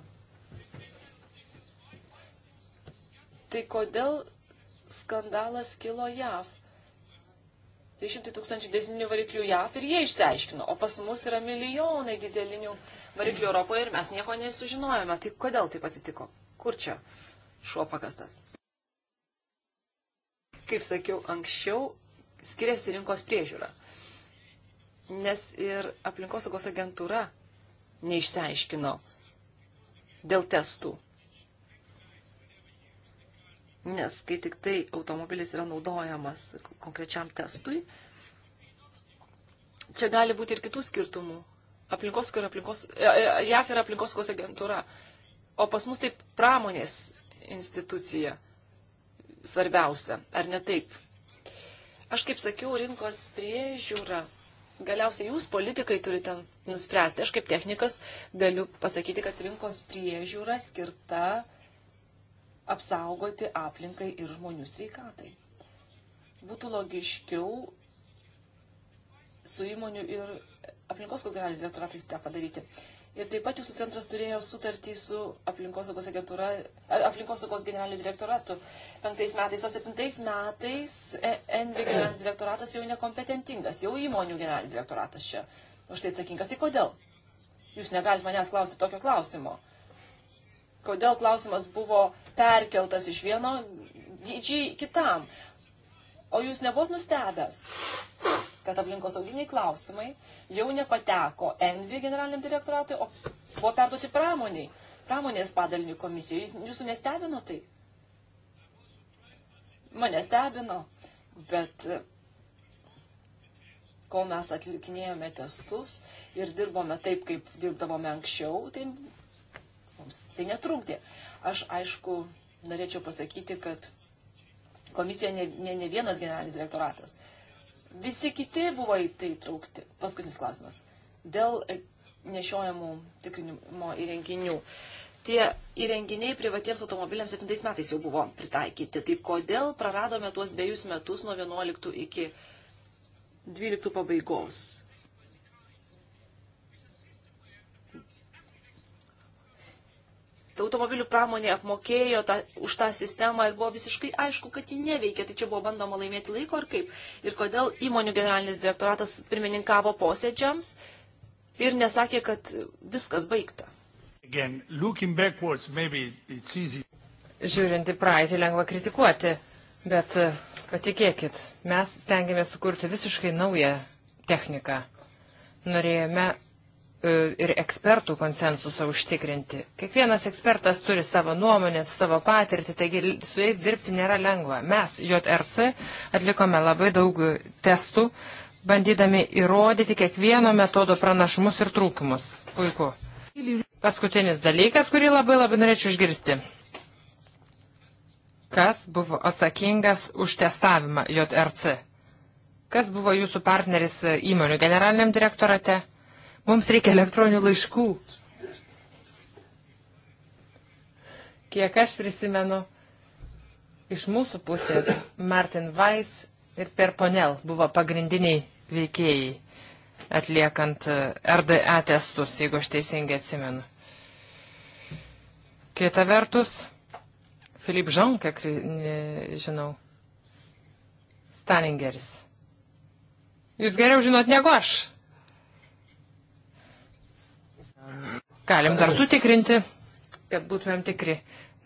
Tai kodėl skandalas kilo JAV. 300 tūkstančių dizelinių variklių JAV ir jie išsiaiškino, o pas mus yra milijonai dizelinių variklių Europoje ir mes nieko nesužinojome. Tai kodėl taip atsitiko? Kur čia šuo pakastas? Kaip sakiau anksčiau, skiriasi rinkos priežiūra. Nes ir aplinkosaugos agentūra neišsiaiškino dėl testų nes kai tik tai automobilis yra naudojamas konkrečiam testui, čia gali būti ir kitų skirtumų. Aplinkos, kur aplinkos, e, e, JAF yra aplinkoskos agentūra, o pas mus taip pramonės institucija svarbiausia, ar ne taip? Aš kaip sakiau, rinkos priežiūra galiausiai jūs, politikai, turite nuspręsti. Aš kaip technikas galiu pasakyti, kad rinkos priežiūra skirta apsaugoti aplinkai ir žmonių sveikatai. Būtų logiškiau su įmonių ir aplinkosaugos generalinis direktoratais tą padaryti. Ir taip pat jūsų centras turėjo sutartį su aplinkosaugos agentūra, aplinkosaugos generaliniu direktoratu. Penktais metais, o septintais metais e, NV generalinis direktoratas jau nekompetentingas, jau įmonių generalinis direktoratas čia už tai atsakingas. Tai kodėl? Jūs negalite manęs klausyti tokio klausimo kodėl klausimas buvo perkeltas iš vieno dydžiai kitam. O jūs nebuvot nustebęs, kad aplinkosauginiai klausimai jau nepateko Envi generaliniam direktoratui, o buvo perduoti pramoniai, pramonės padalinių komisijai. Jūsų nestebino tai? Mane stebino, bet e, kol mes atlikinėjome testus ir dirbome taip, kaip dirbdavome anksčiau, tai mums tai netrukdė. Aš aišku, norėčiau pasakyti, kad komisija ne, ne, ne vienas generalinis direktoratas. Visi kiti buvo į tai traukti. Paskutinis klausimas. Dėl e, nešiojamų tikrinimo įrenginių. Tie įrenginiai privatiems automobiliams 7 metais jau buvo pritaikyti. Tai kodėl praradome tuos dviejus metus nuo 11 iki 12 pabaigos? automobilių pramonė apmokėjo tą, už tą sistemą ir buvo visiškai aišku, kad ji neveikia. Tai čia buvo bandoma laimėti laiko ir kaip. Ir kodėl įmonių generalinis direktoratas pirmininkavo posėdžiams ir nesakė, kad viskas baigta. Again, Žiūrint į praeitį lengva kritikuoti, bet e, patikėkit, mes stengiamės sukurti visiškai naują techniką. Norėjome E, ir ekspertų konsensusą užtikrinti. Kiekvienas ekspertas turi savo nuomonę, savo patirtį, taigi su jais dirbti nėra lengva. Mes, JRC, atlikome labai daug testų, bandydami įrodyti kiekvieno metodo pranašumus ir trūkumus. Puiku. Paskutinis dalykas, kurį labai labai norėčiau išgirsti. Kas buvo atsakingas už testavimą JRC? Kas buvo jūsų partneris įmonių generaliniam direktorate? Mums reikia elektroninių laiškų. Kiek aš prisimenu, iš mūsų pusės Martin Weiss ir Perponel buvo pagrindiniai veikėjai atliekant e, RDA testus, jeigu aš teisingai atsimenu. Kita vertus, Filip Žan, kiek žinau, Staningeris. Jūs geriau žinot negu aš. Galim dar sutikrinti, kad būtumėm tikri.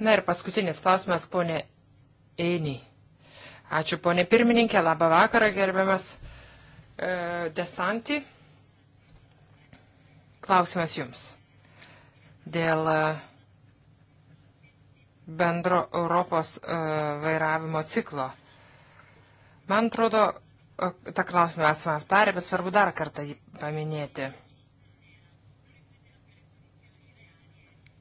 Na ir paskutinis klausimas, ponė Einiai. Ačiū, ponė pirmininkė, labą vakarą, gerbiamas e, Desanti. Klausimas jums. Dėl e, bendro Europos e, vairavimo ciklo. Man atrodo, e, tą klausimą esame aptarę, bet svarbu dar kartą jį paminėti.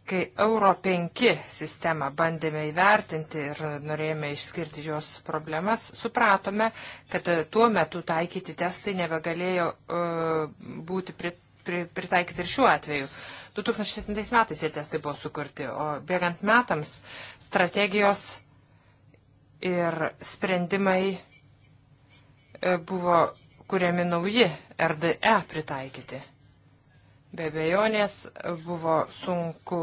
Kai Euro 5 sistemą bandėme įvertinti ir norėjome išskirti jos problemas, supratome, kad e, tuo metu taikyti testai nebegalėjo uh, būti prit, pri, pritaikyti ir šiuo atveju. 2007 metais tie testai buvo sukurti, o bėgant metams strategijos ir sprendimai e, buvo kuriami nauji RDE pritaikyti. Be bejonės buvo sunku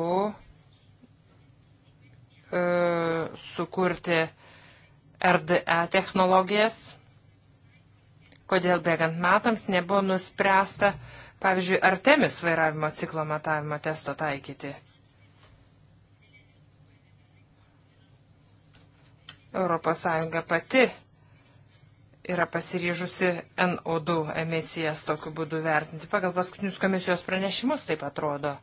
e, sukurti RDA technologijas, kodėl bėgant metams nebuvo nuspręsta, pavyzdžiui, Artemis vairavimo ciklo matavimo testo taikyti. ES pati yra pasiryžusi NO2 emisijas tokiu būdu vertinti. Pagal paskutinius komisijos pranešimus taip atrodo.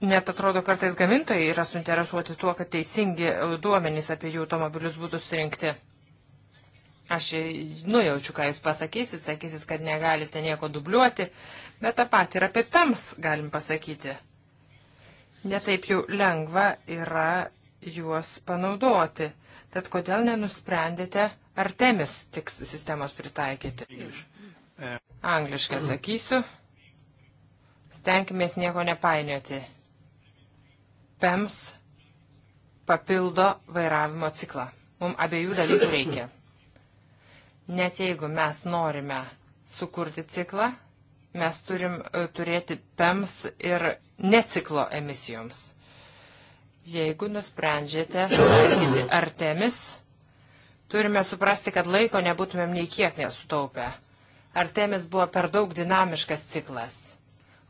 Net atrodo, kartais gamintojai yra suinteresuoti tuo, kad teisingi duomenys apie jų automobilius būtų surinkti. Aš nujaučiu, ką jūs pasakysit, sakysit, kad negalite nieko dubliuoti, bet tą patį ir apie PEMS galim pasakyti. Netaip jau lengva yra juos panaudoti. Tad kodėl nenusprendėte Artemis tik sistemos pritaikyti? Angliškai sakysiu. Stenkimės nieko nepainioti. PEMS papildo vairavimo ciklą. Mums abiejų dalykų reikia. Net jeigu mes norime sukurti ciklą, mes turim e, turėti PEMS ir neciklo emisijoms. Jeigu nusprendžiate taikyti Artemis, turime suprasti, kad laiko nebūtumėm nei kiek nesutaupę. Artemis buvo per daug dinamiškas ciklas,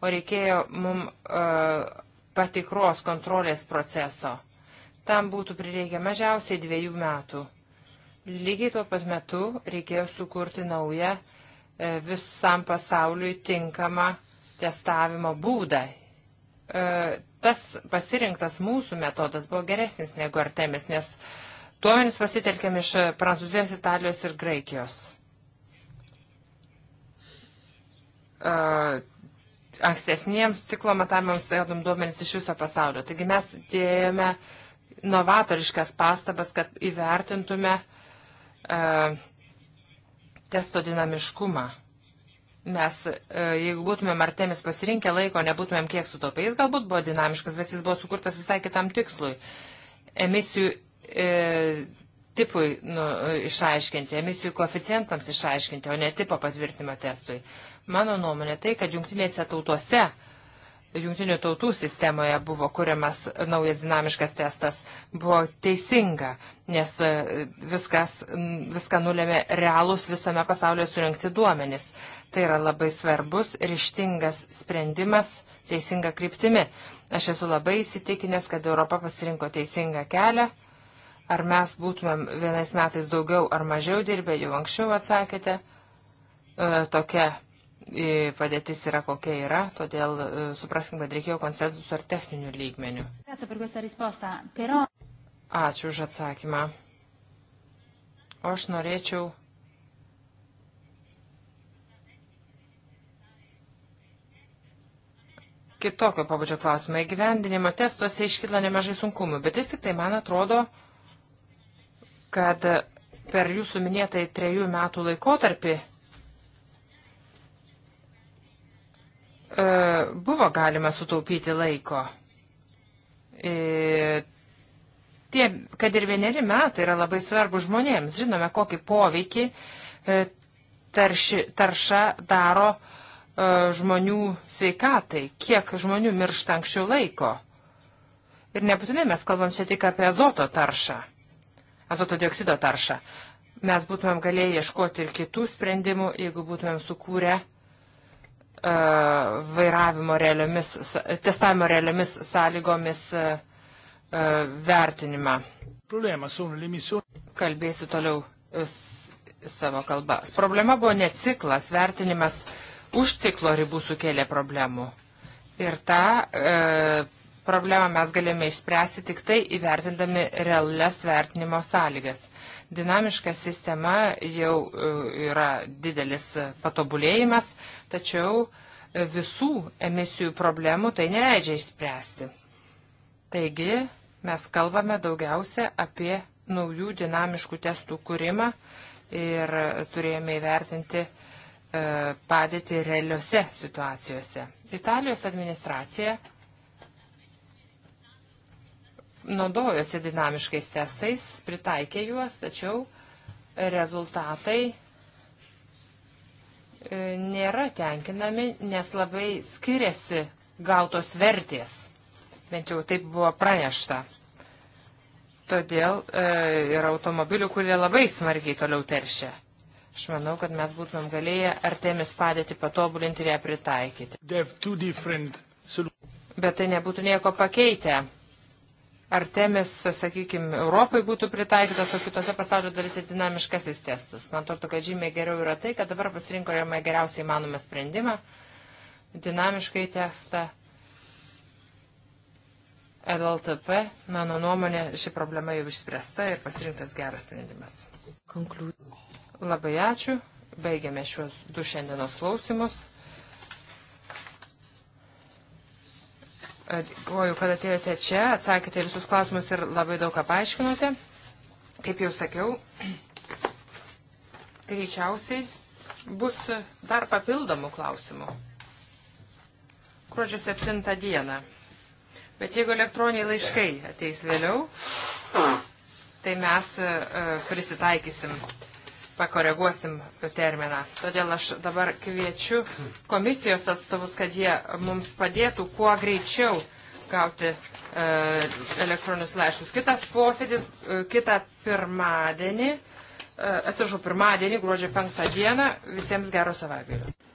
o reikėjo mum uh, patikros kontrolės proceso. Tam būtų prireikę mažiausiai dviejų metų. Lygiai tuo pat metu reikėjo sukurti naują uh, visam pasauliui tinkamą testavimo būdą. Uh, tas pasirinktas mūsų metodas buvo geresnis negu Artemis, nes duomenys pasitelkiam iš Prancūzijos, Italijos ir Graikijos. Uh, ankstesniems ciklo matavimams gaudom duomenys iš viso pasaulio. Taigi mes dėjome novatoriškas pastabas, kad įvertintume uh, testo dinamiškumą mes, e, jeigu būtumėm Artemis pasirinkę laiko, nebūtumėm kiek sutaupę. Jis galbūt buvo dinamiškas, bet jis buvo sukurtas visai kitam tikslui. Emisijų e, tipui nu, išaiškinti, emisijų koeficientams išaiškinti, o ne tipo patvirtinimo testui. Mano nuomonė tai, kad jungtinėse tautose jungtinių tautų sistemoje buvo kuriamas naujas dinamiškas testas, buvo teisinga, nes e, viskas, viską nulėmė realūs visame pasaulyje surinkti duomenys. Tai yra labai svarbus, ryštingas sprendimas teisinga kryptimi. Aš esu labai įsitikinęs, kad Europa pasirinko teisingą kelią. Ar mes būtumėm vienais metais daugiau ar mažiau dirbę, jau anksčiau atsakėte. E, tokia padėtis yra kokia yra, todėl e, supraskim, kad reikėjo konsensusų ar techninių lygmenių. Ačiū už atsakymą. O aš norėčiau. Kitokio pabudžio klausimą įgyvendinimo testuose iškyla nemažai sunkumų, bet vis tik tai man atrodo, kad per jūsų minėtai trejų metų laikotarpį E, buvo galima sutaupyti laiko. E, tie, kad ir vieneri metai yra labai svarbu žmonėms. Žinome, kokį poveikį e, tarši, tarša daro e, žmonių sveikatai, kiek žmonių miršta anksčiau laiko. Ir nebūtinai mes kalbam čia tik apie azoto taršą, azoto dioksido taršą. Mes būtumėm galėję ieškoti ir kitų sprendimų, jeigu būtumėm sukūrę uh, E, vairavimo realiomis, testavimo realiomis sąlygomis e, e, vertinimą. Kalbėsiu toliau savo kalbą. Problema buvo ne ciklas, vertinimas už ciklo ribų sukėlė problemų. Ir tą e, problemą mes galėjome išspręsti tik tai įvertindami realias vertinimo sąlygas. Dinamiška sistema jau e, yra didelis patobulėjimas, tačiau e, visų emisijų problemų tai neleidžia išspręsti. Taigi mes kalbame daugiausia apie naujų dinamiškų testų kūrimą ir turėjome įvertinti e, padėti realiuose situacijose. Italijos administracija naudojosi dinamiškais testais, pritaikė juos, tačiau rezultatai e, nėra tenkinami, nes labai skiriasi gautos vertės. Bent jau taip buvo pranešta. Todėl e, yra automobilių, kurie labai smarkiai toliau teršia. Aš manau, kad mes būtumėm galėję artėmis padėti patobulinti ir ją pritaikyti. Bet tai nebūtų nieko pakeitę. Artemis, sakykime, Europai būtų pritaikytas, o kitose pasaulio dalyse dinamiškasis testas. Man atrodo, kad žymiai geriau yra tai, kad dabar pasirinkome geriausiai įmanomą sprendimą, dinamiškai testą. LLTP, mano nuomonė, ši problema jau išspręsta ir pasirinktas geras sprendimas. Konkliūd. Labai ačiū. Baigiame šiuos du šiandienos klausimus. Dėkuoju, kad atėjote čia, atsakėte visus klausimus ir labai daug ką paaiškinote. Kaip jau sakiau, greičiausiai bus dar papildomų klausimų. Gruodžio 7 dieną. Bet jeigu elektroniniai laiškai ateis vėliau, tai mes e, prisitaikysim pakoreguosim terminą. Todėl aš dabar kviečiu komisijos atstovus, kad jie mums padėtų kuo greičiau gauti e, elektroninius laiškus. Kitas posėdis, e, kitą pirmadienį, e, atsižau pirmadienį, gruodžio penktą dieną, visiems gero savaitgalio.